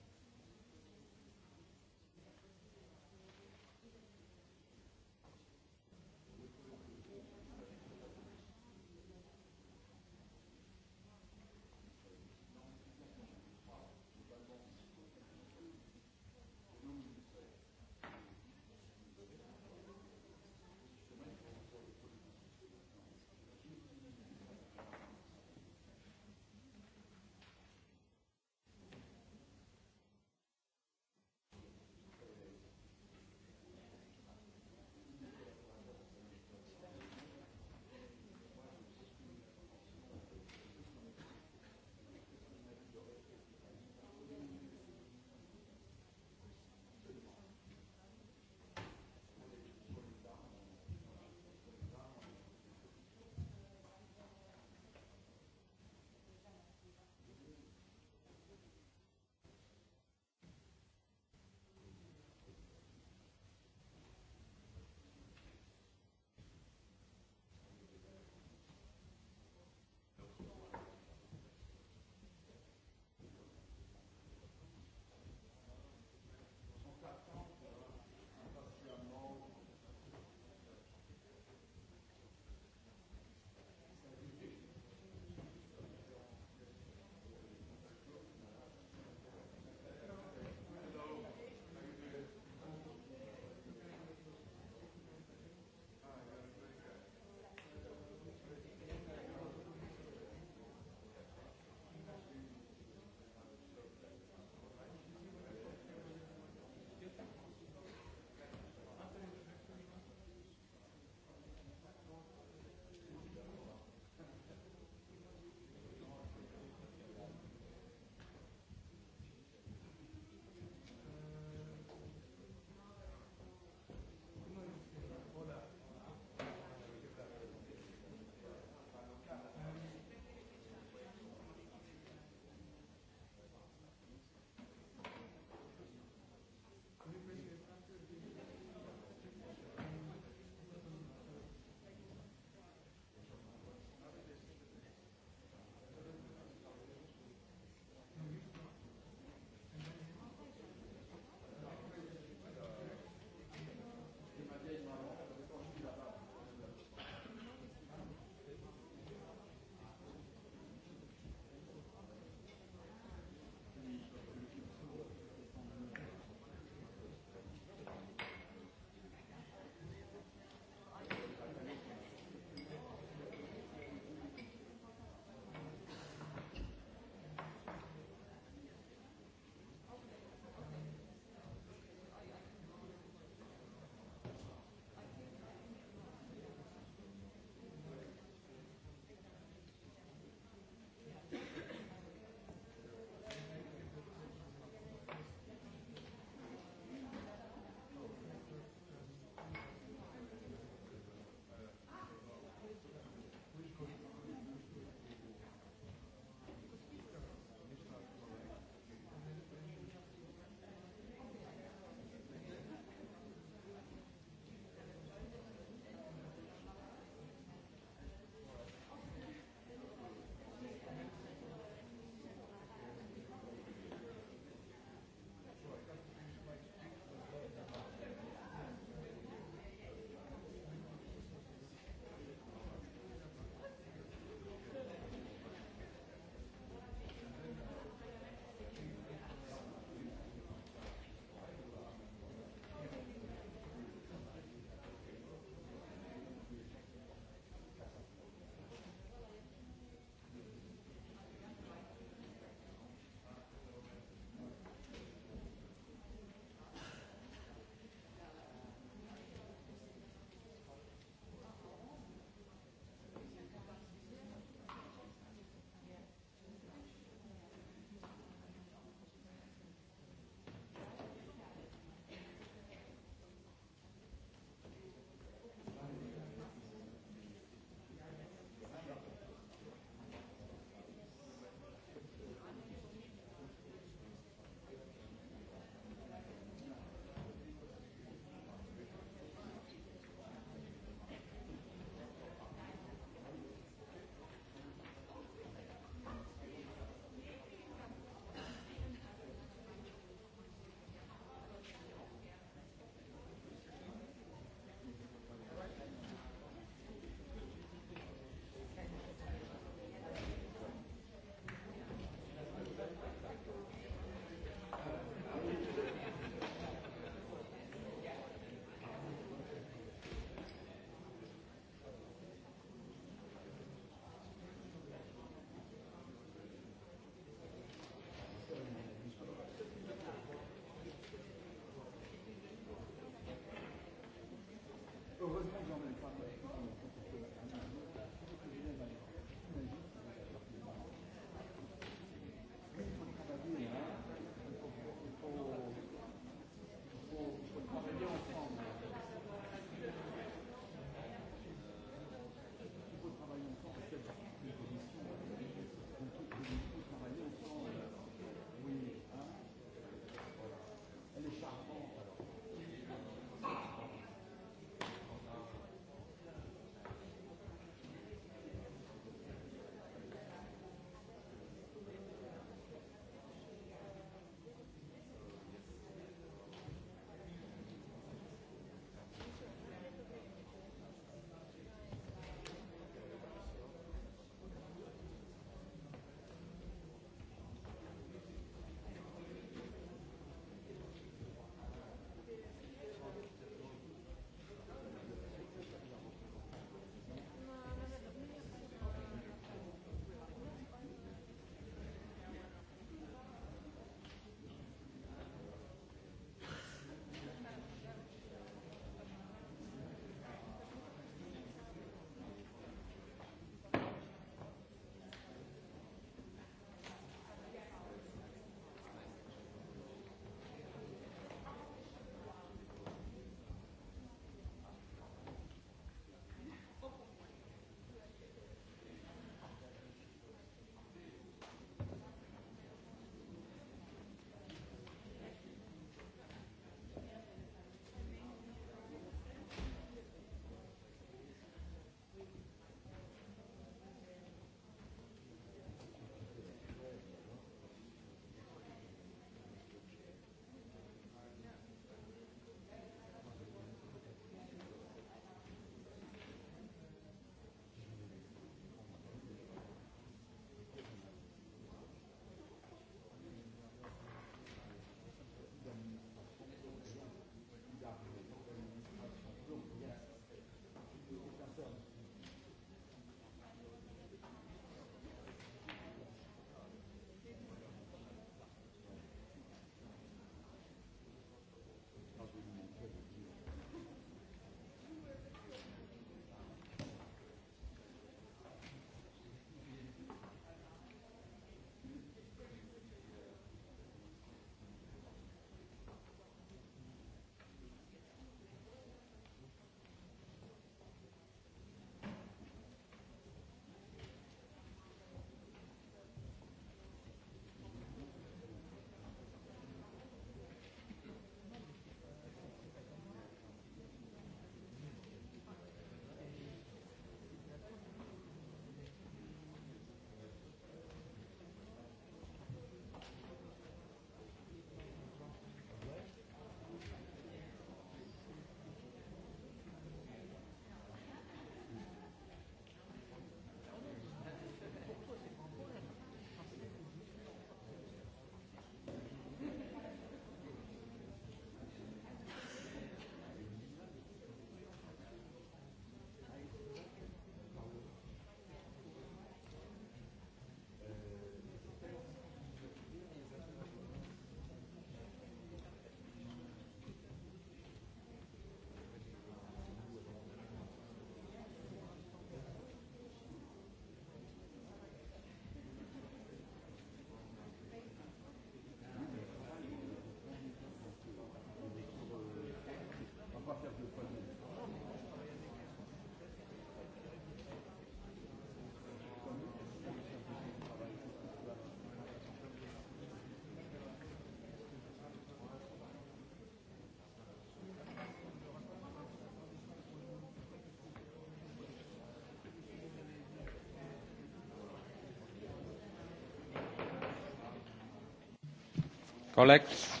Colleagues,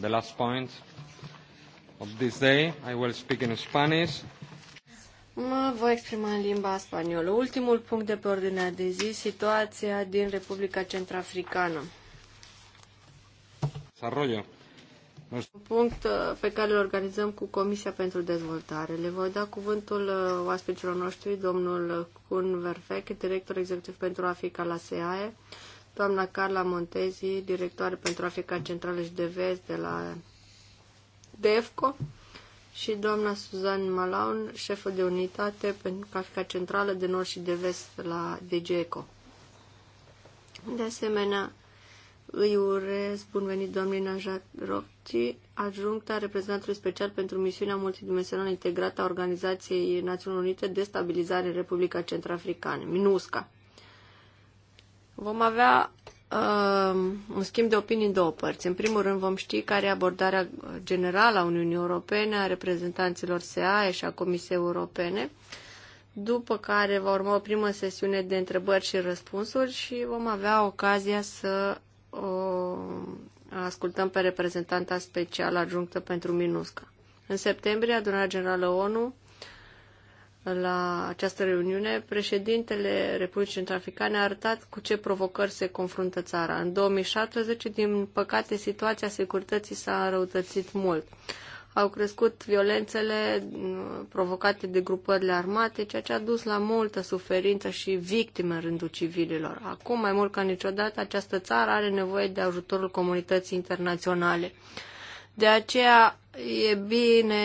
the last point of this day, I will speak in Spanish. Mă voi exprima în limba spaniolă. Ultimul punct de pe ordinea de zi, situația din Republica Centrafricană. Desarrollo. Un punct uh, pe care îl organizăm cu Comisia pentru Dezvoltare. Le voi da cuvântul uh, oaspeților noștri, domnul Kun Verfec, director executiv pentru Africa la SEAE, doamna Carla Montezi, directoare pentru Africa Centrală și de Vest de la DEFCO, și doamna Suzanne Malaun, șefă de unitate pentru Africa Centrală de Nord și de Vest la DGECO. De asemenea, îi urez bun venit doamnei Najat Rocci, adjuncta reprezentantului special pentru misiunea multidimensională integrată a Organizației Națiunilor Unite de Stabilizare în Republica Centrafricană, MINUSCA. Vom avea uh, un schimb de opinii în două părți. În primul rând vom ști care e abordarea generală a Uniunii Europene, a reprezentanților SEAE și a Comisiei Europene, după care va urma o primă sesiune de întrebări și răspunsuri și vom avea ocazia să o ascultăm pe reprezentanta specială adjunctă pentru MINUSCA. În septembrie, adunarea generală ONU la această reuniune, președintele Republicii Centrafricane a arătat cu ce provocări se confruntă țara. În 2017, din păcate, situația securității s-a răutățit mult. Au crescut violențele mm, provocate de grupările armate, ceea ce a dus la multă suferință și victime în rândul civililor. Acum, mai mult ca niciodată, această țară are nevoie de ajutorul comunității internaționale. De aceea e bine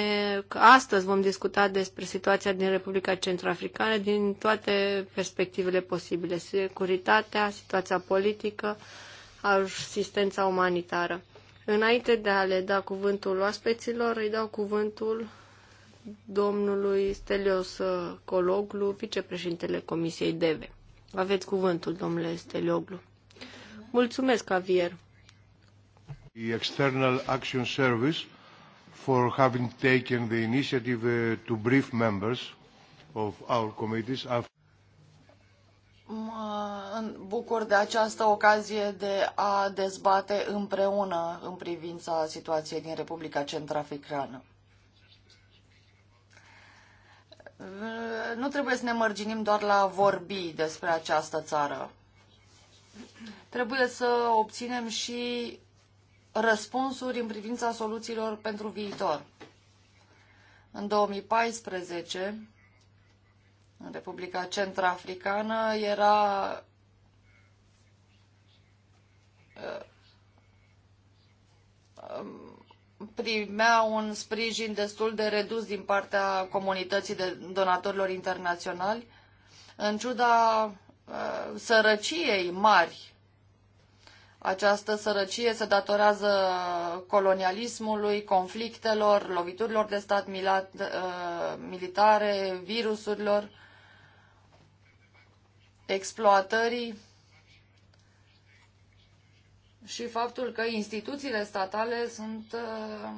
că astăzi vom discuta despre situația din Republica Centrafricană din toate perspectivele posibile. Securitatea, situația politică, asistența umanitară. Înainte de a le da cuvântul oaspeților, îi dau cuvântul domnului Stelios Cologlu, vicepreședintele Comisiei DEVE. Aveți cuvântul, domnule Stelioglu. Mulțumesc, Avier. The External Action Service for having taken the initiative uh, to brief members of our committees. After... Mă bucur de această ocazie de a dezbate împreună în privința situației din Republica Centrafricană. Nu trebuie să ne mărginim doar la vorbi despre această țară. Trebuie să obținem și răspunsuri în privința soluțiilor pentru viitor. În 2014, în Republica Centrafricană, era uh, um, primea un sprijin destul de redus din partea comunității de donatorilor internaționali, în ciuda uh, sărăciei mari această sărăcie se datorează colonialismului, conflictelor, loviturilor de stat uh, militare, virusurilor, exploatării și faptul că instituțiile statale sunt uh,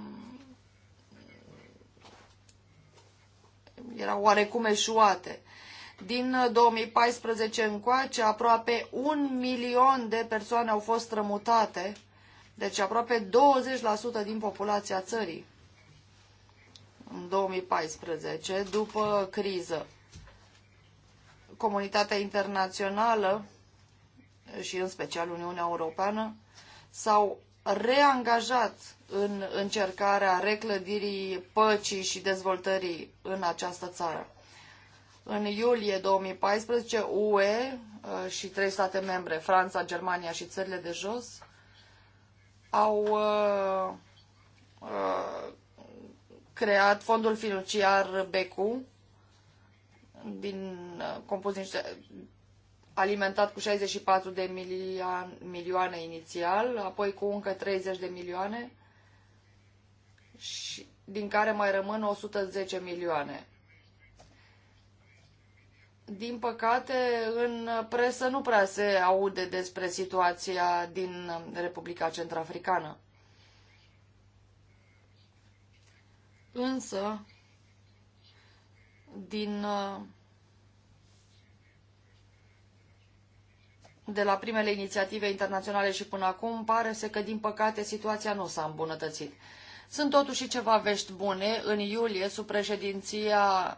erau oarecum eșuate. Din 2014 uh, încoace, aproape un milion de persoane au fost strămutate, deci aproape 20% din populația țării în 2014, după criză. Comunitatea internațională și în special Uniunea Europeană s-au reangajat în încercarea reclădirii păcii și dezvoltării în această țară. În iulie 2014, UE uh, și trei state membre, Franța, Germania și țările de jos, au uh, uh, creat fondul financiar BECU din, uh, compus niște, alimentat cu 64 de milioane, milioane inițial, apoi cu încă 30 de milioane, și, din care mai rămân 110 milioane. Din păcate, în presă nu prea se aude despre situația din Republica Centrafricană. Însă, din de la primele inițiative internaționale și până acum, pare să că, din păcate, situația nu s-a îmbunătățit. Sunt totuși ceva vești bune. În iulie, sub președinția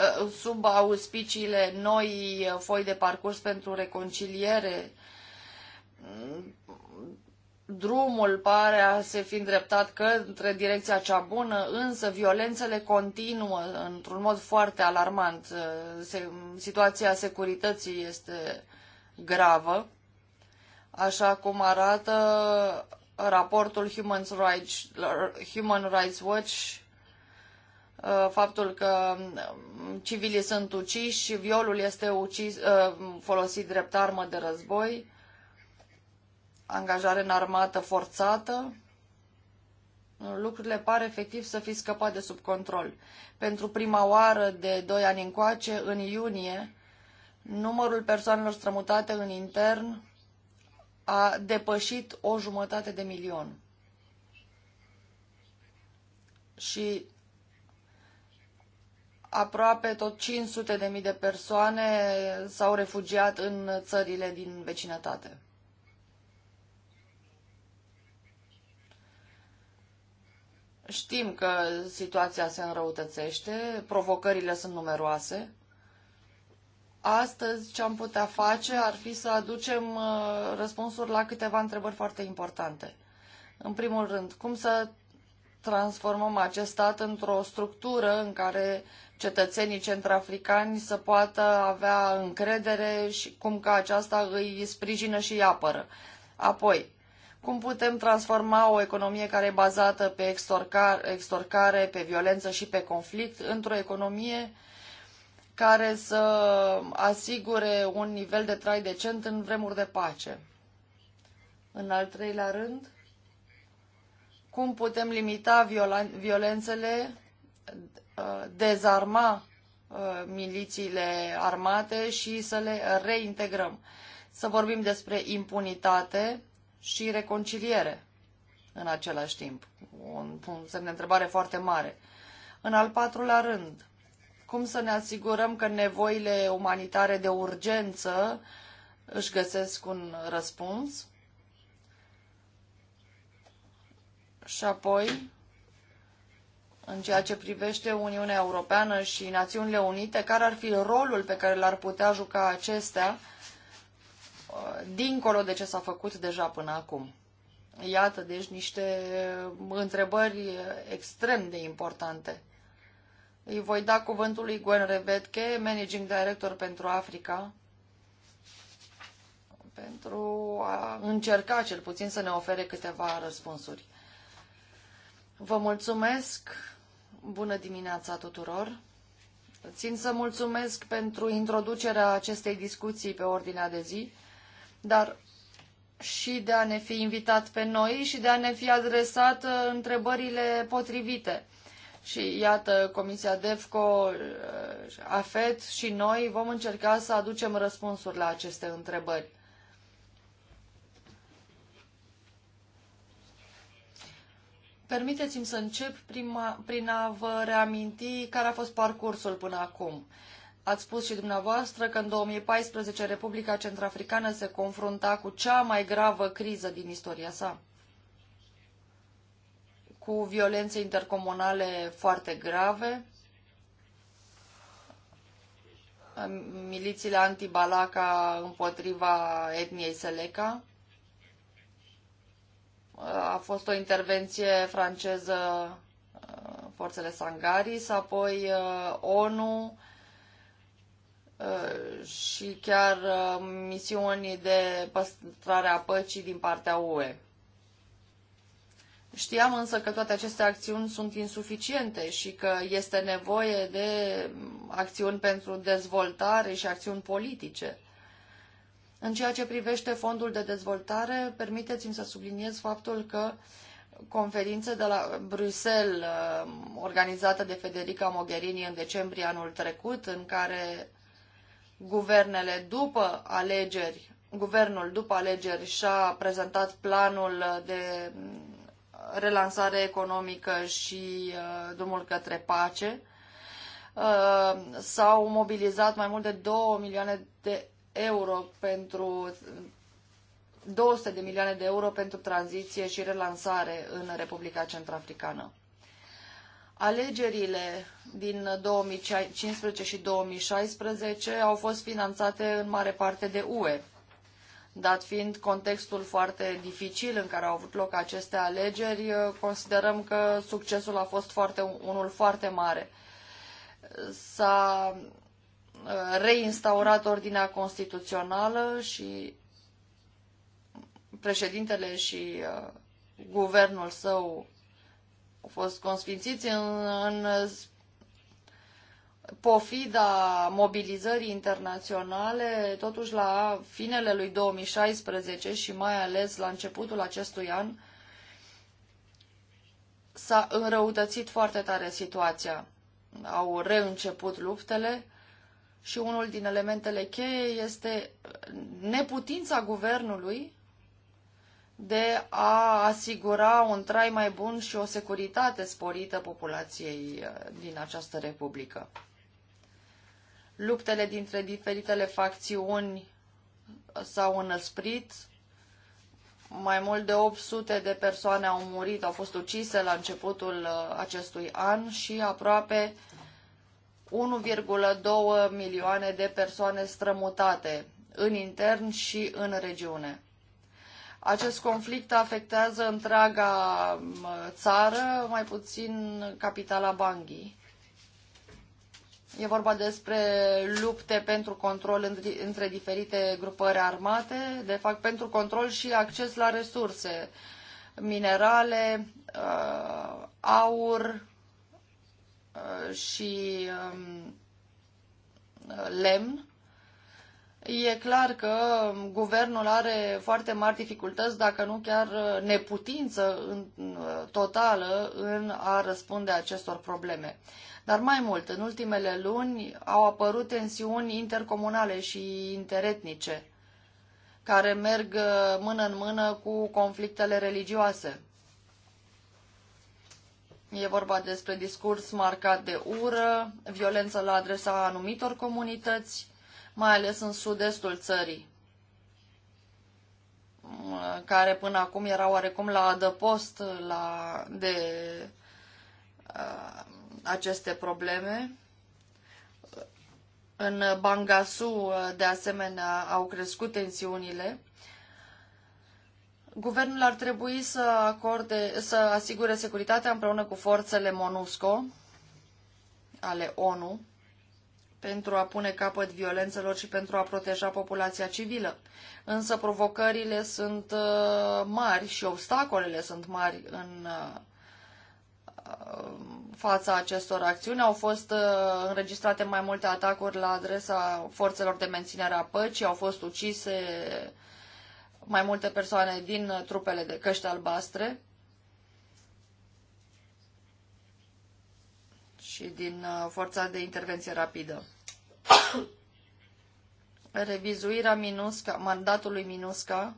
Uh, sub auspiciile noi foi de parcurs pentru reconciliere. Drumul pare a se fi îndreptat către direcția cea bună, însă violențele continuă într-un mod foarte alarmant. Uh, situația securității este gravă, așa cum arată raportul Human Rights, Human Rights Watch Uh, faptul că um, civilii sunt uciși, violul este ucis, uh, folosit drept armă de război, angajare în armată forțată. Lucrurile par efectiv să fi scăpat de sub control. Pentru prima oară de doi ani încoace, în iunie, numărul persoanelor strămutate în intern a depășit o jumătate de milion. Și aproape tot 500 de mii de persoane s-au refugiat în țările din vecinătate. Știm că situația se înrăutățește, provocările sunt numeroase. Astăzi ce am putea face ar fi să aducem uh, răspunsuri la câteva întrebări foarte importante. În primul rând, cum să transformăm acest stat într-o structură în care cetățenii centrafricani să poată avea încredere și cum că aceasta îi sprijină și îi apără. Apoi, cum putem transforma o economie care e bazată pe extorcare, pe violență și pe conflict într-o economie care să asigure un nivel de trai decent în vremuri de pace. În al treilea rând, cum putem limita violențele Uh, dezarma uh, milițiile armate și să le reintegrăm. Să vorbim despre impunitate și reconciliere în același timp. Un, un semn de întrebare foarte mare. În al patrulea rând, cum să ne asigurăm că nevoile umanitare de urgență își găsesc un răspuns? Și apoi, în ceea ce privește Uniunea Europeană și Națiunile Unite, care ar fi rolul pe care l-ar putea juca acestea uh, dincolo de ce s-a făcut deja până acum. Iată, deci, niște uh, întrebări uh, extrem de importante. Îi voi da cuvântul lui Gwen Revetche, Managing Director pentru Africa, pentru a încerca cel puțin să ne ofere câteva răspunsuri. Vă mulțumesc Bună dimineața tuturor! Țin să mulțumesc pentru introducerea acestei discuții pe ordinea de zi, dar și de a ne fi invitat pe noi și de a ne fi adresat uh, întrebările potrivite. Și iată, Comisia DEFCO, uh, AFET și noi vom încerca să aducem răspunsuri la aceste întrebări. Permiteți-mi să încep prima, prin a vă reaminti care a fost parcursul până acum. Ați spus și dumneavoastră că în 2014 Republica Centrafricană se confrunta cu cea mai gravă criză din istoria sa, cu violențe intercomunale foarte grave, milițiile anti-Balaca împotriva etniei Seleca, a fost o intervenție franceză uh, forțele Sangaris, apoi uh, ONU uh, și chiar misiuni de păstrare a păcii din partea UE. Știam însă că toate aceste acțiuni sunt insuficiente și că este nevoie de acțiuni pentru dezvoltare și acțiuni politice. În ceea ce privește fondul de dezvoltare, permiteți-mi să subliniez faptul că conferințe de la Bruxelles, uh, organizată de Federica Mogherini în decembrie anul trecut, în care guvernele după alegeri, guvernul după alegeri și-a prezentat planul de relansare economică și uh, drumul către pace, uh, s-au mobilizat mai mult de 2 milioane de euro pentru 200 de milioane de euro pentru tranziție și relansare în Republica Centrafricană. Alegerile din 2015 și 2016 au fost finanțate în mare parte de UE, dat fiind contextul foarte dificil în care au avut loc aceste alegeri, considerăm că succesul a fost foarte, unul foarte mare. S-a reinstaurat ordinea constituțională și președintele și uh, guvernul său au fost consfințiți în, în pofida mobilizării internaționale, totuși la finele lui 2016 și mai ales la începutul acestui an, s-a înrăutățit foarte tare situația. Au reînceput luptele, și unul din elementele cheie este neputința guvernului de a asigura un trai mai bun și o securitate sporită populației uh, din această republică. Luptele dintre diferitele facțiuni s-au înăsprit, mai mult de 800 de persoane au murit, au fost ucise la începutul uh, acestui an și aproape 1,2 milioane de persoane strămutate în intern și în regiune. Acest conflict afectează întreaga țară, mai puțin capitala Bangui. E vorba despre lupte pentru control între diferite grupări armate, de fapt pentru control și acces la resurse, minerale, aur, Uh, și um, lemn, E clar că guvernul are foarte mari dificultăți, dacă nu chiar neputință în, uh, totală în a răspunde acestor probleme. Dar mai mult, în ultimele luni au apărut tensiuni intercomunale și interetnice, care merg uh, mână în mână cu conflictele religioase. E vorba despre discurs marcat de ură, violență la adresa anumitor comunități, mai ales în sud-estul țării, care până acum era oarecum la adăpost la, de uh, aceste probleme. În Bangasu, de asemenea, au crescut tensiunile Guvernul ar trebui să, acorde, să asigure securitatea împreună cu forțele MONUSCO ale ONU pentru a pune capăt violențelor și pentru a proteja populația civilă. Însă provocările sunt uh, mari și obstacolele sunt mari în uh, fața acestor acțiuni. Au fost uh, înregistrate mai multe atacuri la adresa forțelor de menținere a păcii, au fost ucise mai multe persoane din trupele de căști albastre și din uh, forța de intervenție rapidă. Revizuirea MINUSCA, mandatului MINUSCA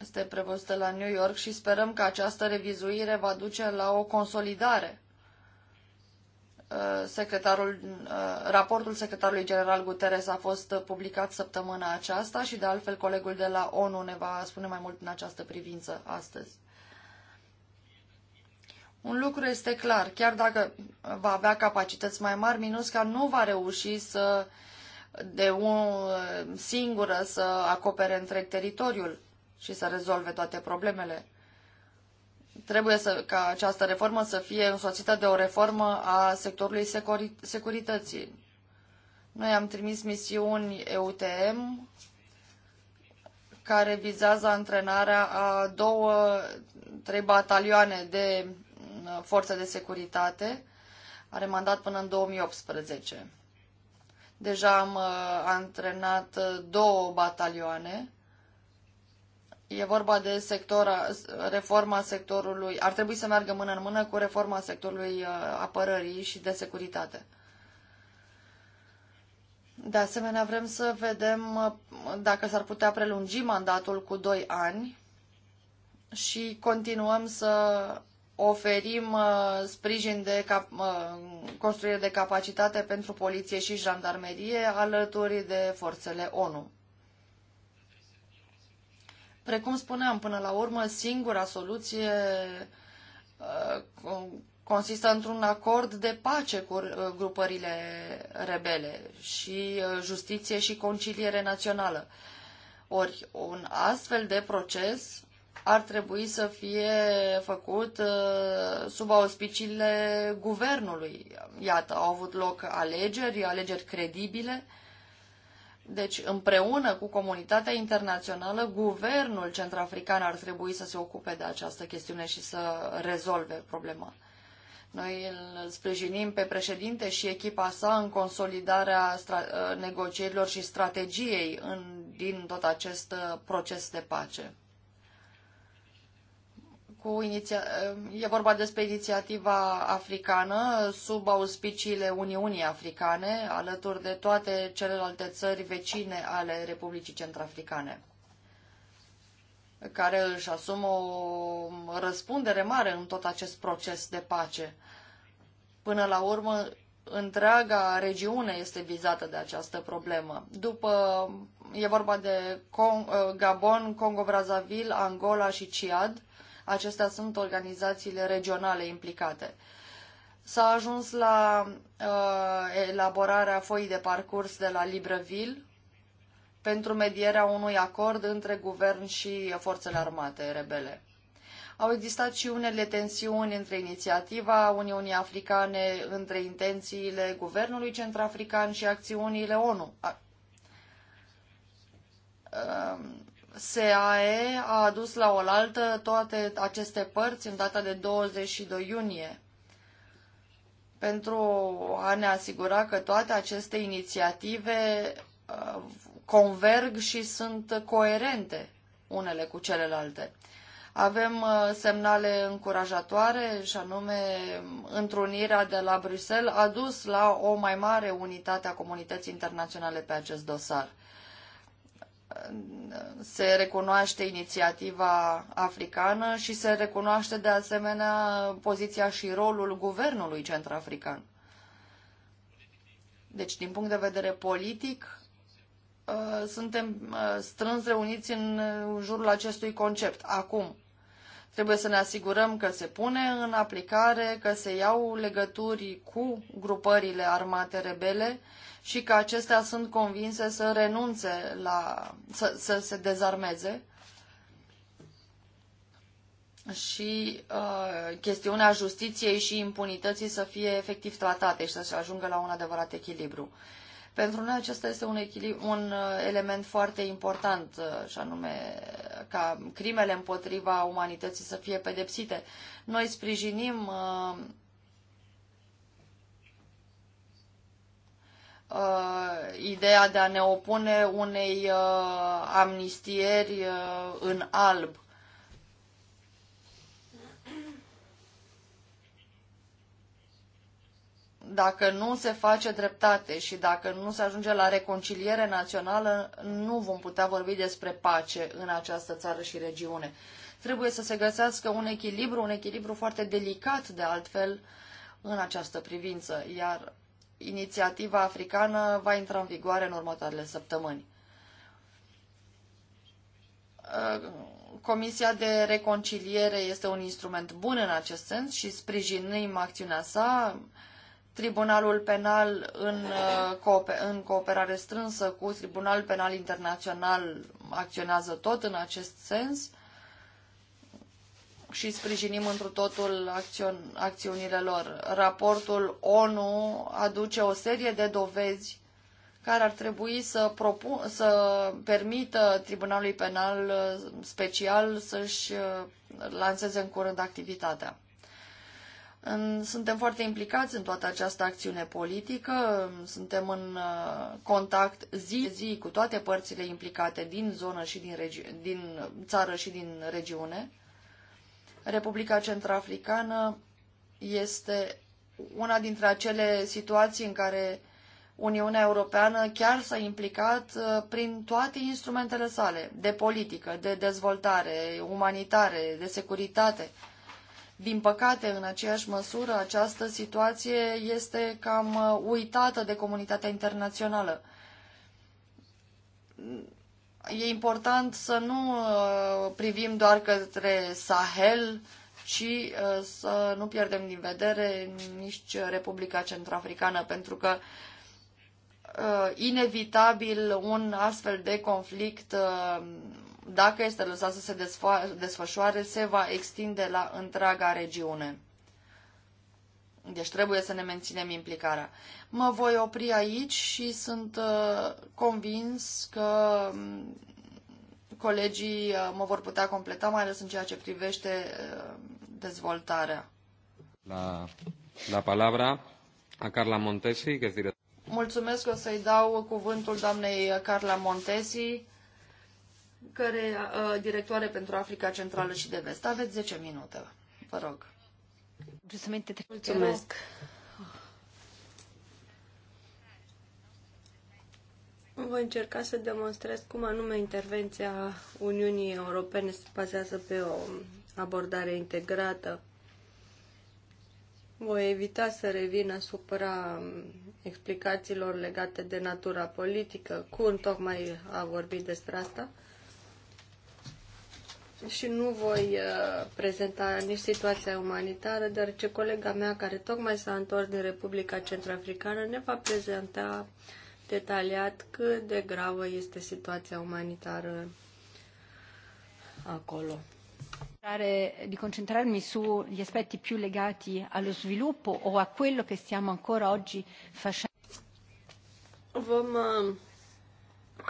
este prevăzută la New York și sperăm că această revizuire va duce la o consolidare Uh, secretarul, uh, raportul secretarului general Guterres a fost publicat săptămâna aceasta și de altfel colegul de la ONU ne va spune mai mult în această privință astăzi. Un lucru este clar, chiar dacă va avea capacități mai mari, Minusca nu va reuși să de un singură să acopere întreg teritoriul și să rezolve toate problemele trebuie să, ca această reformă să fie însoțită de o reformă a sectorului securității. Noi am trimis misiuni EUTM care vizează antrenarea a două, trei batalioane de uh, forțe de securitate, are mandat până în 2018. Deja am uh, antrenat uh, două batalioane E vorba de reforma sectorului, ar trebui să meargă mână în mână cu reforma sectorului uh, apărării și de securitate. De asemenea, vrem să vedem uh, dacă s-ar putea prelungi mandatul cu 2 ani și continuăm să oferim uh, sprijin de cap, construire de capacitate pentru poliție și jandarmerie alături de forțele ONU. Precum spuneam, până la urmă, singura soluție uh, consistă într-un acord de pace cu uh, grupările rebele și uh, justiție și conciliere națională. Ori un astfel de proces ar trebui să fie făcut sub auspiciile guvernului. Iată, au avut loc alegeri, alegeri credibile, deci, împreună cu comunitatea internațională, guvernul centrafrican ar trebui să se ocupe de această chestiune și să rezolve problema. Noi îl sprijinim pe președinte și echipa sa în consolidarea uh, negocierilor și strategiei în, din tot acest uh, proces de pace cu iniția... e vorba despre inițiativa africană sub auspiciile Uniunii Africane, alături de toate celelalte țări vecine ale Republicii Centrafricane, care își asumă o răspundere mare în tot acest proces de pace. Până la urmă, întreaga regiune este vizată de această problemă. După, e vorba de Gabon, Congo-Brazzaville, Angola și Ciad, Acestea sunt organizațiile regionale implicate. S-a ajuns la uh, elaborarea foii de parcurs de la Libreville pentru medierea unui acord între guvern și forțele armate rebele. Au existat și unele tensiuni între inițiativa Uniunii Africane, între intențiile guvernului centrafrican și acțiunile ONU. Uh, SAE a adus la oaltă toate aceste părți în data de 22 iunie pentru a ne asigura că toate aceste inițiative uh, converg și sunt coerente unele cu celelalte. Avem uh, semnale încurajatoare și anume întrunirea de la Bruxelles a dus la o mai mare unitate a comunității internaționale pe acest dosar se recunoaște inițiativa africană și se recunoaște de asemenea poziția și rolul guvernului centrafrican. Deci, din punct de vedere politic, uh, suntem uh, strâns reuniți în uh, jurul acestui concept. Acum, Trebuie să ne asigurăm că se pune în aplicare, că se iau legături cu grupările armate rebele și că acestea sunt convinse să renunțe la. să, să se dezarmeze. Și uh, chestiunea justiției și impunității să fie efectiv tratate și să se ajungă la un adevărat echilibru. Uh, pentru noi acesta este un, un uh, element foarte important, uh, și anume ca crimele împotriva umanității să fie pedepsite. Noi sprijinim uh, uh, ideea de a ne opune unei uh, amnistieri uh, în alb dacă nu se face dreptate și dacă nu se ajunge la reconciliere națională, nu vom putea vorbi despre pace în această țară și regiune. Trebuie să se găsească un echilibru, un echilibru foarte delicat de altfel în această privință, iar inițiativa africană va intra în vigoare în următoarele săptămâni. Uh, Comisia de reconciliere este un instrument bun în acest sens și sprijinim acțiunea sa. Tribunalul Penal în, uh, în cooperare strânsă cu Tribunalul Penal Internațional acționează tot în acest sens și sprijinim întru totul acțion, acțiunile lor. Raportul ONU aduce o serie de dovezi care ar trebui să, propun, să permită Tribunalului Penal uh, Special să-și uh, lanseze în curând activitatea. Suntem foarte implicați în toată această acțiune politică, suntem în uh, contact zi zi cu toate părțile implicate din zonă și din, regi- din țară și din regiune. Republica Centrafricană este una dintre acele situații în care Uniunea Europeană chiar s-a implicat uh, prin toate instrumentele sale, de politică, de dezvoltare, umanitare, de securitate. Din păcate, în aceeași măsură, această situație este cam uh, uitată de comunitatea internațională. E important să nu uh, privim doar către Sahel, ci uh, să nu pierdem din vedere nici Republica Centrafricană, pentru că inevitabil un astfel de conflict dacă este lăsat să se desfășoare, se va extinde la întreaga regiune. Deci trebuie să ne menținem implicarea. Mă voi opri aici și sunt uh, convins că mm, colegii uh, mă vor putea completa, mai ales în ceea ce privește uh, dezvoltarea. La, la palabra a Carla Montesi, că Mulțumesc, o să-i dau cuvântul doamnei Carla Montesi, care uh, directoare pentru Africa Centrală și de Vest. Aveți 10 minute, vă rog. Justamente te mulțumesc. Voi încerca să demonstrez cum anume intervenția Uniunii Europene se bazează pe o abordare integrată. Voi evita să revin asupra explicațiilor legate de natura politică. Kun tocmai a vorbit despre asta și nu voi uh, prezenta nici situația umanitară, dar ce colega mea care tocmai s-a întors din Republica Centrafricană ne va prezenta detaliat cât de gravă este situația umanitară acolo. Di concentrarmi sugli aspetti più legati allo sviluppo o a quello che stiamo ancora oggi facendo. Vom uh,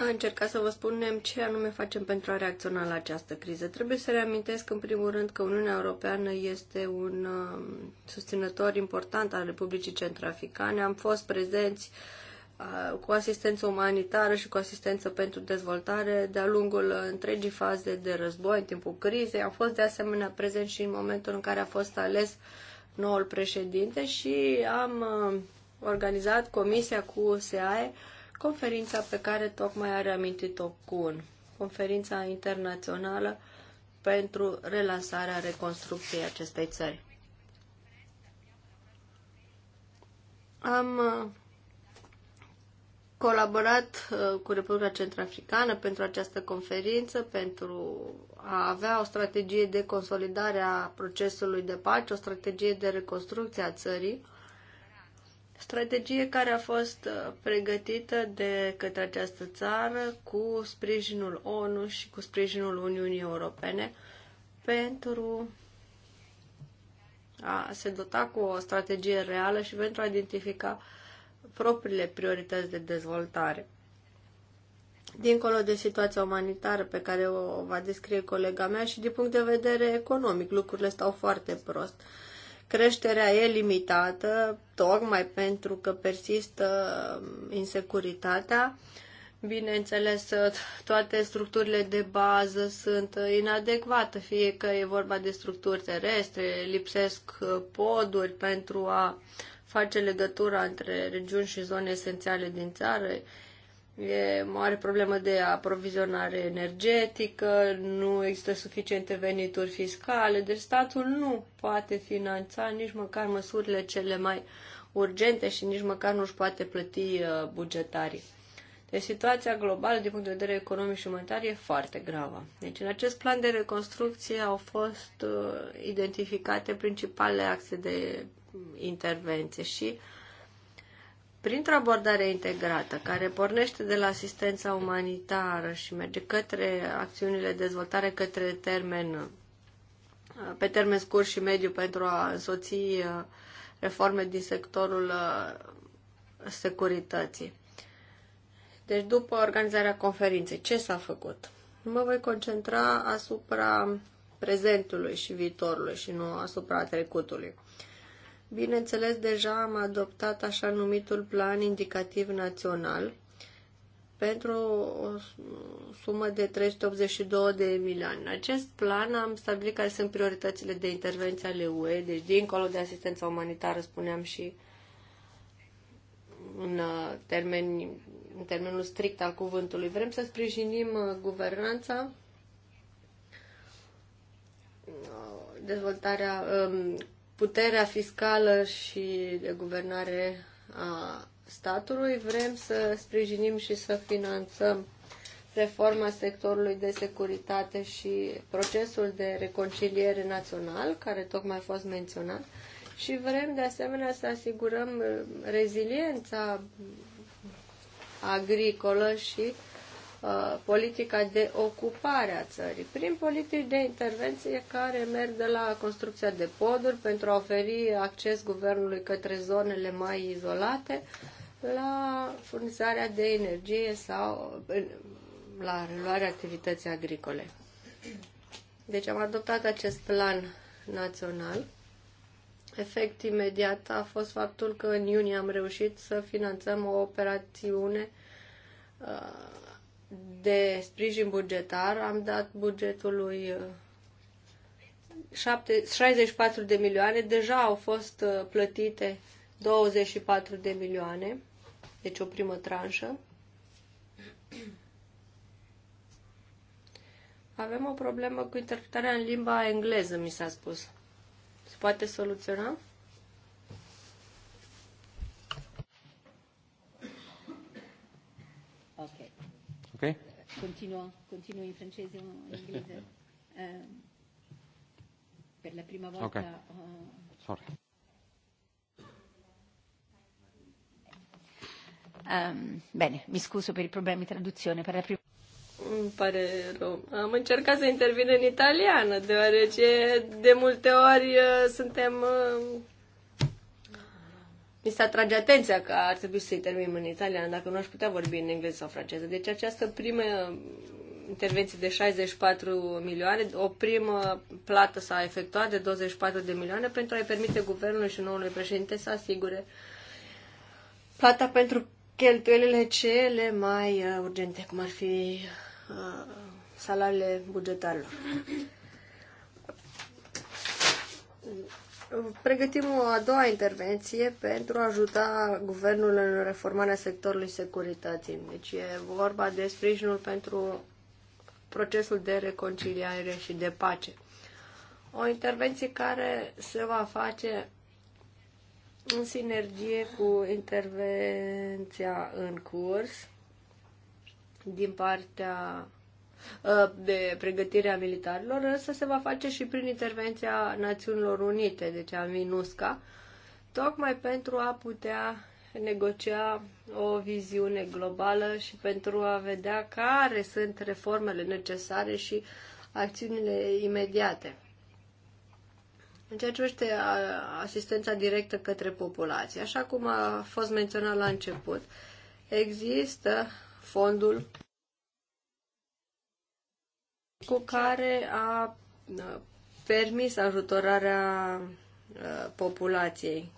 a încercat să vă spunem ce anume facem pentru a reacționa la această criză. Trebuie să reamintesc în primul rând că Uniunea Europeană este un um, susținător important al Republicii Centrafricane. Am fost prezenți uh, cu asistență umanitară și cu asistență pentru dezvoltare de-a lungul întregii faze de război, în timpul crizei. Am fost de asemenea prezent și în momentul în care a fost ales noul președinte și am um, organizat comisia cu SEAE conferința pe care tocmai a reamintit-o CUN, conferința internațională pentru relansarea reconstrucției acestei țări. Am uh, colaborat uh, cu Republica Centrafricană pentru această conferință, pentru a avea o strategie de consolidare a procesului de pace, o strategie de reconstrucție a țării Strategie care a fost uh, pregătită de către această țară cu sprijinul ONU și cu sprijinul Uniunii Europene pentru a se dota cu o strategie reală și pentru a identifica propriile priorități de dezvoltare. Dincolo de situația umanitară pe care o va descrie colega mea și din punct de vedere economic, lucrurile stau foarte prost. Uh, creșterea e limitată, tocmai pentru că persistă um, insecuritatea. Bineînțeles, toate structurile de bază sunt inadecvate, fie că e vorba de structuri terestre, lipsesc uh, poduri pentru a face legătura între regiuni și zone esențiale din țară, E mare problemă de aprovizionare energetică, nu există suficiente venituri fiscale, deci statul nu poate finanța nici măcar măsurile cele mai urgente și nici măcar nu își poate plăti uh, bugetarii. Deci situația globală din punct de vedere economic și monetar e foarte gravă. Deci în acest plan de reconstrucție au fost uh, identificate principalele axe de intervenție și uh, printr-o abordare integrată, care pornește de la asistența umanitară și merge către acțiunile de dezvoltare către termen, pe termen scurt și mediu pentru a însoți uh, reforme din sectorul uh, securității. Deci după organizarea conferinței, ce s-a făcut? Mă voi concentra asupra prezentului și viitorului și nu asupra trecutului. Bineînțeles, deja am adoptat așa numitul plan indicativ național pentru o sumă de 382 de milioane. În acest plan am stabilit care sunt prioritățile de intervenție ale UE, deci dincolo de asistența umanitară, spuneam și în, uh, termen, în termenul strict al cuvântului. Vrem să sprijinim uh, guvernanța, uh, dezvoltarea, um, puterea fiscală și de guvernare a statului, vrem să sprijinim și să finanțăm reforma sectorului de securitate și procesul de reconciliere național, care tocmai a fost menționat, și vrem de asemenea să asigurăm uh, reziliența agricolă și Uh, politica de ocupare a țării, prin politici de intervenție care merg de la construcția de poduri pentru a oferi acces guvernului către zonele mai izolate, la furnizarea de energie sau la reluarea activității agricole. Deci am adoptat acest plan național. Efect imediat a fost faptul că în iunie am reușit să finanțăm o operațiune uh, de sprijin bugetar am dat bugetului 7, uh, 64 de milioane, deja au fost uh, plătite 24 de milioane, deci o primă tranșă. Avem o problemă cu interpretarea în limba engleză, mi s-a spus. Se poate soluționa? Continuo, continuo in francese o in inglese. Eh, per la prima volta okay. ho... Uh, Sorry. Um, bene, mi scuso per i problemi di traduzione. Per la prima... Îmi pare rău. Am încercat să intervin în italiană, deoarece de multe ori uh, suntem uh, mi se atrage atenția că ar trebui să termin în Italia, dacă nu aș putea vorbi în engleză sau franceză. Deci această primă intervenție de 64 milioane, o primă plată s-a efectuat de 24 de milioane pentru a-i permite guvernului și noului președinte să asigure plata pentru cheltuielile cele mai uh, urgente, cum ar fi uh, salariile bugetarilor. pregătim o a doua intervenție pentru a ajuta guvernul în reformarea sectorului securității. Deci e vorba de sprijinul pentru procesul de reconciliare și de pace. O intervenție care se va face în sinergie cu intervenția în curs din partea Uh, de pregătire a militarilor, însă se va face și prin intervenția Națiunilor Unite, deci a MINUSCA, tocmai pentru a putea negocia o viziune globală și pentru a vedea care sunt reformele necesare și acțiunile imediate. În ceea ce este asistența directă către populație, așa cum a fost menționat la început, există fondul cu care a permis ajutorarea populației.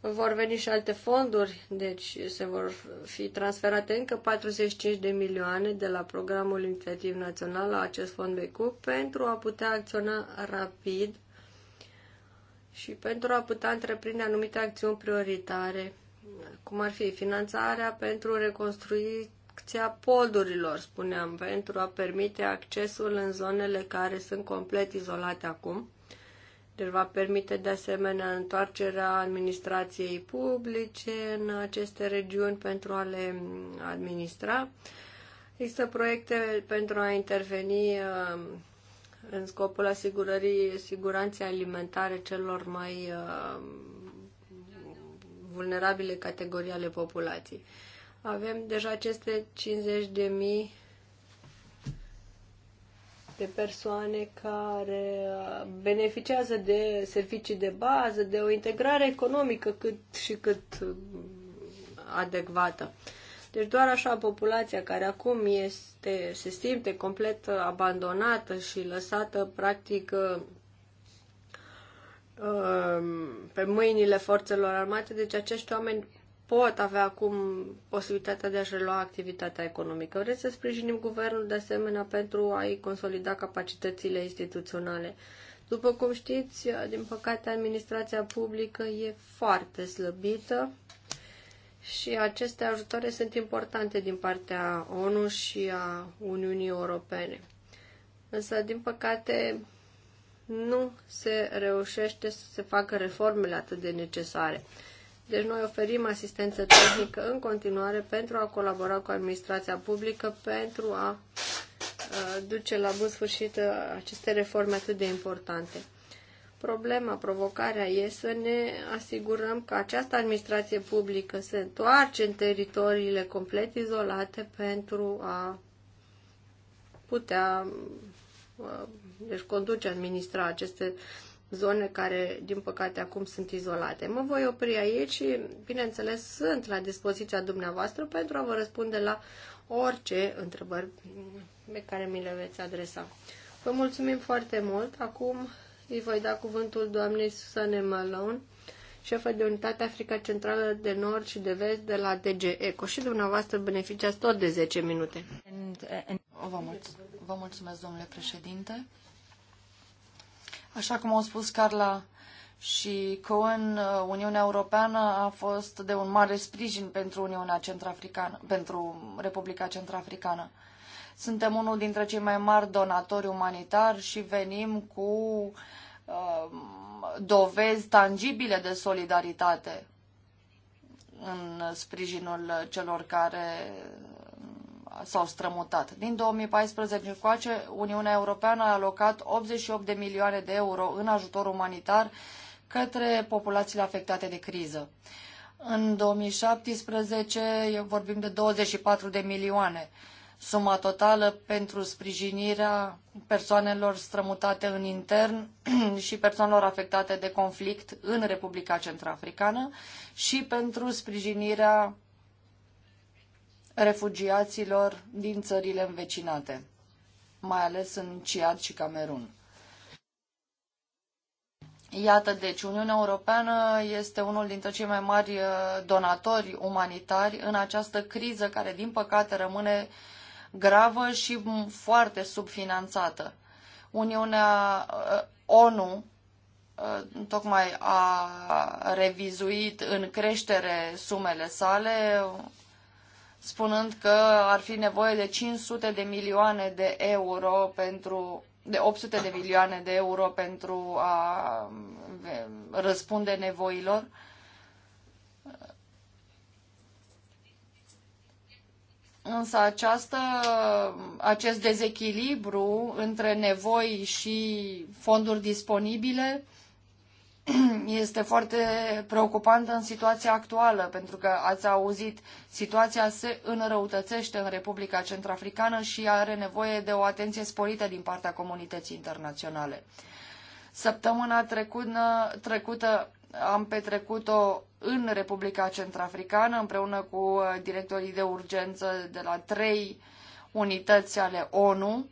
Vor veni și alte fonduri, deci se vor fi transferate încă 45 de milioane de la programul inițiativ național la acest fond BECU pentru a putea acționa rapid și pentru a putea întreprinde anumite acțiuni prioritare, cum ar fi finanțarea pentru reconstruirea protecția podurilor, spuneam, pentru a permite accesul în zonele care sunt complet izolate acum. Deci va permite de asemenea întoarcerea administrației publice în aceste regiuni pentru a le administra. Există proiecte pentru a interveni um, în scopul asigurării siguranței alimentare celor mai um, vulnerabile categorii ale populației avem deja aceste 50 de mii de persoane care uh, beneficiază de servicii de bază, de o integrare economică cât și cât uh, adecvată. Deci doar așa populația care acum este, se simte complet uh, abandonată și lăsată practic pe mâinile forțelor armate, deci acești oameni pot avea acum posibilitatea de a-și relua activitatea economică. Vreți să sprijinim guvernul de asemenea pentru a-i consolida capacitățile instituționale. După cum știți, din păcate, administrația publică e foarte slăbită și aceste ajutoare sunt importante din partea ONU și a Uniunii Europene. Însă, din păcate, nu se reușește să se facă reformele atât de necesare. Deci noi oferim asistență tehnică în continuare pentru a colabora cu administrația publică, pentru a duce la bun sfârșit aceste reforme atât de importante. Problema, provocarea e să ne asigurăm că această administrație publică se întoarce în teritoriile complet izolate pentru a putea deci conduce, administra aceste uh, zone care, din păcate, acum sunt izolate. Mă voi opri aici și, bineînțeles, sunt la dispoziția dumneavoastră pentru a vă răspunde la orice întrebări pe care mi le veți adresa. Vă mulțumim foarte mult. Acum îi voi da cuvântul doamnei Susane Malone, șefă de unitate Africa Centrală de Nord și de Vest de la DG ECO și dumneavoastră beneficiați tot de 10 minute. Uh, vă, vă mulțumesc, domnule președinte. Așa cum au spus Carla și Cohen, uh, Uniunea Europeană a fost de un mare sprijin pentru Uniunea Centrafricană, pentru Republica Centrafricană. Suntem unul dintre cei mai mari donatori umanitari și venim cu uh, dovezi tangibile de solidaritate în sprijinul celor care s-au strămutat. Din 2014 încoace, Uniunea Europeană a alocat 88 de milioane de euro în ajutor umanitar către populațiile afectate de criză. În 2017 vorbim de 24 de milioane. Suma totală pentru sprijinirea persoanelor strămutate în intern și persoanelor afectate de conflict în Republica Centrafricană și pentru sprijinirea refugiaților din țările învecinate, mai ales în Ciad și Camerun. Iată, deci Uniunea Europeană este unul dintre cei mai mari uh, donatori umanitari în această criză care, din păcate, rămâne gravă și foarte subfinanțată. Uniunea uh, ONU uh, tocmai a revizuit în creștere sumele sale spunând că ar fi nevoie de 500 de milioane de euro pentru de 800 de milioane de euro pentru a răspunde nevoilor. Însă această, acest dezechilibru între nevoi și fonduri disponibile este foarte preocupantă în situația actuală, pentru că ați auzit, situația se înrăutățește în Republica Centrafricană și are nevoie de o atenție sporită din partea comunității internaționale. Săptămâna trecută, trecută am petrecut-o în Republica Centrafricană împreună cu uh, directorii de urgență de la trei unități ale ONU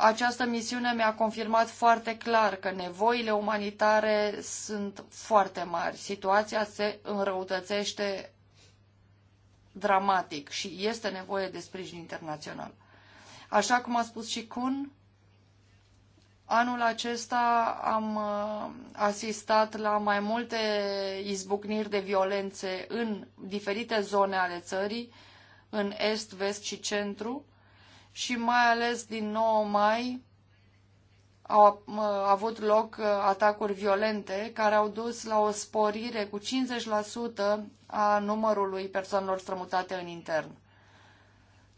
această misiune mi-a confirmat foarte clar că nevoile umanitare sunt foarte mari. Situația se înrăutățește dramatic și este nevoie de sprijin internațional. Așa cum a spus și Kun, anul acesta am uh, asistat la mai multe izbucniri de violențe în diferite zone ale țării, în est, vest și centru, și mai ales din 9 mai au avut loc uh, atacuri violente care au dus la o sporire cu 50% a numărului persoanelor strămutate în intern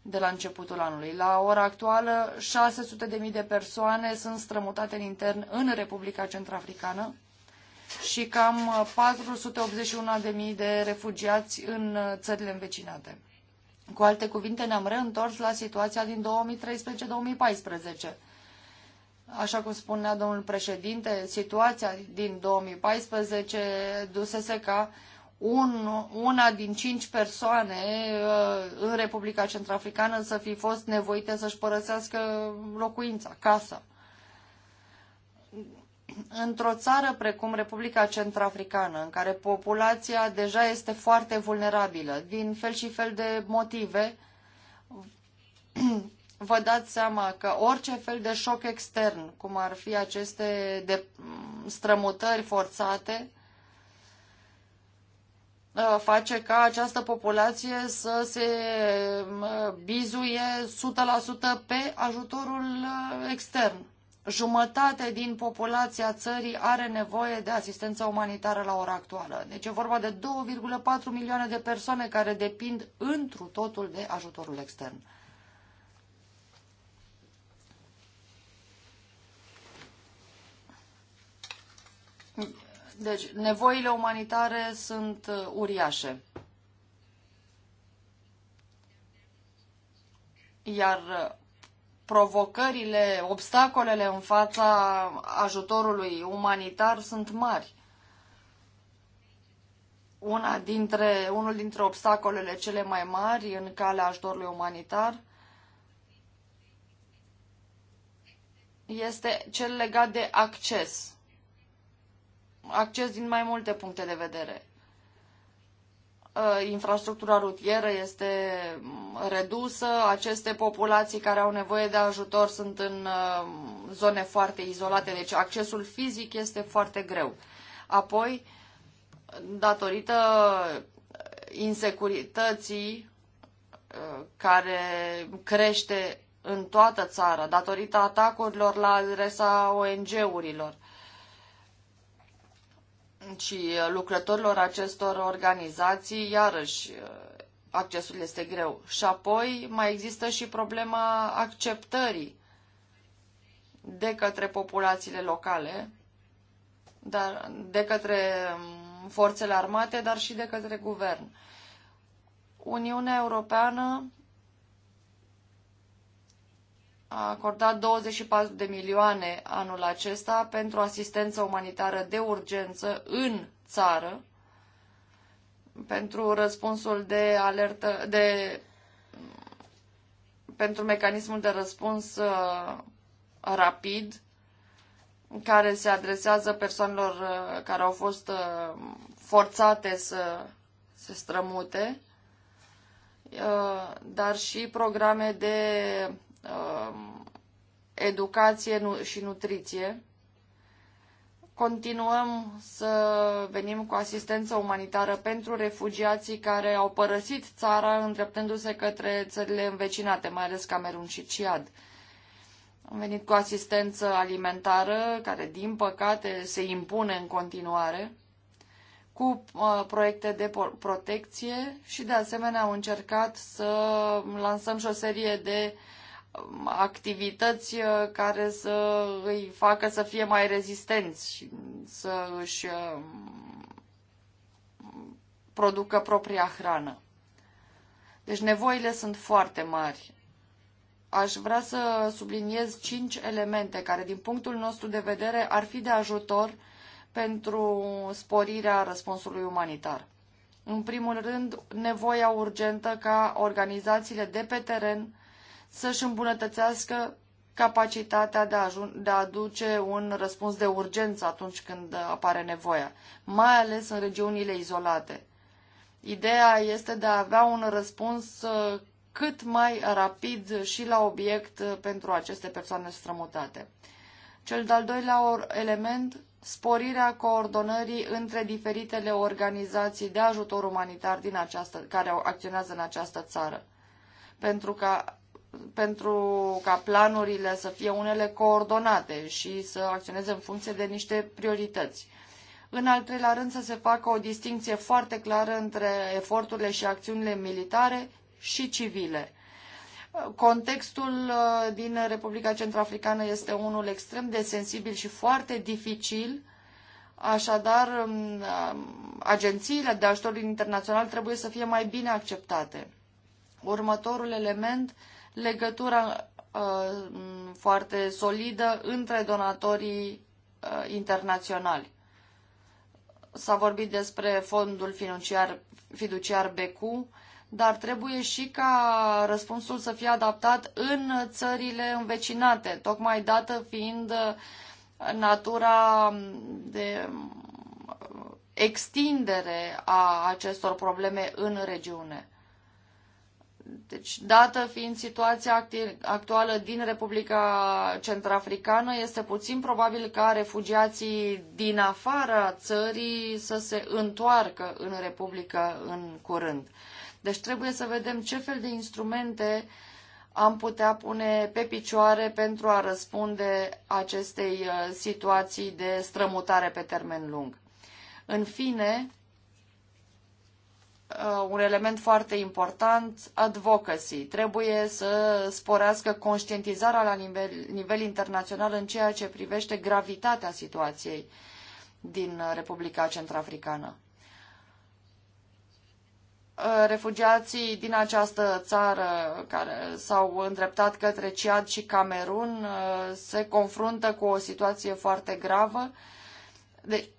de la începutul anului. La ora actuală, 600.000 de persoane sunt strămutate în intern în Republica Centrafricană și cam 481.000 uh, de refugiați în uh, țările învecinate. Cu alte cuvinte, ne-am reîntors la situația din 2013-2014. Așa cum spunea domnul președinte, situația din 2014 dusese ca un, una din cinci persoane uh, în Republica Centrafricană să fi fost nevoite să-și părăsească locuința, casa într-o țară precum Republica Centrafricană, în care populația deja este foarte vulnerabilă, din fel și fel de motive, vă dați seama că orice fel de șoc extern, cum ar fi aceste de mm, strămutări forțate, ă, face ca această populație să se mm, bizuie 100% pe ajutorul ă, extern jumătate din populația țării are nevoie de asistență umanitară la ora actuală. Deci e vorba de 2,4 milioane de persoane care depind întru totul de ajutorul extern. Deci, nevoile umanitare sunt uh, uriașe. Iar uh, provocările, obstacolele în fața ajutorului umanitar sunt mari. Una dintre, unul dintre obstacolele cele mai mari în calea ajutorului umanitar este cel legat de acces. Acces din mai multe puncte de vedere. Uh, infrastructura rutieră este redusă, aceste populații care au nevoie de ajutor sunt în uh, zone foarte izolate, deci accesul fizic este foarte greu. Apoi, datorită insecurității uh, care crește în toată țara, datorită atacurilor la adresa ONG-urilor, și lucrătorilor acestor organizații, iarăși, uh, accesul este greu. Și apoi mai există și problema acceptării de către populațiile locale, dar de către um, forțele armate, dar și de către guvern. Uniunea Europeană a acordat 24 de milioane anul acesta pentru asistență umanitară de urgență în țară, pentru răspunsul de alertă, de, pentru mecanismul de răspuns uh, rapid, care se adresează persoanelor uh, care au fost uh, forțate să se strămute, uh, dar și programe de Um, educație și nutriție. Continuăm să venim cu asistență umanitară pentru refugiații care au părăsit țara îndreptându-se către țările învecinate, mai ales Camerun și Ciad. Am venit cu asistență alimentară, care din păcate se impune în continuare, cu uh, proiecte de protecție și de asemenea am încercat să lansăm și o serie de activități uh, care să îi facă să fie mai rezistenți să își uh, producă propria hrană. Deci nevoile sunt foarte mari. Aș vrea să subliniez cinci elemente care, din punctul nostru de vedere, ar fi de ajutor pentru sporirea răspunsului umanitar. În primul rând, nevoia urgentă ca organizațiile de pe teren să-și îmbunătățească capacitatea de a, de a aduce un răspuns de urgență atunci când apare nevoia, mai ales în regiunile izolate. Ideea este de a avea un răspuns uh, cât mai rapid și la obiect uh, pentru aceste persoane strămutate. Cel de-al doilea element, sporirea coordonării între diferitele organizații de ajutor umanitar din această, care acționează în această țară, pentru ca pentru ca planurile să fie unele coordonate și să acționeze în funcție de niște priorități. În al treilea rând, să se facă o distinție foarte clară între eforturile și acțiunile militare și civile. Contextul uh, din Republica Centrafricană este unul extrem de sensibil și foarte dificil, așadar um, agențiile de ajutor internațional trebuie să fie mai bine acceptate. Următorul element legătura uh, foarte solidă între donatorii uh, internaționali. S-a vorbit despre fondul financiar, fiduciar BQ, dar trebuie și ca răspunsul să fie adaptat în țările învecinate, tocmai dată fiind uh, natura de uh, extindere a acestor probleme în regiune. Deci, dată fiind situația actuală din Republica Centrafricană, este puțin probabil ca refugiații din afara țării să se întoarcă în Republică în curând. Deci trebuie să vedem ce fel de instrumente am putea pune pe picioare pentru a răspunde acestei uh, situații de strămutare pe termen lung. În fine, Uh, un element foarte important, advocacy. Trebuie să sporească conștientizarea la nivel, nivel internațional în ceea ce privește gravitatea situației din Republica Centrafricană. Uh, refugiații din această țară care s-au îndreptat către Ciad și Camerun uh, se confruntă cu o situație foarte gravă. Deci,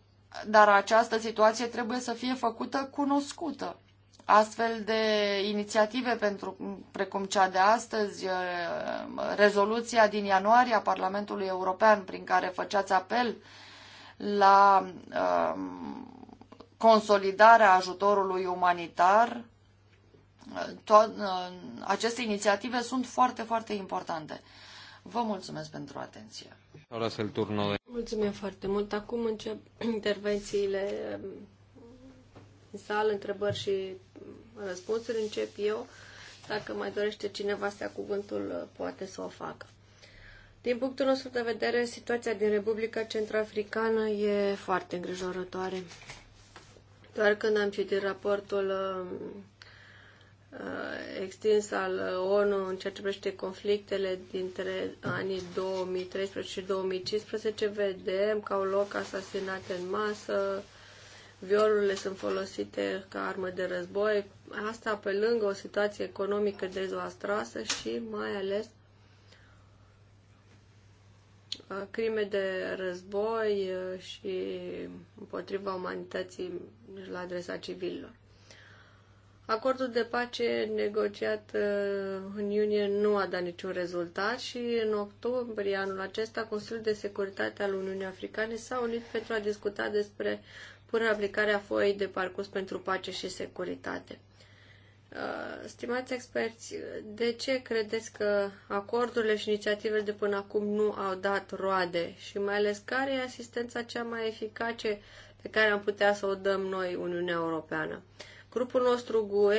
dar această situație trebuie să fie făcută cunoscută. Astfel de inițiative pentru, precum cea de astăzi, rezoluția din ianuarie a Parlamentului European prin care făceați apel la consolidarea ajutorului umanitar, to- aceste inițiative sunt foarte, foarte importante. Vă mulțumesc pentru atenție. Mulțumim foarte mult. Acum încep intervențiile în sală, întrebări și răspunsuri. Încep eu. Dacă mai dorește cineva să ia cuvântul, poate să o facă. Din punctul nostru de vedere, situația din Republica Centrafricană e foarte îngrijorătoare. Doar când am citit raportul Uh, extins al ONU în ceea ce privește conflictele dintre anii 2013 și 2015, vedem că au loc asasinate în masă, violurile sunt folosite ca armă de război, asta pe lângă o situație economică dezastroasă și mai ales uh, crime de război uh, și împotriva umanității la adresa civililor. Acordul de pace negociat uh, în iunie nu a dat niciun rezultat și în octombrie anul acesta Consiliul de Securitate al Uniunii Africane s-a unit pentru a discuta despre până aplicarea foii de parcurs pentru pace și securitate. Uh, stimați experți, de ce credeți că acordurile și inițiativele de până acum nu au dat roade și mai ales care e asistența cea mai eficace pe care am putea să o dăm noi Uniunea Europeană? Grupul nostru GUE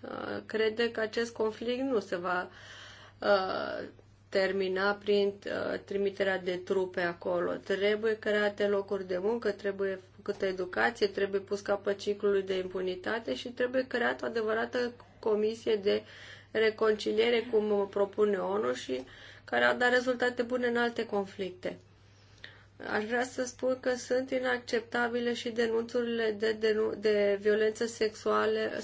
uh, crede că acest conflict nu se va uh, termina prin uh, trimiterea de trupe acolo. Trebuie create locuri de muncă, trebuie făcută educație, trebuie pus capăt ciclului de impunitate și trebuie creată o adevărată comisie de reconciliere, cum propune ONU și care a dat rezultate bune în alte conflicte. Aș vrea să spun că sunt inacceptabile și denunțurile de, de, de violență sexuale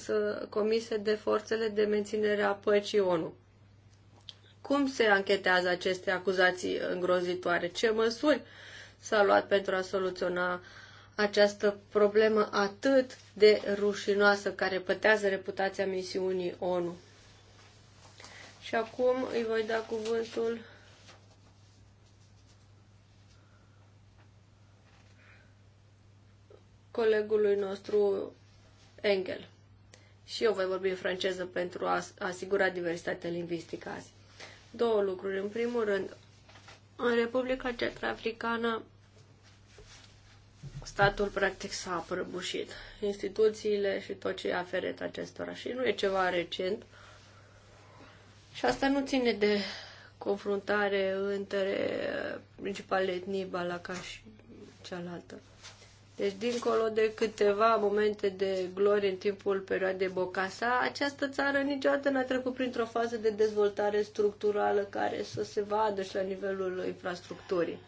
comise de forțele de menținere a păcii ONU. Cum se anchetează aceste acuzații îngrozitoare? Ce măsuri s-a luat pentru a soluționa această problemă atât de rușinoasă care pătează reputația misiunii ONU? Și acum îi voi da cuvântul colegului nostru Engel. Și eu voi vorbi în franceză pentru a asigura diversitatea lingvistică azi. Două lucruri. În primul rând, în Republica Centrafricană, statul practic s-a prăbușit. Instituțiile și tot ce e aferet acestora. Și nu e ceva recent. Și asta nu ține de confruntare între principalele etnii, Balaca și cealaltă. Deci, dincolo de câteva momente de glorie în timpul perioadei Bocasa, această țară niciodată n-a trecut printr-o fază de dezvoltare structurală care să se vadă și la nivelul infrastructurii.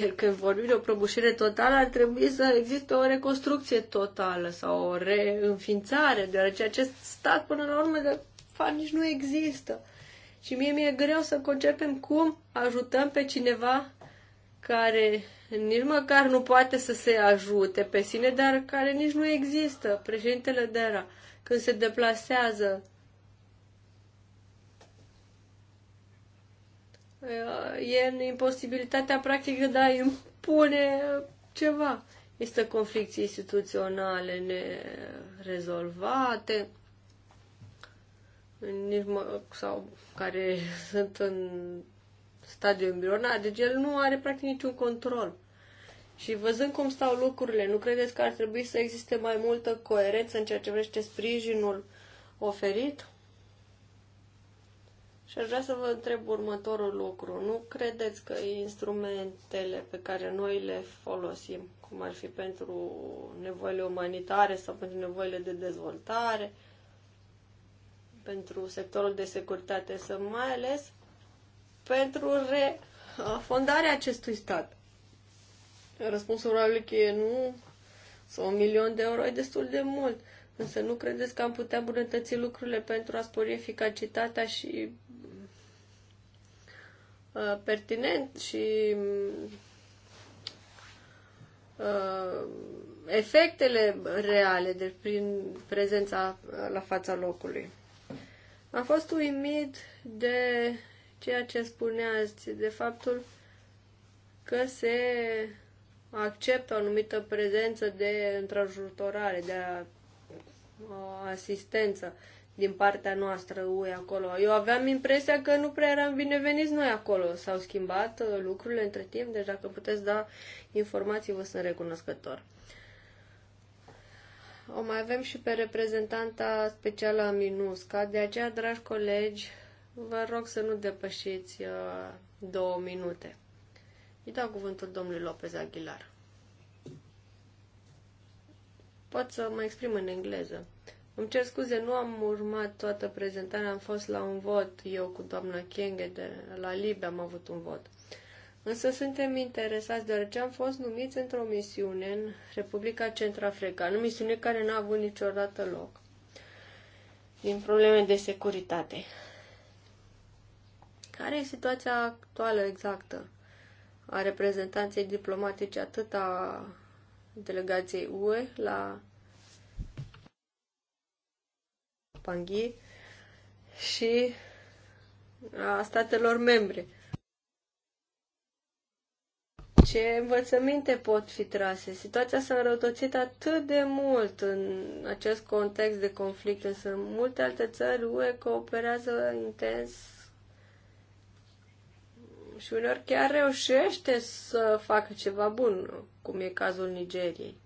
De când vorbim de o prăbușire totală, ar trebui să existe o reconstrucție totală sau o reînființare, deoarece acest stat, până la urmă, de fapt, nici nu există. Și mie mi-e greu să concepem cum ajutăm pe cineva care nici măcar nu poate să se ajute pe sine, dar care nici nu există. Președintele Dera, când se deplasează, uh, e în imposibilitatea practică de a impune ceva. Este conflicte instituționale nerezolvate nici mă, sau care sunt în stadiu embrionar, deci el nu are practic niciun control. Și văzând cum stau lucrurile, nu credeți că ar trebui să existe mai multă coerență în ceea ce vrește sprijinul oferit? Și aș vrea să vă întreb următorul lucru. Nu credeți că instrumentele pe care noi le folosim, cum ar fi pentru nevoile umanitare sau pentru nevoile de dezvoltare, pentru sectorul de securitate, să mai ales pentru refondarea acestui stat? Răspunsul probabil e nu, sau un milion de euro e destul de mult. Însă nu credeți că am putea îmbunătăți lucrurile pentru a spori eficacitatea și uh, pertinent și uh, efectele reale, de prin prezența uh, la fața locului. Am fost uimit de ceea ce spuneați de faptul că se acceptă o anumită prezență de întrajutorare, de a, a, asistență din partea noastră UE acolo. Eu aveam impresia că nu prea eram bineveniți noi acolo. S-au schimbat uh, lucrurile între timp, deci dacă puteți da informații, vă sunt recunoscător. O mai avem și pe reprezentanta specială a MINUSCA, de aceea, dragi colegi, Vă rog să nu depășiți uh, două minute. Îi dau cuvântul domnului Lopez Aguilar. Pot să mă exprim în engleză. Îmi cer scuze, nu am urmat toată prezentarea, am fost la un vot, eu cu doamna Kenge de la Libe am avut un vot. Însă suntem interesați deoarece am fost numiți într-o misiune în Republica Centrafricană, misiune care n-a avut niciodată loc din probleme de securitate. Care e situația actuală exactă a reprezentanței diplomatice atât a delegației UE la Panghi și a statelor membre? ce învățăminte pot fi trase? Situația s-a înrăutățit atât de mult în acest context de conflict, însă în multe alte țări UE cooperează intens și uneori chiar reușește să facă ceva bun, cum e cazul Nigeriei.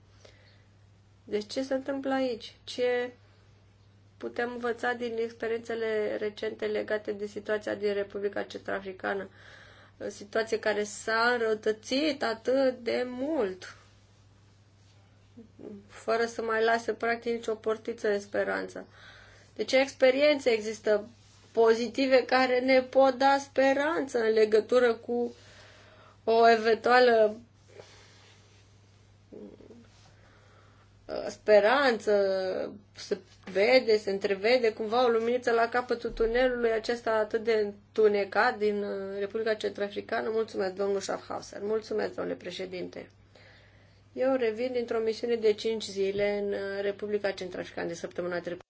Deci ce se întâmplă aici? Ce putem învăța din experiențele recente legate de situația din Republica Centrafricană? Situație care s-a înrăutățit atât de mult, fără să mai lase practic nicio portiță de speranță. Deci ce experiențe există pozitive care ne pot da speranță în legătură cu o eventuală uh, speranță, se vede, se întrevede cumva o luminiță la capătul tunelului acesta atât de întunecat din uh, Republica Centrafricană. Mulțumesc, domnul Schaffhauser. Mulțumesc, domnule președinte. Eu revin dintr-o misiune de 5 zile în uh, Republica Centrafricană de săptămâna trecută.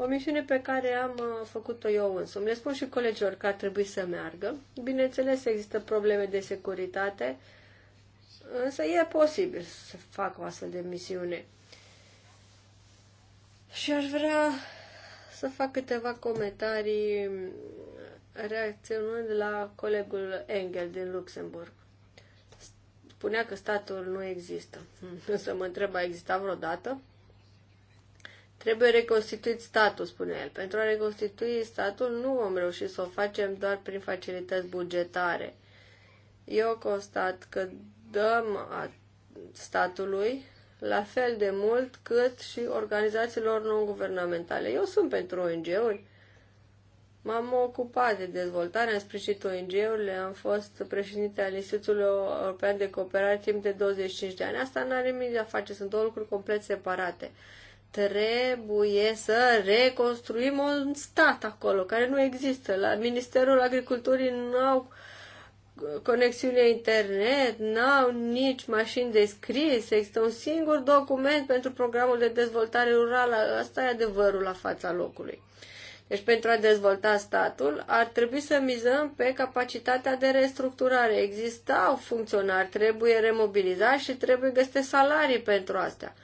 O misiune pe care am uh, făcut-o eu însumi. Le spun și colegilor că ar trebui să meargă. Bineînțeles, există probleme de securitate, însă e posibil să fac o astfel de misiune. Și aș vrea să fac câteva comentarii uh, reacționând la colegul Engel din Luxemburg. Spunea că statul nu există. Însă mă întreba, exista vreodată? Trebuie reconstituit statul, spune el. Pentru a reconstitui statul nu vom reuși să o facem doar prin facilități bugetare. Eu constat că dăm statului la fel de mult cât și organizațiilor non-guvernamentale. Eu sunt pentru ONG-uri. M-am ocupat de dezvoltare, am sprijinit ONG-urile, am fost președinte al Institutului European de Cooperare timp de 25 de ani. Asta nu are nimic de a face, sunt două lucruri complet separate trebuie să reconstruim un stat acolo, care nu există. La Ministerul Agriculturii nu au conexiune internet, nu au nici mașini de scris, există un singur document pentru programul de dezvoltare rurală. Asta e adevărul la fața locului. Deci pentru a dezvolta statul ar trebui să mizăm pe capacitatea de restructurare. Existau funcționari, trebuie remobilizați și trebuie găsite salarii pentru astea.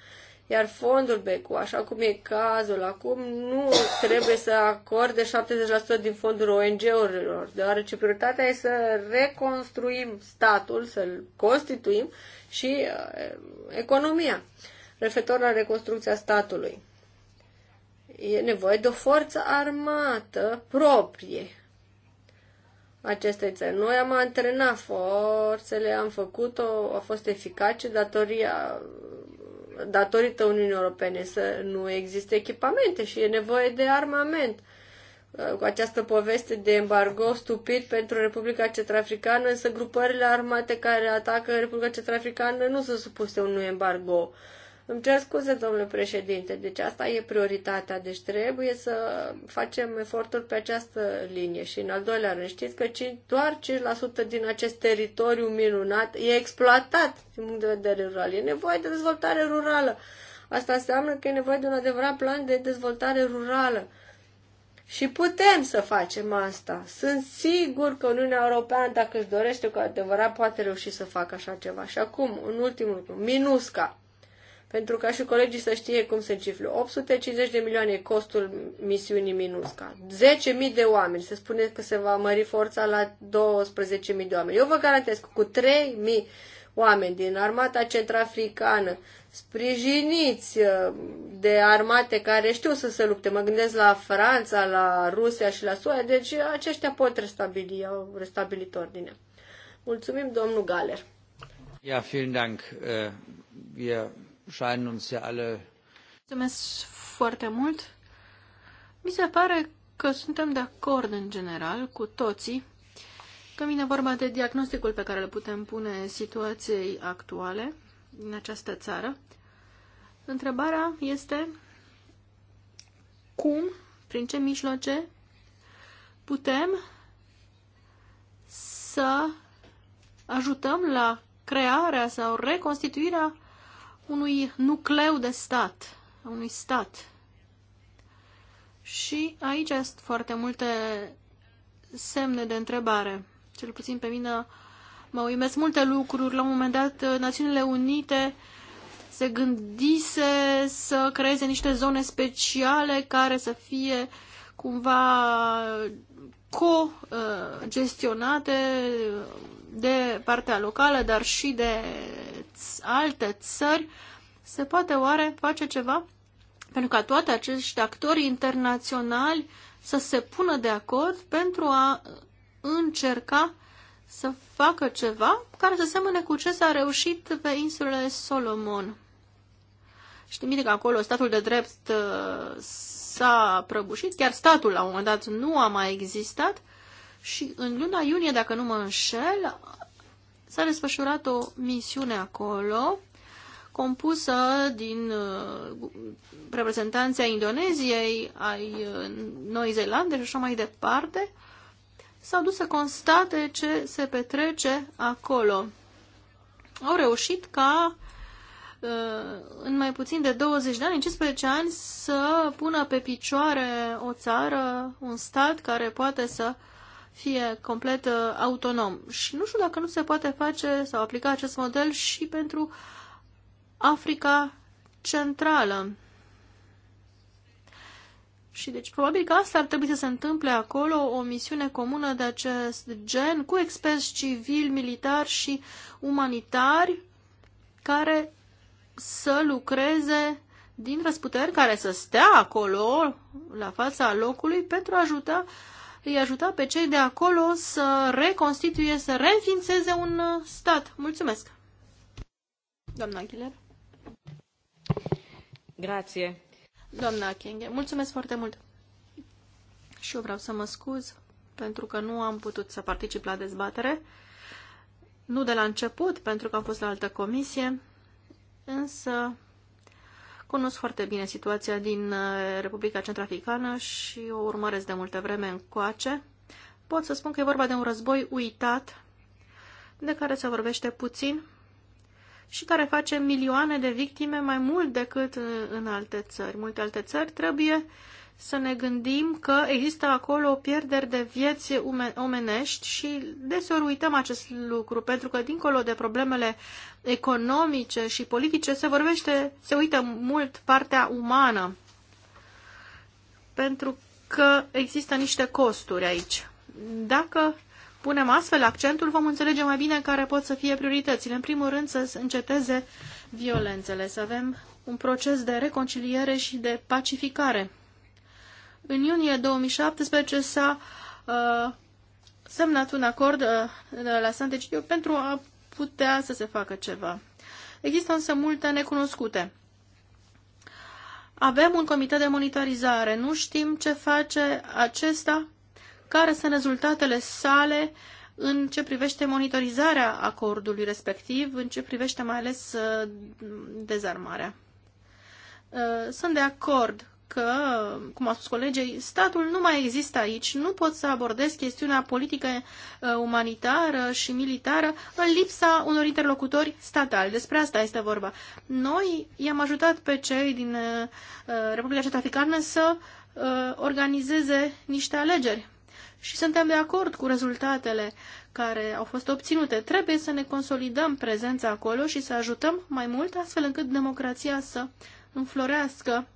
Iar fondul BECU, așa cum e cazul acum, nu trebuie să acorde 70% din fondul ONG-urilor, deoarece prioritatea e să reconstruim statul, să-l constituim și uh, economia, referitor la reconstrucția statului. E nevoie de o forță armată proprie acestei țări. Noi am antrenat forțele, am făcut-o, a fost eficace datoria datorită Uniunii Europene, să nu existe echipamente și e nevoie de armament. Uh, cu această poveste de embargo stupid pentru Republica Centrafricană, însă grupările armate care atacă Republica Centrafricană nu sunt supuse unui embargo. Uh, îmi cer scuze, domnule președinte, deci asta e prioritatea, deci trebuie să facem eforturi pe această linie. Și în al doilea rând, știți că doar 5% din acest teritoriu minunat e exploatat din punct de vedere rural. E nevoie de dezvoltare rurală. Asta înseamnă că e nevoie de un adevărat plan de dezvoltare rurală. Și putem să facem asta. Sunt sigur că Uniunea Europeană, dacă își dorește cu adevărat, poate reuși să facă așa ceva. Și acum, în ultimul lucru, minusca pentru ca și colegii să știe cum se cifră. 850 de milioane e costul misiunii MINUSCA. 10.000 de oameni. Se spune că se va mări forța la 12.000 de oameni. Eu vă garantez că cu 3.000 oameni din armata centrafricană, sprijiniți uh, de armate care știu să se lupte. Mă gândesc la Franța, la Rusia și la SUA, deci aceștia pot restabili, au restabilit ordine. Mulțumim, domnul Galer. Ja, vielen Dank. Äh, wir scheinen uns ja alle. Mulțumesc foarte mult. Mi se pare că suntem de acord în general cu toții că vine vorba de diagnosticul pe care îl putem pune situației actuale în această țară. Întrebarea este cum, prin ce mijloace putem să ajutăm la crearea sau reconstituirea unui nucleu de stat, unui stat. Și aici sunt foarte multe semne de întrebare. Cel puțin pe mine mă uimesc multe lucruri. La un moment dat, Națiunile Unite se gândise să creeze niște zone speciale care să fie cumva co-gestionate de partea locală, dar și de alte țări, se poate oare face ceva? Pentru ca toate acești actori internaționali să se pună de acord pentru a încerca să facă ceva care să semene cu ce s-a reușit pe insulele Solomon. Știm bine că acolo statul de drept uh, s-a prăbușit, chiar statul la un moment dat nu a mai existat și în luna iunie, dacă nu mă înșel, S-a desfășurat o misiune acolo, compusă din uh, reprezentanții Indoneziei, ai uh, Noi Zeelande și așa mai departe, s-au dus să constate ce se petrece acolo. Au reușit ca uh, în mai puțin de 20 de ani, în 15 ani, să pună pe picioare o țară, un stat care poate să uh, fie complet uh, autonom. Și nu știu dacă nu se poate face sau aplica acest model și pentru Africa Centrală. Și deci probabil că asta ar trebui să se întâmple acolo, o misiune comună de acest gen, cu experți civili, militari și umanitari care să lucreze din răsputeri, care să stea acolo, la fața locului, pentru a ajuta uh, îi ajuta pe cei de acolo să reconstituie, să reînființeze un uh, stat. Mulțumesc! Doamna Aguilera. Grație. Doamna Kenge, mulțumesc foarte mult. Și eu vreau să mă scuz pentru că nu am putut să particip la dezbatere. Nu de la început, pentru că am fost la altă comisie, însă Cunosc foarte bine situația din uh, Republica Centrafricană și o urmăresc de multe vreme încoace. Pot să spun că e vorba de un război uitat, de care se vorbește puțin și care face milioane de victime mai mult decât uh, în alte țări. Multe alte țări trebuie uh, să ne gândim că există acolo o pierdere de vieți omenești și deseori uităm acest lucru, pentru că dincolo de problemele economice și politice se vorbește, se uită mult partea umană, pentru că există niște costuri aici. Dacă punem astfel accentul, vom înțelege mai bine care pot să fie prioritățile. În primul rând să înceteze violențele, să avem un proces de reconciliere și de pacificare în iunie 2017 s-a uh, semnat un acord uh, la Santecidiu pentru a putea să se facă ceva. Există însă multe necunoscute. Avem un comitet de monitorizare, nu știm ce face acesta, care sunt rezultatele sale în ce privește monitorizarea acordului respectiv, în ce privește mai ales uh, dezarmarea. Uh, sunt de acord că, cum au spus colegii, statul nu mai există aici. Nu pot să abordez chestiunea politică, uh, umanitară și militară în lipsa unor interlocutori statali. Despre asta este vorba. Noi i-am ajutat pe cei din uh, Republica Centrafricană să uh, organizeze niște alegeri și suntem de acord cu rezultatele care au fost obținute. Trebuie să ne consolidăm prezența acolo și să ajutăm mai mult astfel încât democrația să înflorească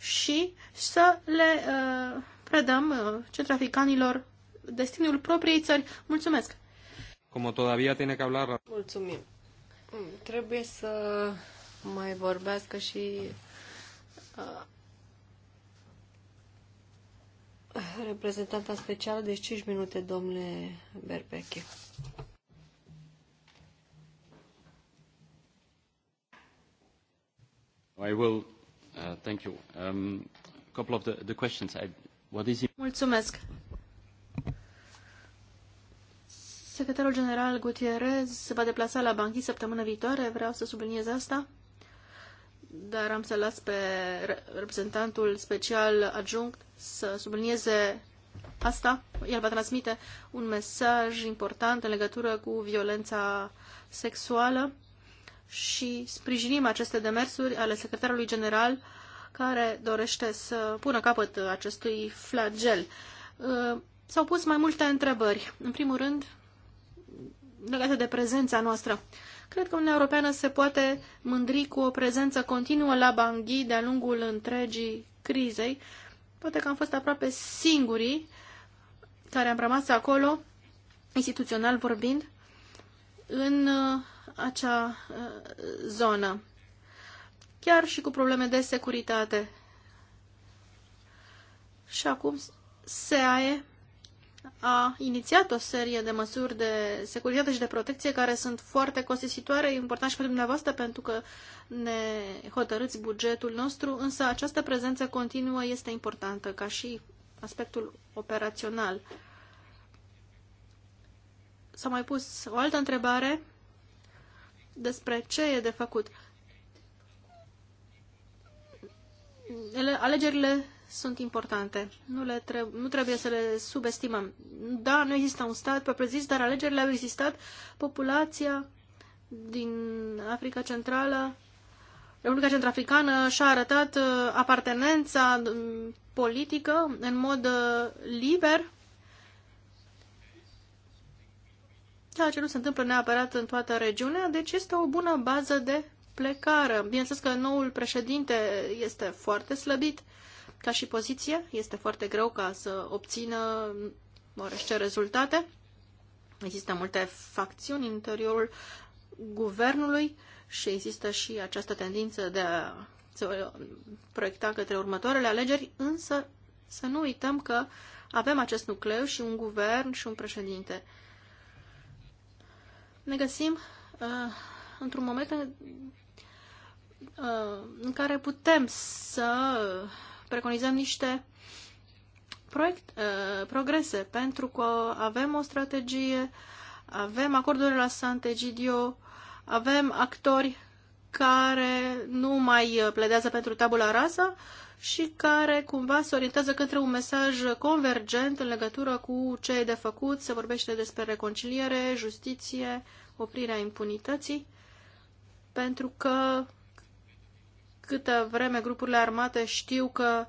și să le uh, predăm uh, centrafricanilor destinul propriei țări. Mulțumesc! o todavía tiene que hablar... Mulțumim! Mm, trebuie să mai vorbească și uh, reprezentanta specială de deci 5 minute, domnule Berbeche. I will Uh, thank you. Um, a couple of the, the questions. I, what is Mulțumesc. Secretarul general Gutierrez se va deplasa la Banchi săptămâna viitoare, vreau să subliniez asta, dar am să las pe reprezentantul special adjunct să sublinieze asta. El va transmite un mesaj important în legătură cu violența sexuală și sprijinim aceste demersuri ale secretarului general care dorește să pună capăt acestui flagel. Uh, s-au pus mai multe întrebări. În primul rând, legate de prezența noastră. Cred că Uniunea Europeană se poate mândri cu o prezență continuă la Banghi de-a lungul întregii crizei. Poate că am fost aproape singurii care am rămas acolo, instituțional vorbind, în uh, acea uh, zonă, chiar și cu probleme de securitate. Și acum SEAE a inițiat o serie de măsuri de securitate și de protecție care sunt foarte costisitoare, important și pentru dumneavoastră pentru că ne hotărâți bugetul nostru, însă această prezență continuă este importantă ca și aspectul operațional. S-a mai pus o altă întrebare despre ce e de făcut. Ele, alegerile sunt importante. Nu, le treb- nu trebuie să le subestimăm. Da, nu există un stat propriu-zis, dar alegerile au existat. Populația din Africa Centrală, Republica Centrafricană și-a arătat uh, apartenența mm, politică în mod uh, liber ceea ce nu se întâmplă neapărat în toată regiunea, deci este o bună bază de plecare. Bineînțeles că noul președinte este foarte slăbit ca și poziție, este foarte greu ca să obțină orice rezultate. Există multe facțiuni în interiorul guvernului și există și această tendință de a se proiecta către următoarele alegeri, însă să nu uităm că avem acest nucleu și un guvern și un președinte ne găsim uh, într-un moment în, uh, în care putem să preconizăm niște proiect, uh, progrese, pentru că avem o strategie, avem acordurile la Sant'Egidio, avem actori care nu mai pledează pentru tabula rasă și care cumva se orientează către un mesaj convergent în legătură cu ce e de făcut. Se vorbește despre reconciliere, justiție, oprirea impunității, pentru că câtă vreme grupurile armate știu că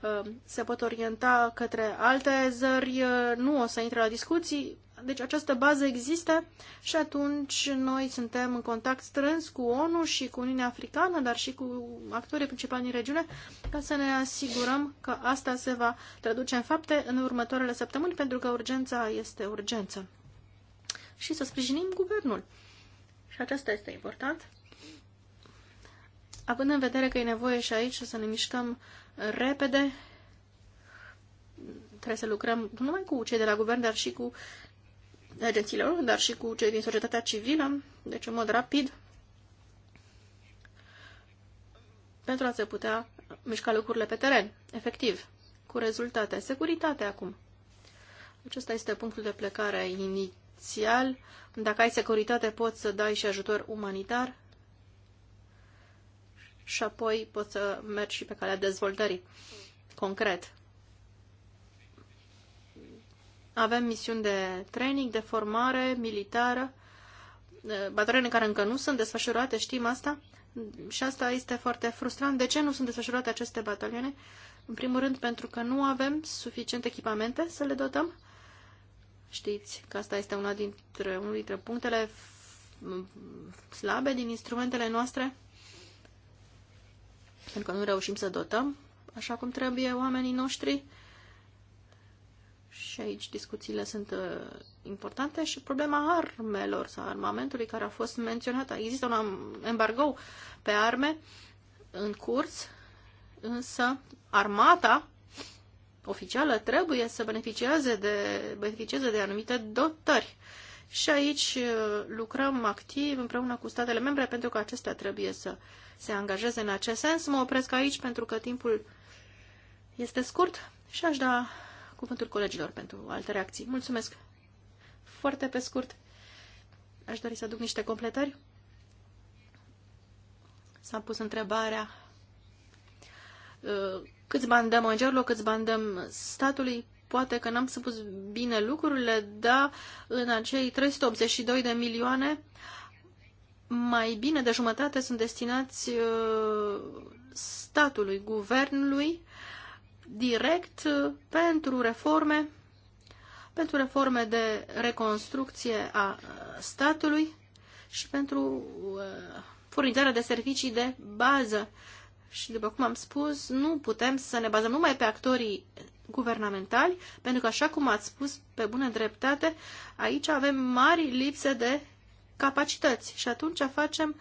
uh, se pot orienta către alte zări, uh, nu o să intre la discuții. Deci această bază există și atunci noi suntem în contact strâns cu ONU și cu Uniunea Africană, dar și cu actorii principali din regiune, ca să ne asigurăm că asta se va traduce în fapte în următoarele săptămâni, pentru că urgența este urgență și să sprijinim guvernul. Și aceasta este important. Având în vedere că e nevoie și aici să ne mișcăm repede, trebuie să lucrăm nu numai cu cei de la guvern, dar și cu agențiile lor, dar și cu cei din societatea civilă, deci în mod rapid, pentru a se putea mișca lucrurile pe teren, efectiv, cu rezultate. Securitate acum. Acesta este punctul de plecare social, Dacă ai securitate, poți să dai și ajutor umanitar și apoi poți să mergi și pe calea dezvoltării, concret. Avem misiuni de training, de formare militară, batoriene care încă nu sunt desfășurate, știm asta? Și asta este foarte frustrant. De ce nu sunt desfășurate aceste batalioane? În primul rând pentru că nu avem suficient echipamente să le dotăm Știți că asta este una dintre, unul dintre punctele slabe din instrumentele noastre, pentru că nu reușim să dotăm așa cum trebuie oamenii noștri. Și aici discuțiile sunt uh, importante și problema armelor sau armamentului care a fost menționat, Există un embargo pe arme în curs, însă armata oficială trebuie să beneficieze de, beneficieze de anumite dotări. Și aici uh, lucrăm activ împreună cu statele membre pentru că acestea trebuie să se angajeze în acest sens. Mă opresc aici pentru că timpul este scurt și aș da cuvântul colegilor pentru alte reacții. Mulțumesc! Foarte pe scurt, aș dori să aduc niște completări. S-a pus întrebarea uh, câți bani dăm îngerilor, câți bani dăm statului. Poate că n-am spus bine lucrurile, dar în acei 382 de milioane, mai bine de jumătate sunt destinați uh, statului, guvernului, direct uh, pentru reforme, pentru reforme de reconstrucție a uh, statului și pentru furnizarea de servicii de bază și, după cum am spus, nu putem să ne bazăm numai pe actorii guvernamentali, pentru că, așa cum ați spus pe bună dreptate, aici avem mari lipse de capacități și atunci facem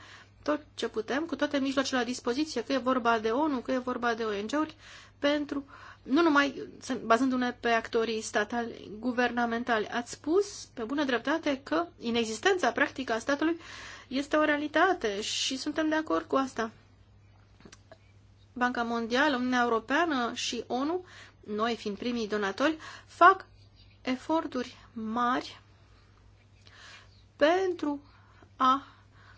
tot ce putem, cu toate mijloacele la dispoziție, că e vorba de ONU, că e vorba de ONG-uri, pentru, nu numai bazându-ne pe actorii statali guvernamentali. Ați spus, pe bună dreptate, că inexistența practică a statului este o realitate și suntem de acord cu asta. Banca Mondială, Uniunea Europeană și ONU, noi fiind primii donatori, fac eforturi mari pentru a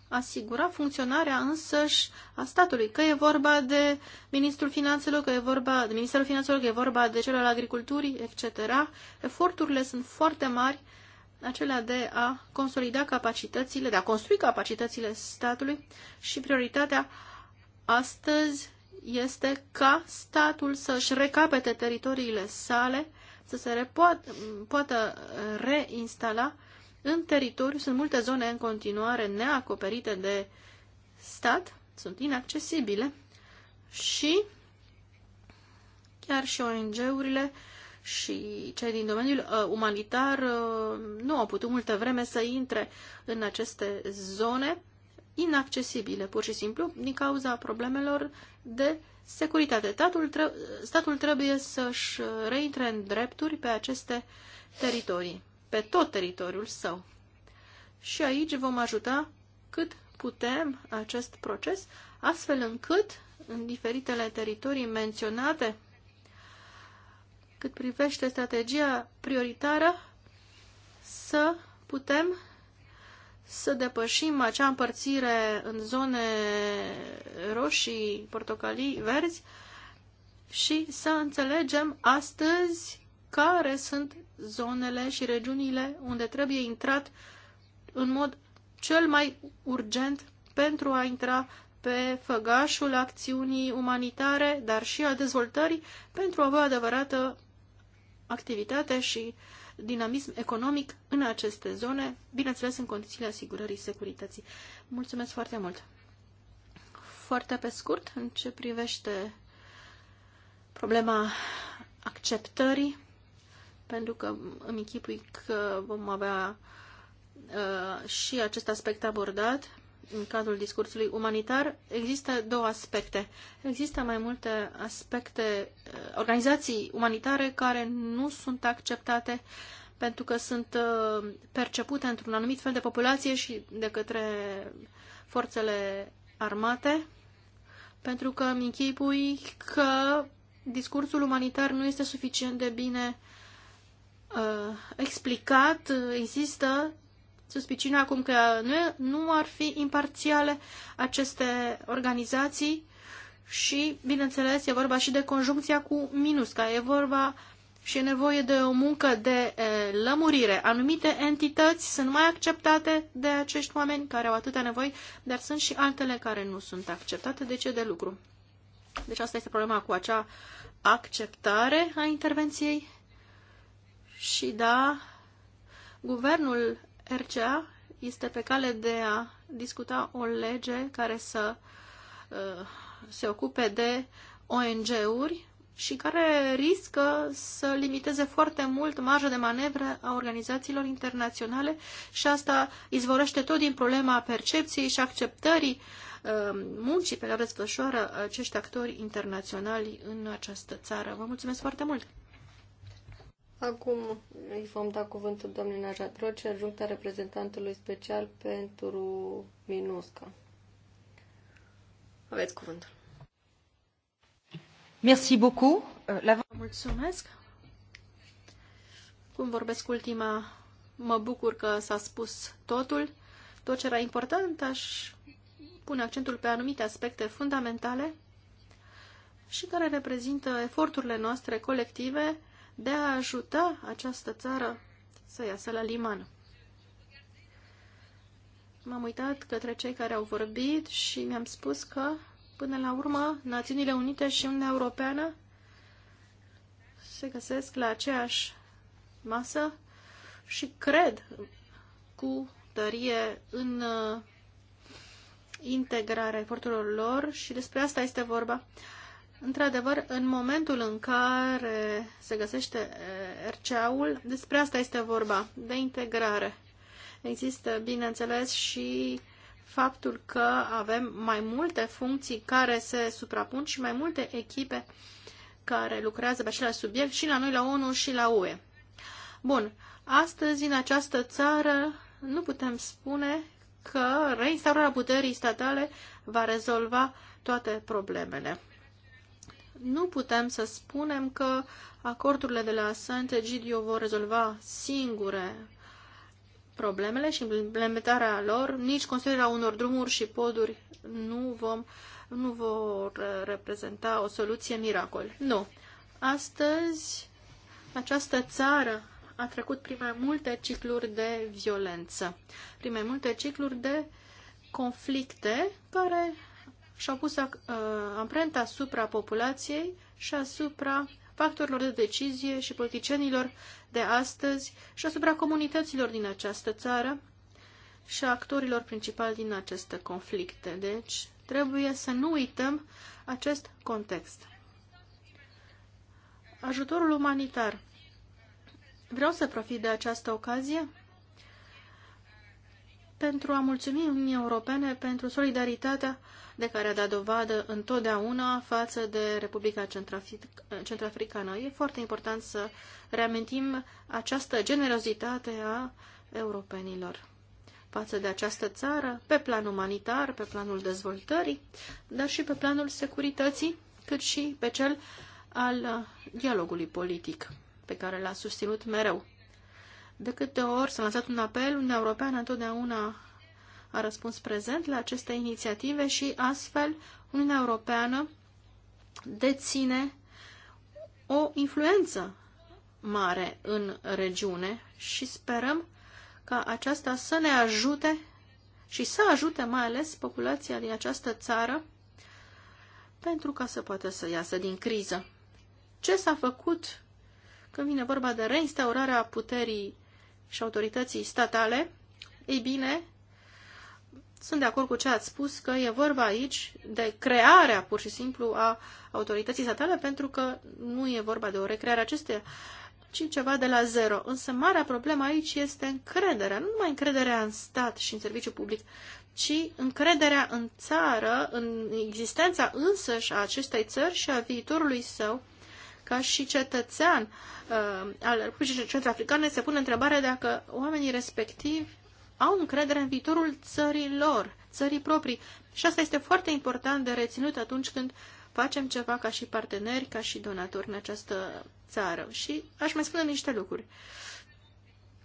asigura funcționarea însăși a statului, că e vorba de Ministrul Finanțelor, că e vorba de Ministerul Finanțelor, că e vorba de cel al agriculturii, etc. Eforturile sunt foarte mari, acelea de a consolida capacitățile, de a construi capacitățile statului și prioritatea astăzi este ca statul să-și recapete teritoriile sale, să se poată, reinstala în teritoriu. Sunt multe zone în continuare neacoperite de stat, sunt inaccesibile și chiar și ONG-urile și cei din domeniul uh, umanitar uh, nu au putut multă vreme să intre în aceste zone inaccesibile, pur și simplu, din cauza problemelor de securitate. Statul, tre- statul trebuie să-și reintre în drepturi pe aceste teritorii, pe tot teritoriul său. Și aici vom ajuta cât putem acest proces, astfel încât în diferitele teritorii menționate, cât privește strategia prioritară, să putem să depășim acea împărțire în zone roșii, portocalii, verzi și să înțelegem astăzi care sunt zonele și regiunile unde trebuie intrat în mod cel mai urgent pentru a intra pe făgașul acțiunii umanitare, dar și a dezvoltării pentru a avea adevărată activitate și uh, dinamism economic în aceste zone, bineînțeles în condițiile asigurării securității. Mulțumesc foarte mult! Foarte pe scurt, în ce privește problema acceptării, pentru că îmi închipui că vom avea uh, și acest aspect abordat în cadrul discursului umanitar, există două aspecte. Există mai multe aspecte, uh, organizații umanitare care nu sunt acceptate pentru că sunt uh, percepute într-un anumit fel de populație și de către forțele armate, pentru că îmi închipui că discursul umanitar nu este suficient de bine uh, explicat, există uh, suspiciunea acum că nu, nu ar fi imparțiale aceste organizații și, bineînțeles, e vorba și de conjuncția cu minusca, e vorba și e nevoie de o muncă de e, lămurire. Anumite entități sunt mai acceptate de acești oameni care au atâtea nevoi, dar sunt și altele care nu sunt acceptate. De ce de lucru? Deci asta este problema cu acea acceptare a intervenției. Și da, guvernul RCA este pe cale de a discuta o lege care să uh, se ocupe de ONG-uri și care riscă să limiteze foarte mult marja de manevră a organizațiilor internaționale și asta izvorăște tot din problema percepției și acceptării uh, muncii pe care o desfășoară acești actori internaționali în această țară. Vă mulțumesc foarte mult! Acum îi vom da cuvântul domnului Najat Roce, adjuncta reprezentantului special pentru MINUSCA. Aveți cuvântul. Merci beaucoup. Euh, la... Mulțumesc. Cum vorbesc ultima, mă bucur că s-a spus totul. Tot ce era important, aș pune accentul pe anumite aspecte fundamentale și care reprezintă eforturile noastre colective de a ajuta această țară să iasă la liman. M-am uitat către cei care au vorbit și mi-am spus că, până la urmă, Națiunile Unite și Uniunea Europeană se găsesc la aceeași masă și cred cu tărie în uh, integrarea eforturilor lor și despre asta este vorba. Într-adevăr, în momentul în care se găsește eh, RCA-ul, despre asta este vorba, de integrare. Există, bineînțeles, și faptul că avem mai multe funcții care se suprapun și mai multe echipe care lucrează pe același subiect și la noi, la ONU și la UE. Bun, astăzi în această țară nu putem spune că reinstaurarea puterii statale va rezolva toate problemele nu putem să spunem că acordurile de la Saint Egidio vor rezolva singure problemele și implementarea lor, nici construirea unor drumuri și poduri nu, vom, nu vor reprezenta o soluție miracol. Nu. Astăzi, această țară a trecut prin mai multe cicluri de violență, prin mai multe cicluri de conflicte care și-au pus uh, amprenta asupra populației și asupra factorilor de decizie și politicienilor de astăzi și asupra comunităților din această țară și a actorilor principali din aceste conflicte. Deci, trebuie să nu uităm acest context. Ajutorul umanitar. Vreau să profit de această ocazie pentru a mulțumi Uniunii Europene pentru solidaritatea de care a dat dovadă întotdeauna față de Republica Centrafricană. E foarte important să reamintim această generozitate a europenilor față de această țară, pe plan umanitar, pe planul dezvoltării, dar și pe planul securității, cât și pe cel al dialogului politic, pe care l-a susținut mereu. De câte ori s-a lansat un apel, Uniunea Europeană întotdeauna a răspuns prezent la aceste inițiative și astfel Uniunea Europeană deține o influență mare în regiune și sperăm ca aceasta să ne ajute și să ajute mai ales populația din această țară pentru ca să poată să iasă din criză. Ce s-a făcut când vine vorba de reinstaurarea puterii și autorității statale, ei bine, sunt de acord cu ce ați spus, că e vorba aici de crearea pur și simplu a autorității statale, pentru că nu e vorba de o recreare acesteia, ci ceva de la zero. Însă marea problemă aici este încrederea, nu numai încrederea în stat și în serviciu public, ci încrederea în țară, în existența însăși a acestei țări și a viitorului său, ca și cetățean uh, al Republicii Centrafricane, se pune întrebarea dacă oamenii respectivi au încredere în viitorul țării lor, țării proprii. Și asta este foarte important de reținut atunci când facem ceva ca și parteneri, ca și donatori în această țară. Și aș mai spune niște lucruri.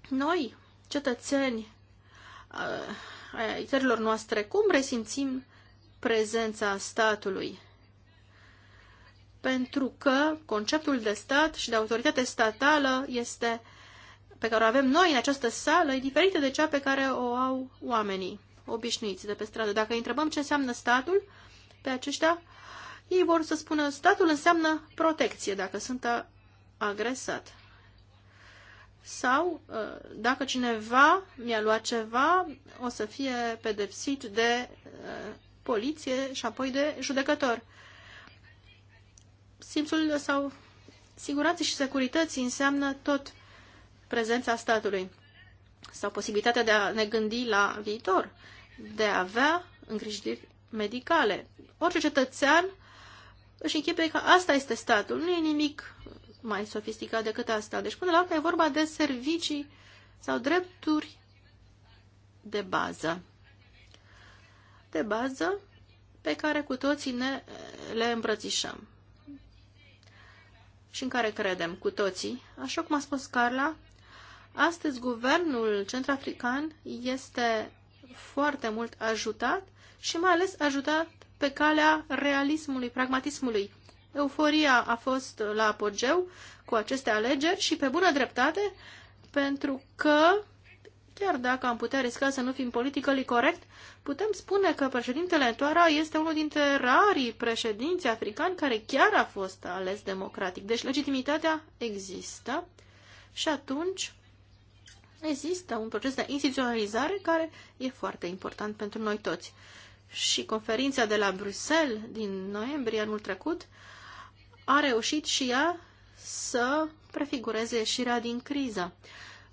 Noi, cetățeni uh, ai țărilor noastre, cum resimțim prezența statului? pentru că conceptul de stat și de autoritate statală este, pe care o avem noi în această sală e diferită de cea pe care o au oamenii obișnuiți de pe stradă. Dacă îi întrebăm ce înseamnă statul pe aceștia, ei vor să spună statul înseamnă protecție dacă sunt agresat. Sau uh, dacă cineva mi-a luat ceva, o să fie pedepsit de uh, poliție și apoi de judecător simțul sau siguranță și securități înseamnă tot prezența statului sau posibilitatea de a ne gândi la viitor, de a avea îngrijiri medicale. Orice cetățean își închipe că asta este statul, nu e nimic mai sofisticat decât asta. Deci, până la urmă, e vorba de servicii sau drepturi de bază. De bază pe care cu toții ne le îmbrățișăm și în care credem cu toții. Așa cum a spus Carla, astăzi guvernul centrafrican este foarte mult ajutat și mai ales ajutat pe calea realismului, pragmatismului. Euforia a fost la apogeu cu aceste alegeri și pe bună dreptate, pentru că Chiar dacă am putea risca să nu fim politically corect, putem spune că președintele Toara este unul dintre rarii președinți africani care chiar a fost ales democratic. Deci legitimitatea există și atunci există un proces de instituționalizare care e foarte important pentru noi toți. Și conferința de la Bruxelles din noiembrie anul trecut a reușit și ea să prefigureze ieșirea din criză.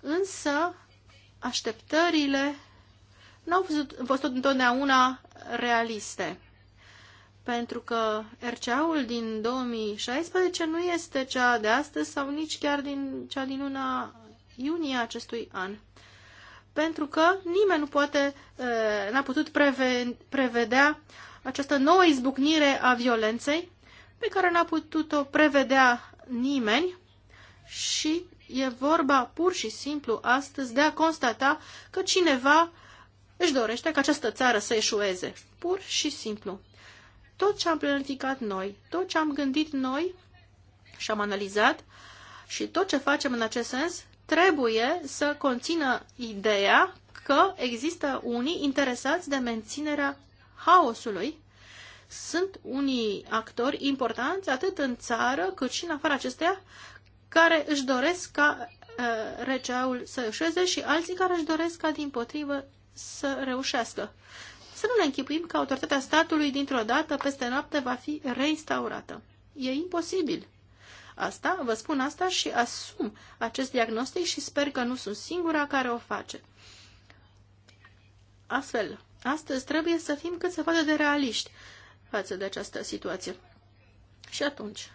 Însă, așteptările nu au fost întotdeauna realiste. Pentru că RCA-ul din 2016 nu este cea de astăzi sau nici chiar din cea din luna iunie acestui an. Pentru că nimeni nu poate, n-a putut preve, prevedea această nouă izbucnire a violenței pe care n-a putut-o prevedea nimeni și E vorba pur și simplu astăzi de a constata că cineva își dorește ca această țară să eșueze. Pur și simplu. Tot ce am planificat noi, tot ce am gândit noi și am analizat și tot ce facem în acest sens trebuie să conțină ideea că există unii interesați de menținerea haosului. Sunt unii actori importanți atât în țară cât și în afara acesteia care își doresc ca uh, RCA-ul să reușeze și alții care își doresc ca din potrivă să reușească. Să nu ne închipuim că autoritatea statului dintr-o dată, peste noapte, va fi reinstaurată. E imposibil. Asta, vă spun asta și asum acest diagnostic și sper că nu sunt singura care o face. Astfel, astăzi trebuie să fim cât se poate de realiști față de această situație. Și atunci,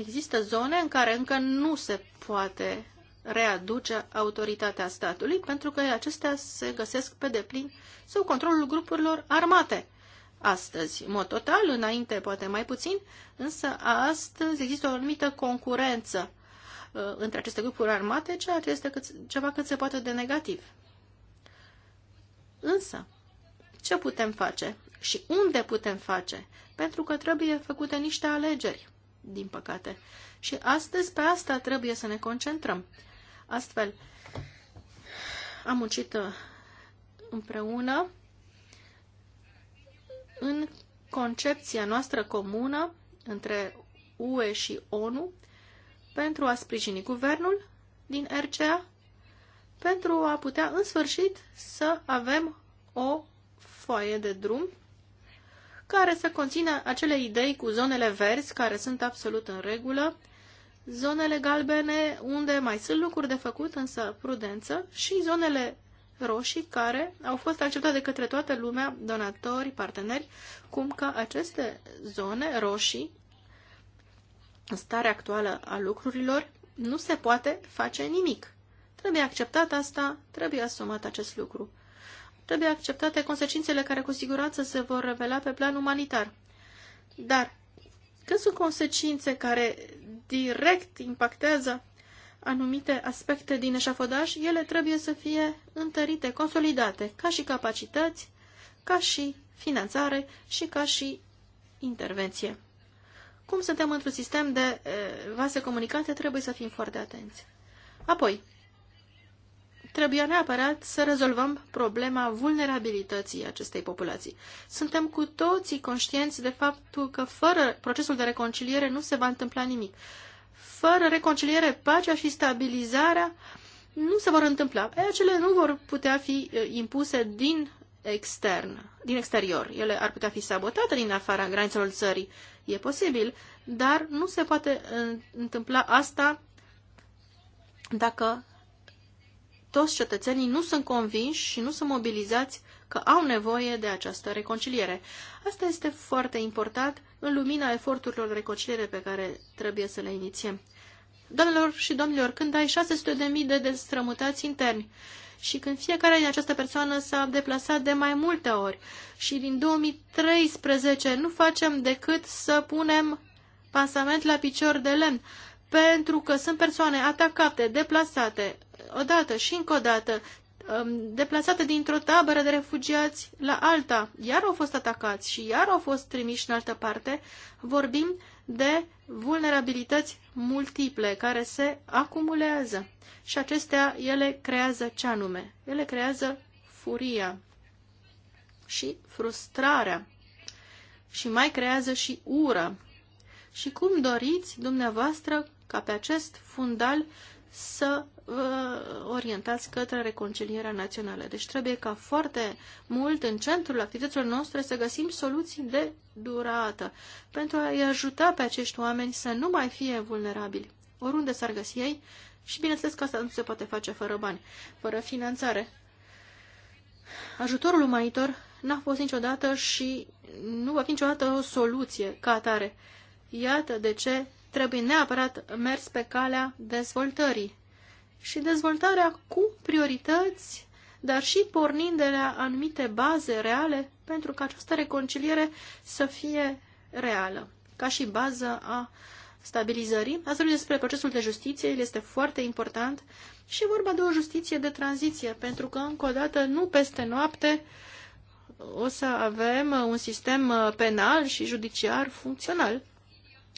există zone în care încă nu se poate readuce autoritatea statului, pentru că acestea se găsesc pe deplin sub controlul grupurilor armate. Astăzi, în mod total, înainte poate mai puțin, însă astăzi există o anumită concurență uh, între aceste grupuri armate, ceea ce este cât, ceva cât se poate de negativ. Însă, ce putem face și unde putem face? Pentru că trebuie făcute niște alegeri din păcate. Și astăzi pe asta trebuie să ne concentrăm. Astfel, am muncit uh, împreună în concepția noastră comună între UE și ONU pentru a sprijini guvernul din RCA, pentru a putea în sfârșit să avem o foaie de drum care să conțină acele idei cu zonele verzi, care sunt absolut în regulă, zonele galbene, unde mai sunt lucruri de făcut, însă prudență, și zonele roșii, care au fost acceptate de către toată lumea, donatori, parteneri, cum că aceste zone roșii, în starea actuală a lucrurilor, nu se poate face nimic. Trebuie acceptat asta, trebuie asumat acest lucru trebuie acceptate consecințele care cu siguranță se vor revela pe plan umanitar. Dar când sunt consecințe care direct impactează anumite aspecte din eșafodaj, ele trebuie să fie întărite, consolidate, ca și capacități, ca și finanțare și ca și intervenție. Cum suntem într-un sistem de eh, vase comunicate, trebuie să fim foarte atenți. Apoi, Trebuia neapărat să rezolvăm problema vulnerabilității acestei populații. Suntem cu toții conștienți de faptul că fără procesul de reconciliere nu se va întâmpla nimic. Fără reconciliere, pacea și stabilizarea nu se vor întâmpla. Acele nu vor putea fi uh, impuse din extern, din exterior. Ele ar putea fi sabotate din afara granițelor țării. E posibil, dar nu se poate uh, întâmpla asta dacă toți cetățenii nu sunt convinși și nu sunt mobilizați că au nevoie de această reconciliere. Asta este foarte important în lumina eforturilor de reconciliere pe care trebuie să le inițiem. Doamnelor și domnilor, când ai 600.000 de destrămutați interni și când fiecare din această persoană s-a deplasat de mai multe ori și din 2013 nu facem decât să punem pansament la picior de lemn, pentru că sunt persoane atacate, deplasate, odată și încă o dată, um, deplasate dintr-o tabără de refugiați la alta, iar au fost atacați și iar au fost trimiși în altă parte, vorbim de vulnerabilități multiple care se acumulează. Și acestea, ele creează ce anume? Ele creează furia și frustrarea și mai creează și ură. Și cum doriți dumneavoastră ca pe acest fundal să orientați către reconcilierea națională. Deci trebuie ca foarte mult în centrul activităților noastre să găsim soluții de durată pentru a-i ajuta pe acești oameni să nu mai fie vulnerabili, oriunde s-ar găsi ei, și bineînțeles că asta nu se poate face fără bani, fără finanțare. Ajutorul umanitor n-a fost niciodată și nu va fi niciodată o soluție ca atare. Iată de ce trebuie neapărat mers pe calea dezvoltării și dezvoltarea cu priorități, dar și pornind de la anumite baze reale pentru ca această reconciliere să fie reală, ca și bază a stabilizării. Ați despre procesul de justiție, el este foarte important și vorba de o justiție de tranziție, pentru că, încă o dată, nu peste noapte o să avem un sistem penal și judiciar funcțional.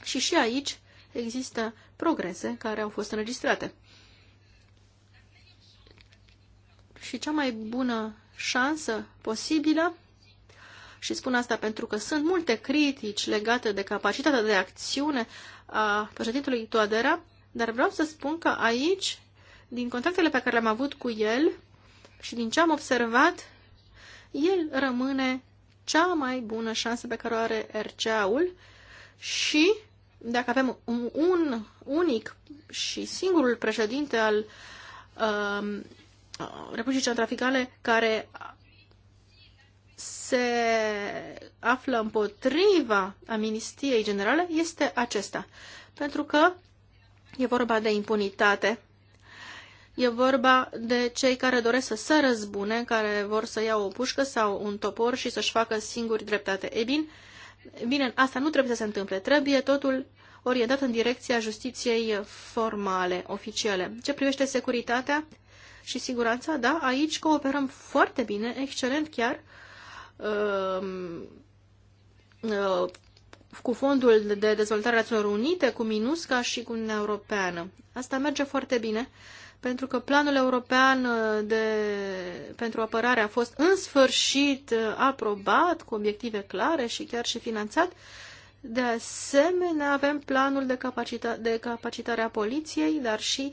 Și și aici există progrese care au fost înregistrate. și cea mai bună șansă posibilă, și spun asta pentru că sunt multe critici legate de capacitatea de acțiune a președintelui Toadera, dar vreau să spun că aici, din contactele pe care le-am avut cu el și din ce am observat, el rămâne cea mai bună șansă pe care o are RCA-ul și dacă avem un, unic și singurul președinte al um, Uh, Republicii Centrafricane care se află împotriva amnistiei generale este acesta. Pentru că e vorba de impunitate. E vorba de cei care doresc să se răzbune, care vor să iau o pușcă sau un topor și să-și facă singuri dreptate. Ei bine, bine, asta nu trebuie să se întâmple. Trebuie totul orientat în direcția justiției formale, oficiale. Ce privește securitatea, și siguranța, da, aici cooperăm foarte bine, excelent chiar, um, uh, cu Fondul de Dezvoltare a Națiunilor Unite, cu MINUSCA și cu Uniunea Europeană. Asta merge foarte bine, pentru că planul european uh, de, pentru apărare a fost în sfârșit uh, aprobat, cu obiective clare și chiar și finanțat. De asemenea, avem planul de, capacita- de capacitare a poliției, dar și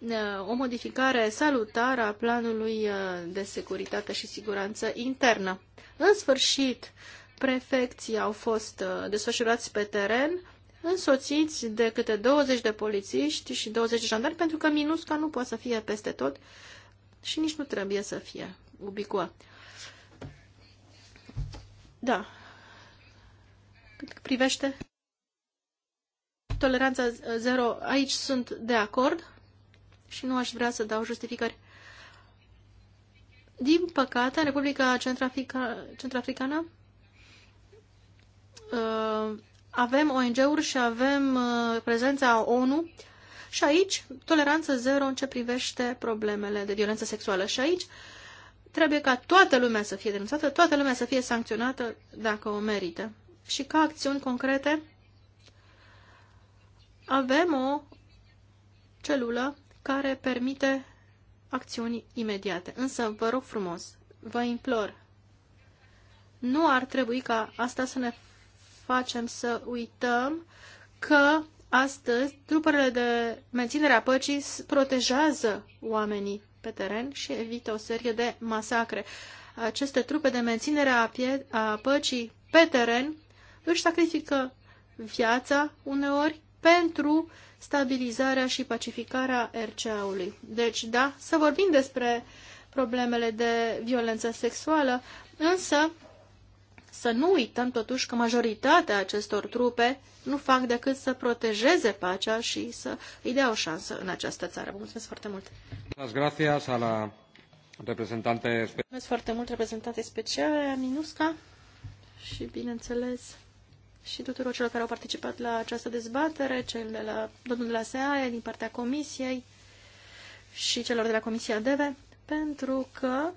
Uh, o modificare salutară a planului uh, de securitate și siguranță internă. În sfârșit, prefecții au fost uh, desfășurați pe teren, însoțiți de câte 20 de polițiști și 20 de jandari, pentru că minusca nu poate să fie peste tot și nici nu trebuie să fie ubicua. Da. Cât privește toleranța zero, aici sunt de acord și nu aș vrea să dau justificări. Din păcate, Republica Centrafrica, Centrafricană uh, avem ONG-uri și avem uh, prezența ONU și aici toleranță zero în ce privește problemele de violență sexuală. Și aici trebuie ca toată lumea să fie denunțată, toată lumea să fie sancționată dacă o merită. Și ca acțiuni concrete avem o celulă care permite acțiuni imediate. Însă, vă rog frumos, vă implor, nu ar trebui ca asta să ne facem să uităm că astăzi trupele de menținere a păcii protejează oamenii pe teren și evită o serie de masacre. Aceste trupe de menținere a, pie- a păcii pe teren își sacrifică viața uneori pentru stabilizarea și pacificarea RCA-ului. Deci, da, să vorbim despre problemele de violență sexuală, însă să nu uităm totuși că majoritatea acestor trupe nu fac decât să protejeze pacea și să îi dea o șansă în această țară. Vă mulțumesc foarte mult! Mulțumesc foarte mult reprezentante speciale, Minusca și bineînțeles și tuturor celor care au participat la această dezbatere, cel de la domnul de la SEAE, din partea Comisiei și celor de la Comisia DEVE, pentru că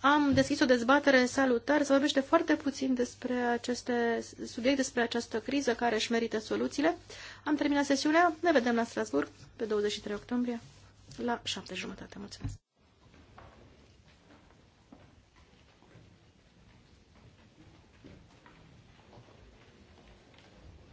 am deschis o dezbatere salutară, se vorbește foarte puțin despre aceste subiecte, despre această criză care își merită soluțiile. Am terminat sesiunea, ne vedem la Strasburg pe 23 octombrie la 7.30. jumătate. Mulțumesc!